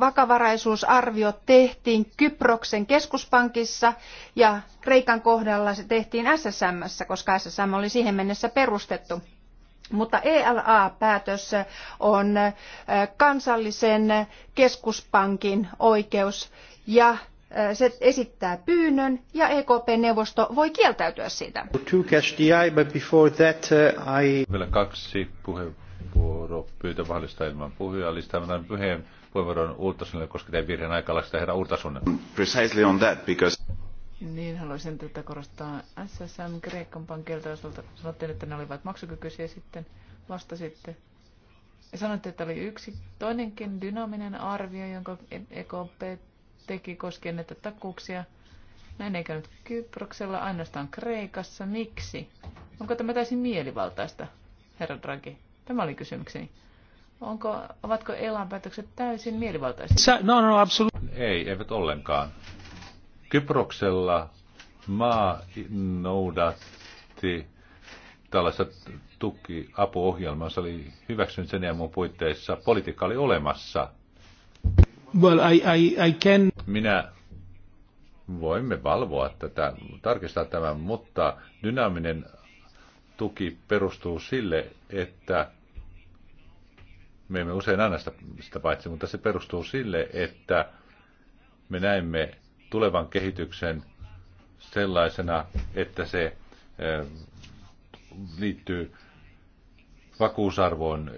Speaker 3: vakavaraisuusarvio tehtiin Kyproksen keskuspankissa ja Kreikan kohdalla se tehtiin SSMssä, koska SSM oli siihen mennessä perustettu. Mutta ELA-päätös on kansallisen keskuspankin oikeus ja se esittää pyynnön ja EKP-neuvosto voi kieltäytyä siitä.
Speaker 1: Uh, Vielä kaksi puheenvuoropyytä vahvistaa ilman puhujalista, Mä tämän puheen puheenvuoron Urtasunille, koska teidän virheen aikalaista laittaa herra Urtasunne. Precisely on that, because...
Speaker 2: Niin, haluaisin tätä korostaa. SSM Kreikan pankilta sanottiin, että ne olivat maksukykyisiä sitten vastasitte. Ja sanoitte, että oli yksi toinenkin dynaaminen arvio, jonka EKP e teki koskien näitä takuuksia. Näin ei käynyt Kyproksella, ainoastaan Kreikassa. Miksi? Onko tämä täysin mielivaltaista, herra Draghi? Tämä oli kysymykseni. Onko, ovatko Elan päätökset täysin mielivaltaisia? No,
Speaker 1: no, absolutely. Ei, eivät ollenkaan. Kyproksella maa noudatti tällaista tuki-apuohjelmaa, Se oli hyväksynyt sen ja mun puitteissa. Politiikka oli olemassa. Well, I, I, I can... Minä voimme valvoa tätä, tarkistaa tämän, mutta dynaaminen tuki perustuu sille, että me emme usein aina sitä, sitä paitsi, mutta se perustuu sille, että me näemme tulevan kehityksen sellaisena, että se liittyy vakuusarvoon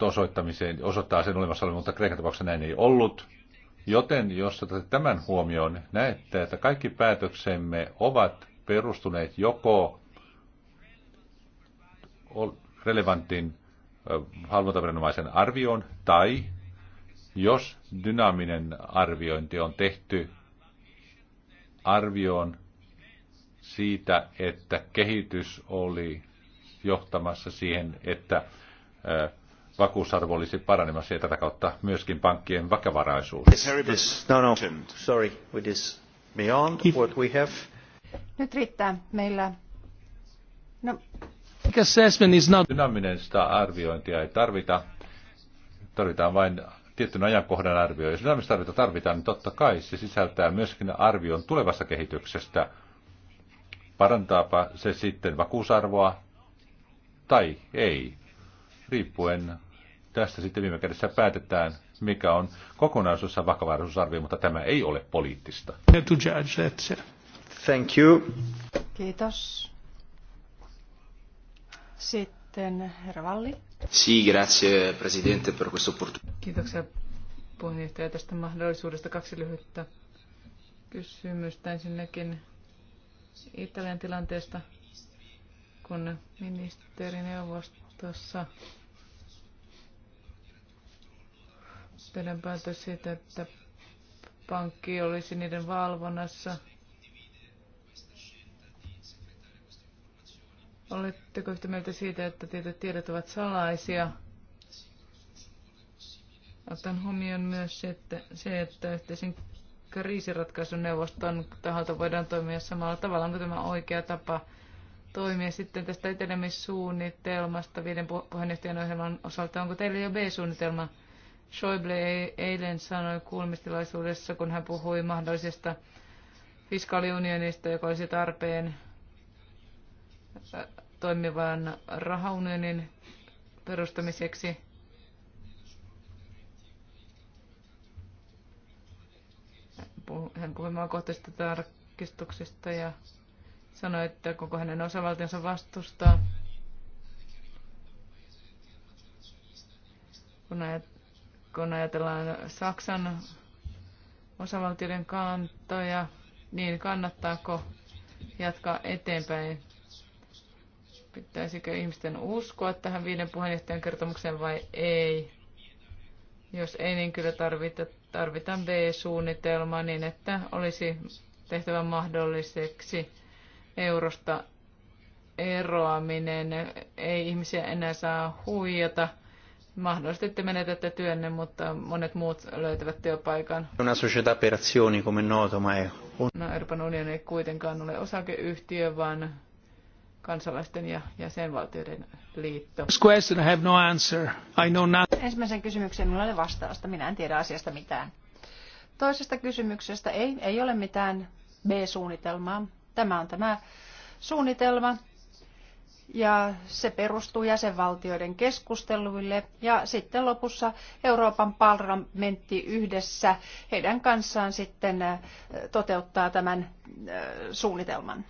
Speaker 1: osoittamiseen, osoittaa sen olemassa olevan, mutta Kreikan tapauksessa näin ei ollut. Joten jos otatte tämän huomioon, näette, että kaikki päätöksemme ovat perustuneet joko relevantin valvontaviranomaisen arvioon tai jos dynaaminen arviointi on tehty arvioon siitä, että kehitys oli johtamassa siihen, että vakuusarvo olisi paranemassa ja tätä kautta myöskin pankkien vakavaraisuus. No, no, sorry, it is beyond what we have. Nyt
Speaker 3: riittää meillä. No.
Speaker 1: Assessment is not... Dynaaminen sitä arviointia ei tarvita. Tarvitaan vain tietyn ajankohdan arvio. Jos dynaamista arviota tarvitaan, niin totta kai se sisältää myöskin arvion tulevasta kehityksestä. Parantaapa se sitten vakuusarvoa tai ei riippuen tästä sitten viime kädessä päätetään, mikä on kokonaisuudessaan vakavaraisuusarvio, mutta tämä ei ole poliittista. Thank you.
Speaker 3: Kiitos. Sitten herra Valli.
Speaker 2: Sì, grazie presidente per questo opportunità. Kiitoksia puheenjohtaja tästä mahdollisuudesta. Kaksi lyhyttä kysymystä ensinnäkin Italian tilanteesta, kun ministerineuvostossa neuvostossa Tehdään päätös siitä, että pankki olisi niiden valvonnassa. Oletteko yhtä mieltä siitä, että tietyt tiedot ovat salaisia? Otan huomioon myös se, että, se, että yhteisen kriisiratkaisuneuvoston taholta voidaan toimia samalla tavalla. Onko tämä oikea tapa toimia sitten tästä etenemissuunnitelmasta viiden puheenjohtajan ohjelman osalta? Onko teillä jo B-suunnitelma? Schäuble eilen sanoi kuulemistilaisuudessa, kun hän puhui mahdollisesta fiskaaliunionista, joka olisi tarpeen äh, toimivan rahaunionin perustamiseksi. Hän puhui maakohtaisista tarkistuksista ja sanoi, että koko hänen osavaltionsa vastustaa. Kun ajat kun ajatellaan Saksan osavaltioiden kantoja, niin kannattaako jatkaa eteenpäin? Pitäisikö ihmisten uskoa tähän viiden puheenjohtajan kertomukseen vai ei? Jos ei, niin kyllä tarvita, tarvitaan B-suunnitelma niin, että olisi tehtävä mahdolliseksi eurosta eroaminen. Ei ihmisiä enää saa huijata – Mahdollisesti te menetätte työnne, mutta monet muut löytävät työpaikan.
Speaker 1: Una società per azioni, come noto, ma è...
Speaker 2: No, Euroopan unioni ei kuitenkaan ole osakeyhtiö, vaan kansalaisten ja jäsenvaltioiden liitto.
Speaker 1: Question, I have no answer. I know not.
Speaker 2: Ensimmäisen kysymykseen minulla ei vastausta. Minä en tiedä asiasta mitään.
Speaker 3: Toisesta kysymyksestä ei, ei ole mitään B-suunnitelmaa. Tämä on tämä suunnitelma, ja se perustuu jäsenvaltioiden keskusteluille ja sitten lopussa Euroopan parlamentti yhdessä heidän kanssaan sitten äh, toteuttaa tämän äh, suunnitelman.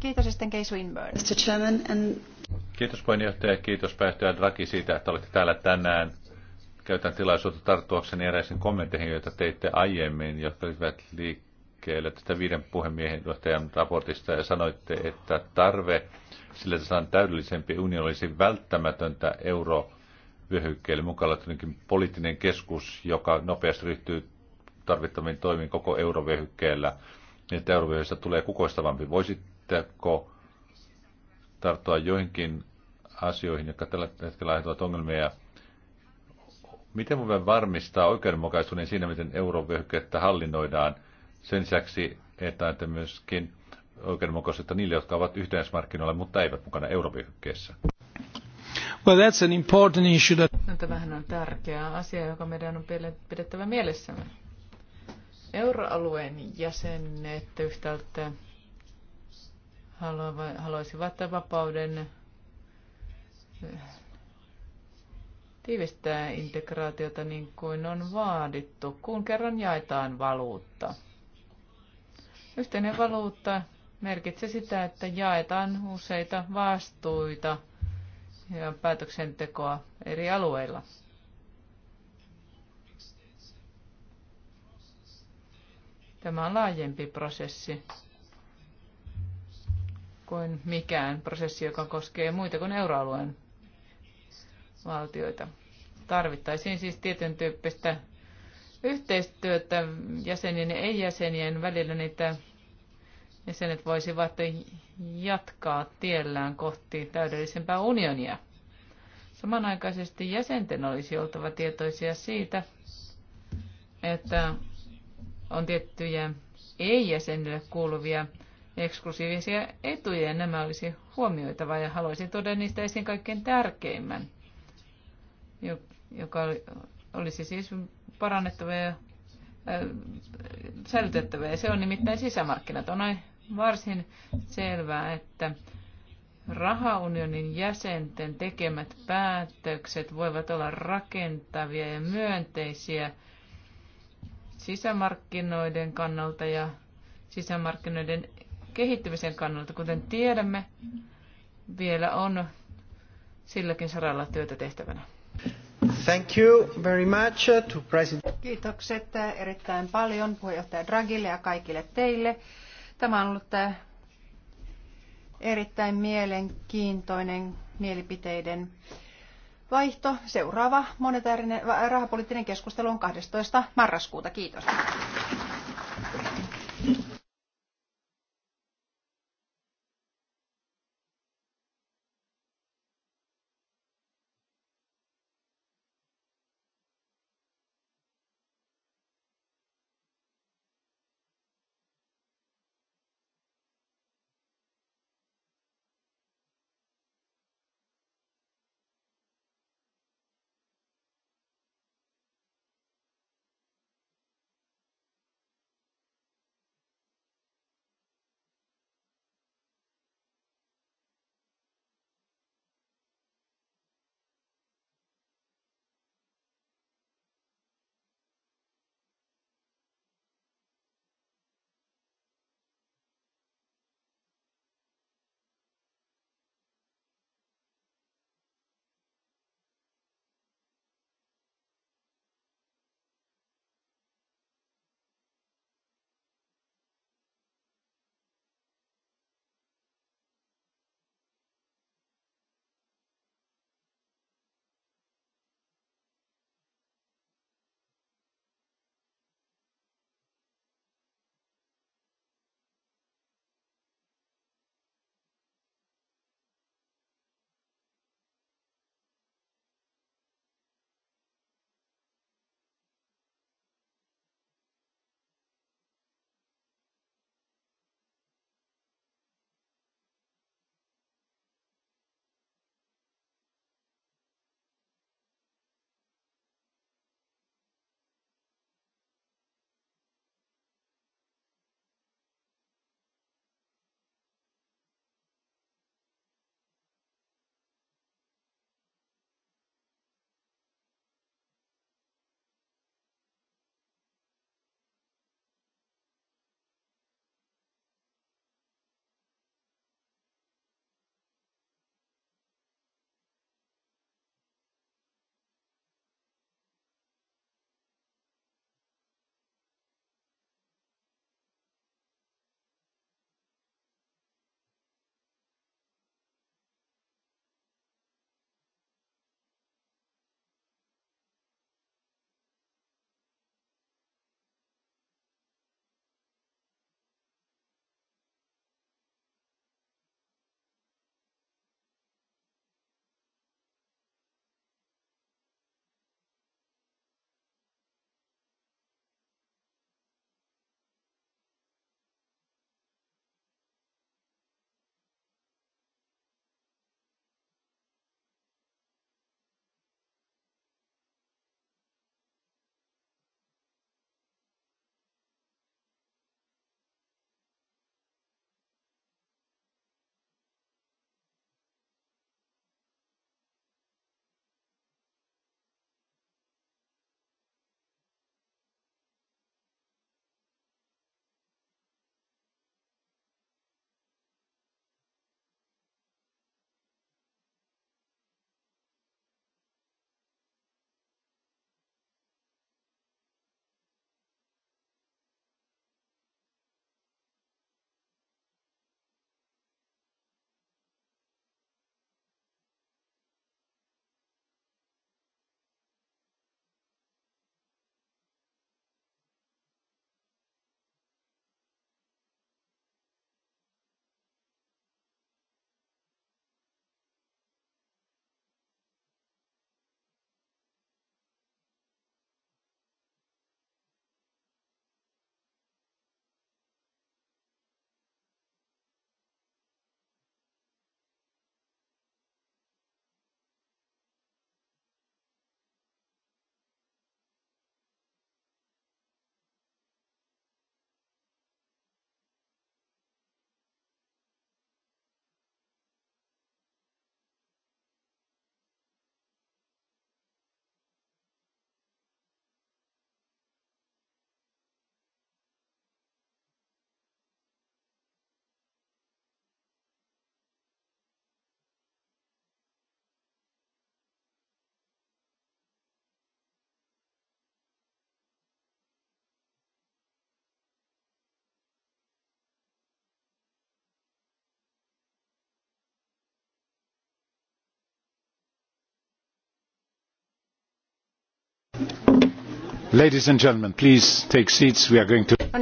Speaker 3: Kiitos sitten Case Winburn.
Speaker 1: Kiitos puheenjohtaja, kiitos päättäjä Draghi siitä, että olette täällä tänään. Käytän tilaisuutta tarttuakseni eräisiin kommentteihin, joita teitte aiemmin, jotka olivat liikkeelle tästä viiden puhemiehen raportista ja sanoitte, että tarve sillä se saadaan täydellisempi unioni olisi välttämätöntä eurovyöhykkeelle mukaan poliittinen keskus, joka nopeasti ryhtyy tarvittaviin toimiin koko eurovyöhykkeellä, niin että eurovyöhykkeestä tulee kukoistavampi. Voisitteko tarttua joihinkin asioihin, jotka tällä hetkellä aiheuttavat ongelmia. Miten voimme varmistaa oikeudenmukaisuuden siinä, miten eurovyöhykettä hallinnoidaan sen lisäksi, että myöskin oikeudenmukaisuutta niille, jotka ovat yhteismarkkinoilla, mutta eivät mukana eurovyöhykkeessä? Well, that's an important issue that... No, tämähän
Speaker 2: on tärkeä asia, joka meidän on pidettävä mielessämme. Euroalueen jäsenet yhtäältä haluaisivat vapauden eh, tiivistää integraatiota niin kuin on vaadittu, kun kerran jaetaan valuutta. Yhteinen valuutta merkitsee sitä, että jaetaan useita vastuita ja päätöksentekoa eri alueilla. Tämä on laajempi prosessi kuin mikään prosessi, joka koskee muita kuin euroalueen valtioita. Tarvittaisiin siis tietyn tyyppistä yhteistyötä jäsenien ja ei-jäsenien välillä niitä että voisivat jatkaa tiellään kohti täydellisempää unionia. Samanaikaisesti jäsenten olisi oltava tietoisia siitä, että on tiettyjä ei-jäsenille kuuluvia eksklusiivisia etuja, ja nämä olisi huomioitava, ja haluaisin tuoda niistä esiin kaikkein tärkeimmän, joka olisi siis parannettava ja säilytettävä, ja se on nimittäin sisämarkkinat. On varsin selvää, että rahaunionin jäsenten tekemät päätökset voivat olla rakentavia ja myönteisiä sisämarkkinoiden kannalta ja sisämarkkinoiden kehittymisen kannalta. Kuten tiedämme, vielä on silläkin saralla työtä
Speaker 1: tehtävänä. Thank you very much to president.
Speaker 3: Kiitokset erittäin paljon puheenjohtaja Dragille ja kaikille teille. Tämä on ollut äh, erittäin mielenkiintoinen mielipiteiden vaihto. Seuraava monetaarinen rahapoliittinen keskustelu on 12. marraskuuta. Kiitos.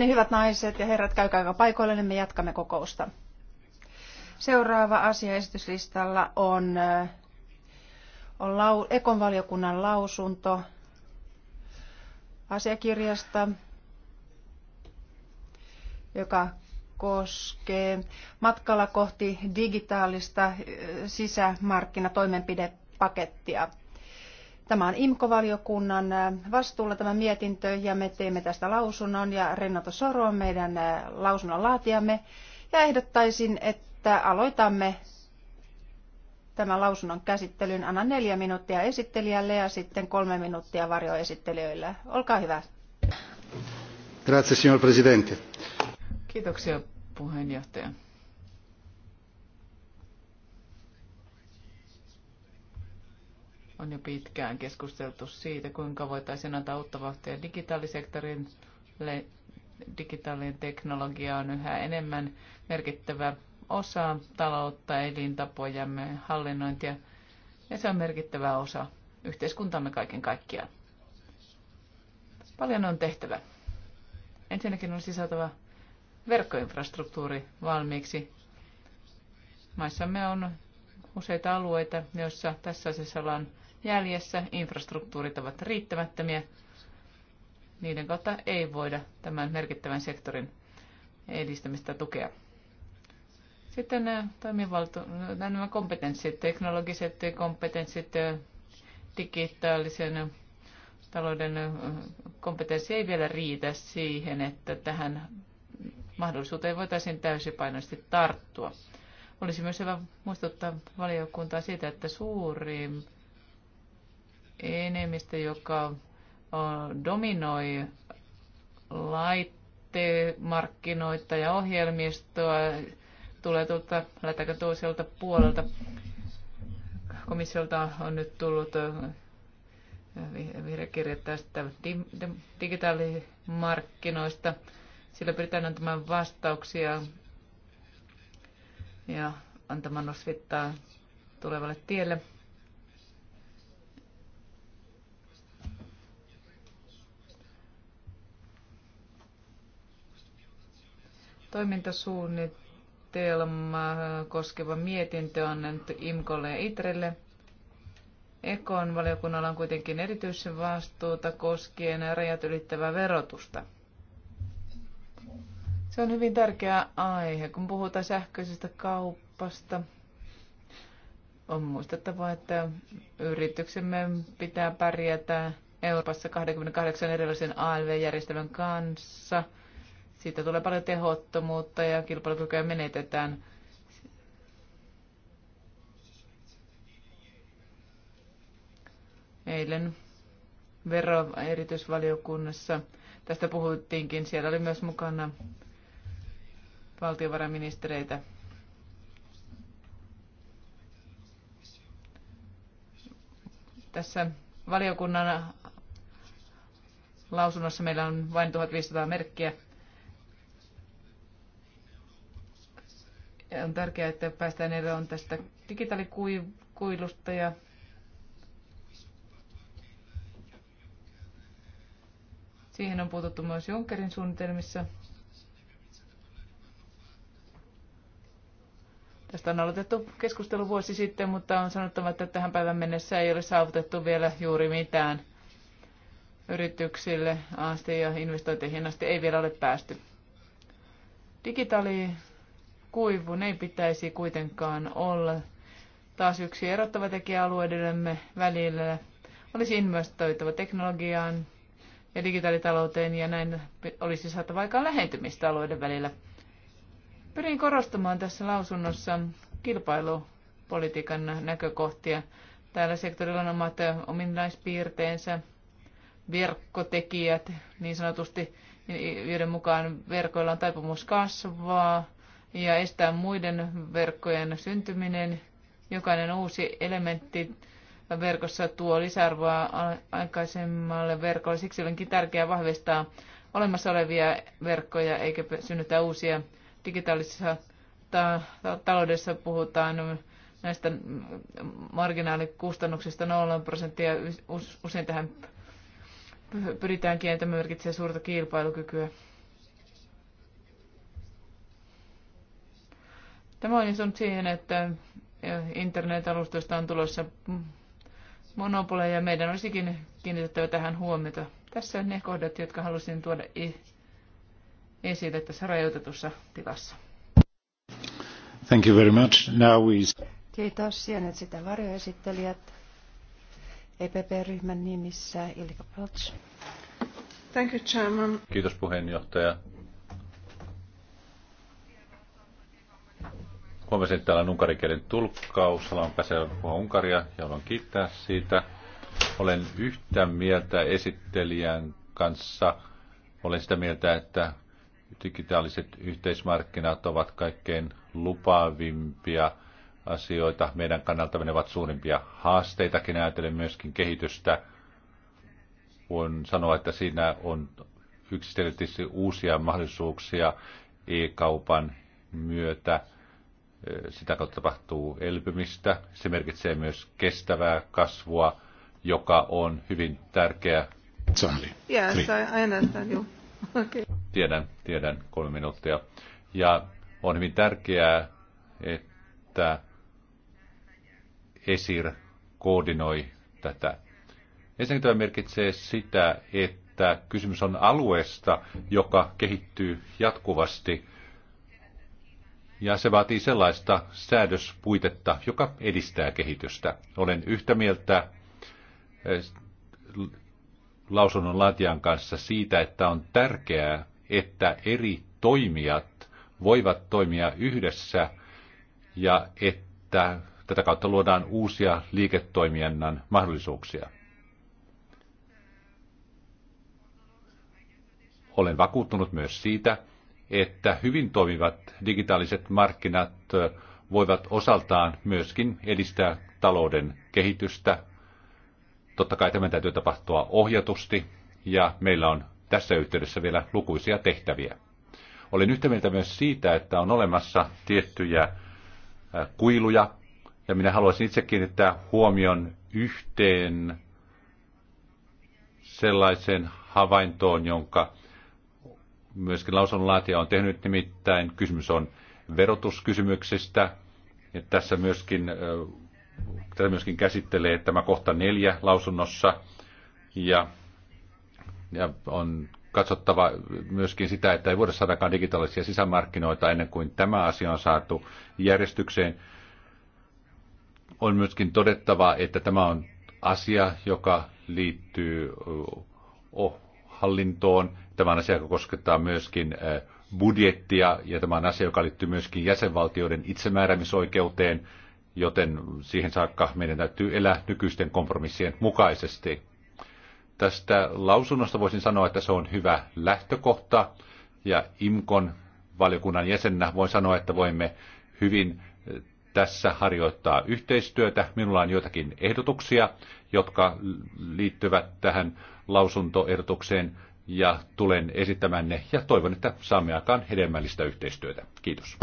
Speaker 3: hyvät naiset ja herrat, käykää paikoille, niin me jatkamme kokousta. Seuraava asia esityslistalla on, äh, on lau, Ekon valiokunnan lausunto asiakirjasta, joka koskee matkalla kohti digitaalista äh, sisämarkkinatoimenpidepakettia. Tämä on IMKO-valiokunnan äh, vastuulla tämä mietintö ja me teemme tästä lausunnon ja Renato Soro on meidän äh, lausunnon laatiamme ja ehdottaisin, että aloitamme tämän lausunnon käsittelyn. Anna neljä minuuttia esittelijälle ja sitten kolme minuuttia varjoesittelijöille. Olkaa hyvä.
Speaker 1: Grazie, signor Presidente.
Speaker 2: Kiitoksia, puheenjohtaja. On jo pitkään keskusteltu siitä, kuinka voitaisiin antaa uutta vauhtia digitaalisektorin digitaalinen teknologia on yhä enemmän merkittävä osa taloutta, elintapojamme, hallinnointia ja se on merkittävä osa yhteiskuntamme kaiken kaikkiaan. Paljon on tehtävä. Ensinnäkin on sisältävä verkkoinfrastruktuuri valmiiksi. Maissamme on useita alueita, joissa tässä asiassa ollaan jäljessä, infrastruktuurit ovat riittämättömiä. Niiden kautta ei voida tämän merkittävän sektorin edistämistä tukea. Sitten nämä, äh, toimivaltu, äh, nämä kompetenssit, teknologiset kompetenssit, äh, digitaalisen talouden kompetenssi ei vielä riitä siihen, että tähän mahdollisuuteen voitaisiin täysipainoisesti tarttua. Olisi myös hyvä muistuttaa valiokuntaa siitä, että suurin enemmistö, joka dominoi laittemarkkinoita ja ohjelmistoa, tulee tuolta, lähdetäänkö toiselta puolelta. Komissiolta on nyt tullut vihreäkirja tästä digitaalimarkkinoista. Sillä pyritään antamaan vastauksia ja antamaan osvittaa tulevalle tielle. Toimintasuunnitelma koskeva mietintö on annettu IMKOlle ja ITRElle. Ekon valiokunnalla on kuitenkin erityisen vastuuta koskien rajat ylittävää verotusta. Se on hyvin tärkeä aihe, kun puhutaan sähköisestä kaupasta. On muistettava, että yrityksemme pitää pärjätä Euroopassa 28 erilaisen ALV-järjestelmän kanssa – siitä tulee paljon tehottomuutta ja kilpailukykyä menetetään. Eilen veroeritysvaliokunnassa tästä puhuttiinkin. Siellä oli myös mukana valtiovarainministereitä. Tässä valiokunnan lausunnossa meillä on vain 1500 merkkiä. On tärkeää, että päästään eroon tästä digitaalikuilusta ja Siihen on puututtu myös Junckerin suunnitelmissa. Tästä on aloitettu keskustelu vuosi sitten, mutta on sanottava, että tähän päivän mennessä ei ole saavutettu vielä juuri mitään. Yrityksille asti ja investointeihin asti ei vielä ole päästy. Digitaali ne ei pitäisi kuitenkaan olla taas yksi erottava tekijä alueidemme välillä. Olisi investoitava teknologiaan ja digitaalitalouteen ja näin olisi saatava aikaa lähentymistä alueiden välillä. Pyrin korostamaan tässä lausunnossa kilpailupolitiikan näkökohtia. Täällä sektorilla on omat ominaispiirteensä, verkkotekijät niin sanotusti, joiden mukaan verkoilla on taipumus kasvaa, ja estää muiden verkkojen syntyminen. Jokainen uusi elementti verkossa tuo lisäarvoa aikaisemmalle verkolle. Siksi onkin tärkeää vahvistaa olemassa olevia verkkoja eikä synnytä uusia. Digitaalisessa ta- taloudessa puhutaan näistä marginaalikustannuksista 0 prosenttia. Usein tähän pyritäänkin ja merkitsee suurta kilpailukykyä. Tämä on johtanut siihen, että internet-alustoista on tulossa monopoleja ja meidän olisikin kiinnitettävä tähän huomiota. Tässä on ne kohdat, jotka halusin tuoda esille tässä rajoitetussa tilassa.
Speaker 1: Thank you very much. Now we...
Speaker 2: Kiitos.
Speaker 3: Ja nyt sitä varjoesittelijät EPP-ryhmän nimissä Ilka Peltz.
Speaker 1: Thank you, Chairman. Kiitos puheenjohtaja. Huomasin, että täällä on unkarikielinen tulkkaus. Haluan päästä puhua Unkaria ja haluan kiittää siitä. Olen yhtä mieltä esittelijän kanssa. Olen sitä mieltä, että digitaaliset yhteismarkkinat ovat kaikkein lupaavimpia asioita. Meidän kannalta ne ovat suurimpia haasteitakin ajatellen myöskin kehitystä. Voin sanoa, että siinä on yksiselitteisesti uusia mahdollisuuksia e-kaupan myötä – sitä kautta tapahtuu elpymistä. Se merkitsee myös kestävää kasvua, joka on hyvin tärkeä. Sorry. Yes, niin. I understand you. Okay. Tiedän, tiedän, kolme minuuttia. Ja on hyvin tärkeää, että ESIR koordinoi tätä. Ensinnäkin tämä merkitsee sitä, että kysymys on alueesta, joka kehittyy jatkuvasti – ja se vaatii sellaista säädöspuitetta, joka edistää kehitystä. Olen yhtä mieltä eh, lausunnon laatijan kanssa siitä, että on tärkeää, että eri toimijat voivat toimia yhdessä ja että tätä kautta luodaan uusia liiketoiminnan mahdollisuuksia. Olen vakuuttunut myös siitä, että hyvin toimivat digitaaliset markkinat voivat osaltaan myöskin edistää talouden kehitystä. Totta kai tämän täytyy tapahtua ohjatusti ja meillä on tässä yhteydessä vielä lukuisia tehtäviä. Olen yhtä mieltä myös siitä, että on olemassa tiettyjä kuiluja ja minä haluaisin itse kiinnittää huomion yhteen sellaiseen havaintoon, jonka myöskin lausunnonlaatija on tehnyt, nimittäin kysymys on verotuskysymyksistä. Ja tässä myöskin, tämä myöskin käsittelee tämä kohta neljä lausunnossa. Ja, ja on katsottava myöskin sitä, että ei voida saadakaan digitaalisia sisämarkkinoita ennen kuin tämä asia on saatu järjestykseen. On myöskin todettava, että tämä on asia, joka liittyy oh, hallintoon. Tämä on asia, joka koskettaa myöskin budjettia ja tämä on asia, joka liittyy myöskin jäsenvaltioiden itsemääräämisoikeuteen, joten siihen saakka meidän täytyy elää nykyisten kompromissien mukaisesti. Tästä lausunnosta voisin sanoa, että se on hyvä lähtökohta ja IMKON valiokunnan jäsenenä voin sanoa, että voimme hyvin tässä harjoittaa yhteistyötä. Minulla on joitakin ehdotuksia, jotka liittyvät tähän lausuntoehdotukseen ja tulen esittämään ne ja toivon, että saamme aikaan hedelmällistä yhteistyötä. Kiitos.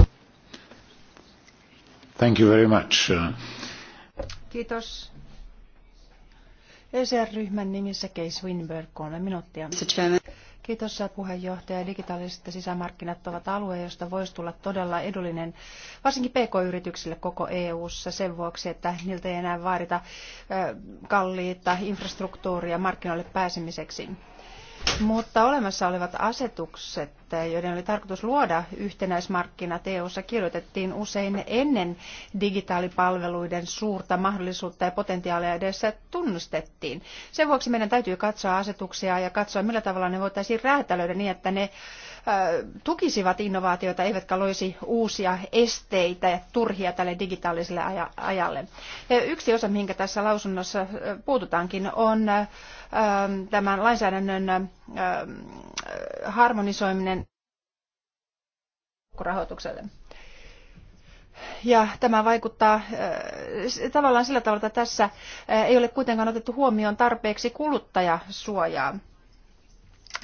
Speaker 1: Thank you very much.
Speaker 3: Kiitos. ECR-ryhmän nimissä Case Winberg, kolme minuuttia. Arvoisa puheenjohtaja. Digitaaliset sisämarkkinat ovat alue, josta voisi tulla todella edullinen, varsinkin PK-yrityksille koko EU-ssa sen vuoksi, että niiltä ei enää vaadita kalliita infrastruktuuria markkinoille pääsemiseksi. Mutta olemassa olevat asetukset, joiden oli tarkoitus luoda yhtenäismarkkinat EU-ssa, kirjoitettiin usein ennen digitaalipalveluiden suurta mahdollisuutta ja potentiaalia edessä tunnustettiin. Sen vuoksi meidän täytyy katsoa asetuksia ja katsoa, millä tavalla ne voitaisiin räätälöidä niin, että ne tukisivat innovaatioita eivätkä loisi uusia esteitä ja turhia tälle digitaaliselle ajalle. Ja yksi osa, mihin tässä lausunnossa puututaankin, on tämän lainsäädännön harmonisoiminen rahoitukselle. Ja tämä vaikuttaa tavallaan sillä tavalla, että tässä ei ole kuitenkaan otettu huomioon tarpeeksi kuluttajasuojaa.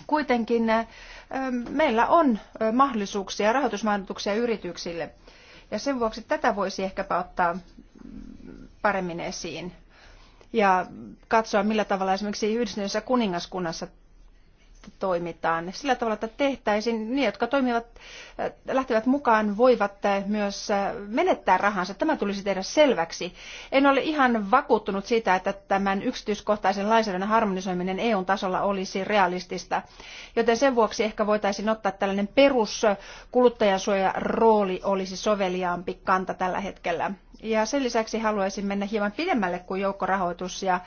Speaker 3: Kuitenkin meillä on mahdollisuuksia, rahoitusmahdollisuuksia yrityksille. Ja sen vuoksi tätä voisi ehkäpä ottaa paremmin esiin ja katsoa, millä tavalla esimerkiksi yhdistyneessä kuningaskunnassa toimitaan sillä tavalla, että tehtäisiin ne, niin, jotka toimivat, äh, lähtevät mukaan, voivat äh, myös äh, menettää rahansa. Tämä tulisi tehdä selväksi. En ole ihan vakuuttunut siitä, että tämän yksityiskohtaisen lainsäädännön harmonisoiminen EU-tasolla olisi realistista, joten sen vuoksi ehkä voitaisiin ottaa tällainen peruskuluttajansuojarooli olisi soveliaampi kanta tällä hetkellä. Ja sen lisäksi haluaisin mennä hieman pidemmälle kuin joukkorahoitus ja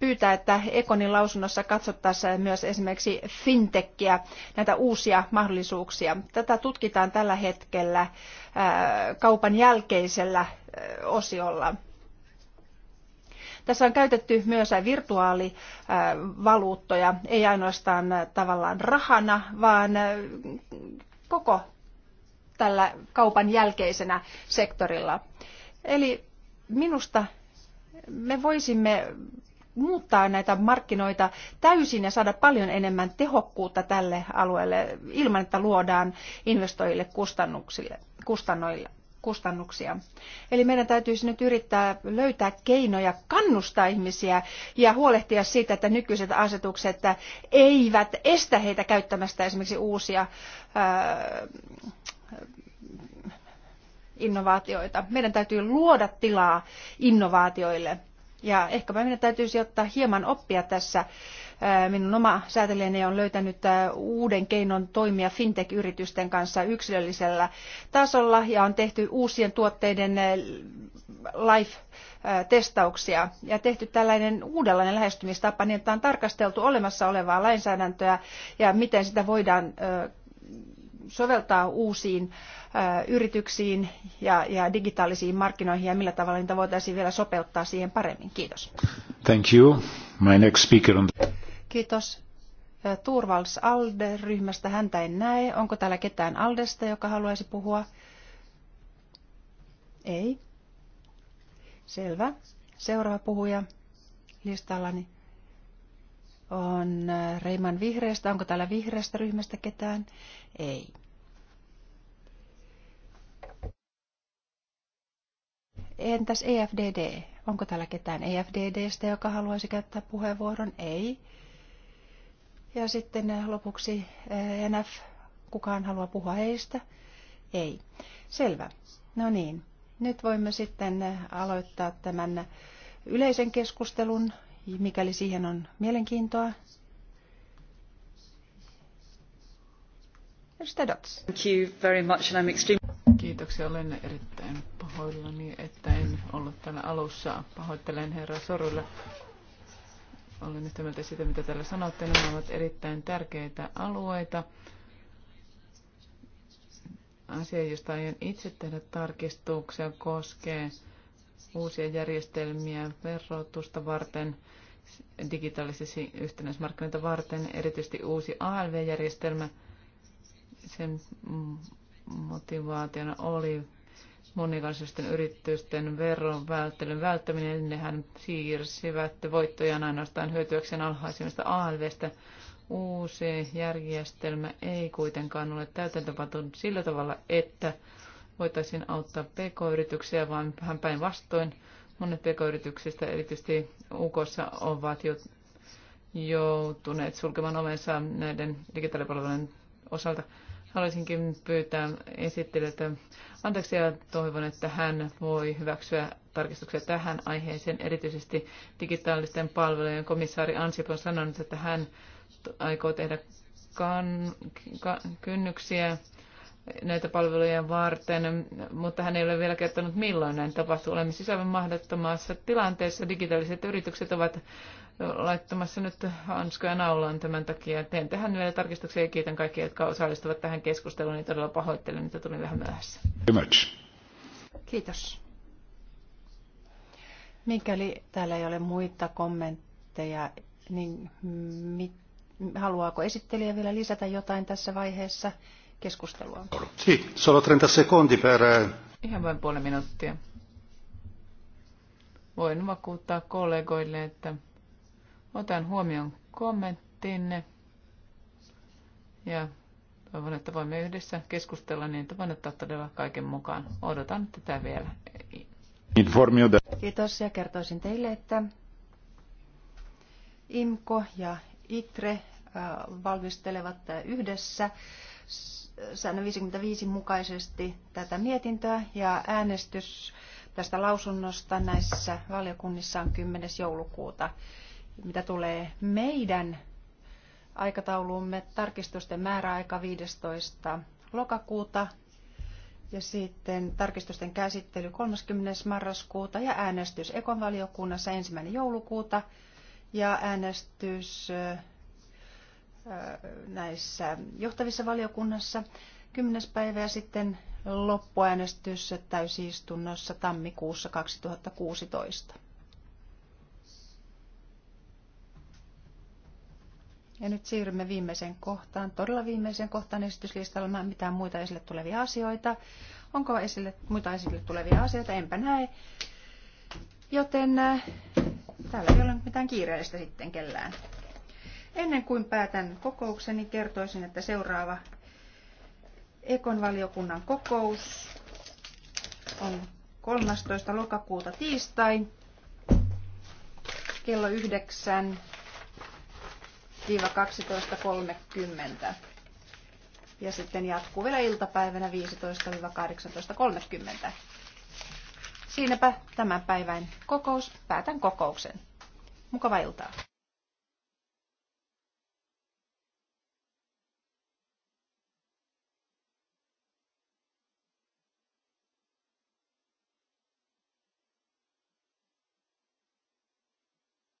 Speaker 3: pyytää, että Ekonin lausunnossa katsottaisiin myös esimerkiksi fintekkiä, näitä uusia mahdollisuuksia. Tätä tutkitaan tällä hetkellä äh, kaupan jälkeisellä äh, osiolla. Tässä on käytetty myös virtuaalivaluuttoja, äh, ei ainoastaan tavallaan rahana, vaan koko tällä kaupan jälkeisenä sektorilla. Eli minusta me voisimme muuttaa näitä markkinoita täysin ja saada paljon enemmän tehokkuutta tälle alueelle ilman, että luodaan investoijille kustannuksille, kustannuksia. Eli meidän täytyisi nyt yrittää löytää keinoja kannustaa ihmisiä ja huolehtia siitä, että nykyiset asetukset eivät estä heitä käyttämästä esimerkiksi uusia ää, innovaatioita. Meidän täytyy luoda tilaa innovaatioille. Ja ehkä meidän täytyisi ottaa hieman oppia tässä. Minun oma säätelijäni on löytänyt uuden keinon toimia fintech-yritysten kanssa yksilöllisellä tasolla ja on tehty uusien tuotteiden life testauksia ja tehty tällainen uudenlainen lähestymistapa niin, että on tarkasteltu olemassa olevaa lainsäädäntöä ja miten sitä voidaan soveltaa uusiin äh, yrityksiin ja, ja digitaalisiin markkinoihin ja millä tavalla niitä voitaisiin vielä sopeuttaa siihen paremmin. Kiitos.
Speaker 1: Thank you. My next speaker on...
Speaker 3: Kiitos. Äh, Turvals ALDE-ryhmästä häntä en näe. Onko täällä ketään ALDEsta, joka haluaisi puhua? Ei. Selvä. Seuraava puhuja listallani on äh, Reiman vihreästä. Onko täällä vihreästä ryhmästä ketään? Ei. Entäs EFDD? Onko täällä ketään EFDDstä, joka haluaisi käyttää puheenvuoron? Ei. Ja sitten äh, lopuksi äh, NF. Kukaan haluaa puhua heistä? Ei. Selvä. No niin. Nyt voimme sitten aloittaa tämän yleisen keskustelun mikäli siihen on mielenkiintoa.
Speaker 2: Thank you very much and I'm extremely... Kiitoksia. Olen erittäin pahoillani, että en ollut täällä alussa. Pahoittelen herra Sorulle. Olen yhtä mieltä siitä, mitä täällä sanotte. Nämä ovat erittäin tärkeitä alueita. Asia, josta aion itse tehdä tarkistuksia, koskee uusia järjestelmiä verotusta varten, digitaalisesti yhtenäismarkkinoita varten, erityisesti uusi ALV-järjestelmä. Sen motivaationa oli monikansallisten yritysten veron välttelyn välttäminen. Nehän siirsivät voittojaan ainoastaan hyötyäkseen alhaisimmista ALVstä. Uusi järjestelmä ei kuitenkaan ole täytäntöpatunut sillä tavalla, että voitaisiin auttaa pk-yrityksiä, vaan vähän päinvastoin. Monet pk-yrityksistä, erityisesti UK, ovat jo joutuneet sulkemaan ovensa näiden digitaalipalvelujen osalta. Haluaisinkin pyytää esittelijältä anteeksi ja toivon, että hän voi hyväksyä tarkistuksia tähän aiheeseen. Erityisesti digitaalisten palvelujen komissaari Ansip on sanonut, että hän aikoo tehdä kan, ka, kynnyksiä näitä palveluja varten, mutta hän ei ole vielä kertonut milloin näin tapahtuu. Olemme siis mahdottomassa tilanteessa. Digitaaliset yritykset ovat laittamassa nyt hanskoja naulaan tämän takia. Teen tähän vielä tarkistuksia ja kiitän kaikkia, jotka osallistuvat tähän keskusteluun, niin todella pahoittelen, että tulin vähän myöhässä. Kiitos. Mikäli
Speaker 3: täällä ei ole muita kommentteja, niin mit, haluaako esittelijä vielä lisätä jotain tässä vaiheessa? keskustelua.
Speaker 1: Si, solo 30 sekundi per... Eh,
Speaker 2: Ihan vain puoli minuuttia. Voin vakuuttaa kollegoille, että otan huomioon kommenttinne ja toivon, että voimme yhdessä keskustella niin, että voin ottaa todella kaiken mukaan. Odotan tätä vielä. Kiitos ja kertoisin teille, että
Speaker 3: IMKO ja ITRE äh, valmistelevat äh, yhdessä säännön 55 mukaisesti tätä mietintöä ja äänestys tästä lausunnosta näissä valiokunnissa on 10. joulukuuta. Mitä tulee meidän aikatauluumme, tarkistusten määräaika 15. lokakuuta ja sitten tarkistusten käsittely 30. marraskuuta ja äänestys ekonvaliokunnassa 1. joulukuuta ja äänestys näissä johtavissa valiokunnassa 10. päivä ja sitten loppuäänestys täysistunnossa tammikuussa 2016. Ja nyt siirrymme viimeiseen kohtaan, todella viimeiseen kohtaan esityslistalla. mitään muita esille tulevia asioita. Onko esille, muita esille tulevia asioita? Enpä näe. Joten äh, täällä ei ole mitään kiireellistä sitten kellään. Ennen kuin päätän kokoukseni, kertoisin, että seuraava Ekon valiokunnan kokous on 13. lokakuuta tiistai kello 9-12.30. Ja sitten jatkuu vielä iltapäivänä 15-18.30. Siinäpä tämän päivän kokous. Päätän kokouksen. Mukavaa iltaa.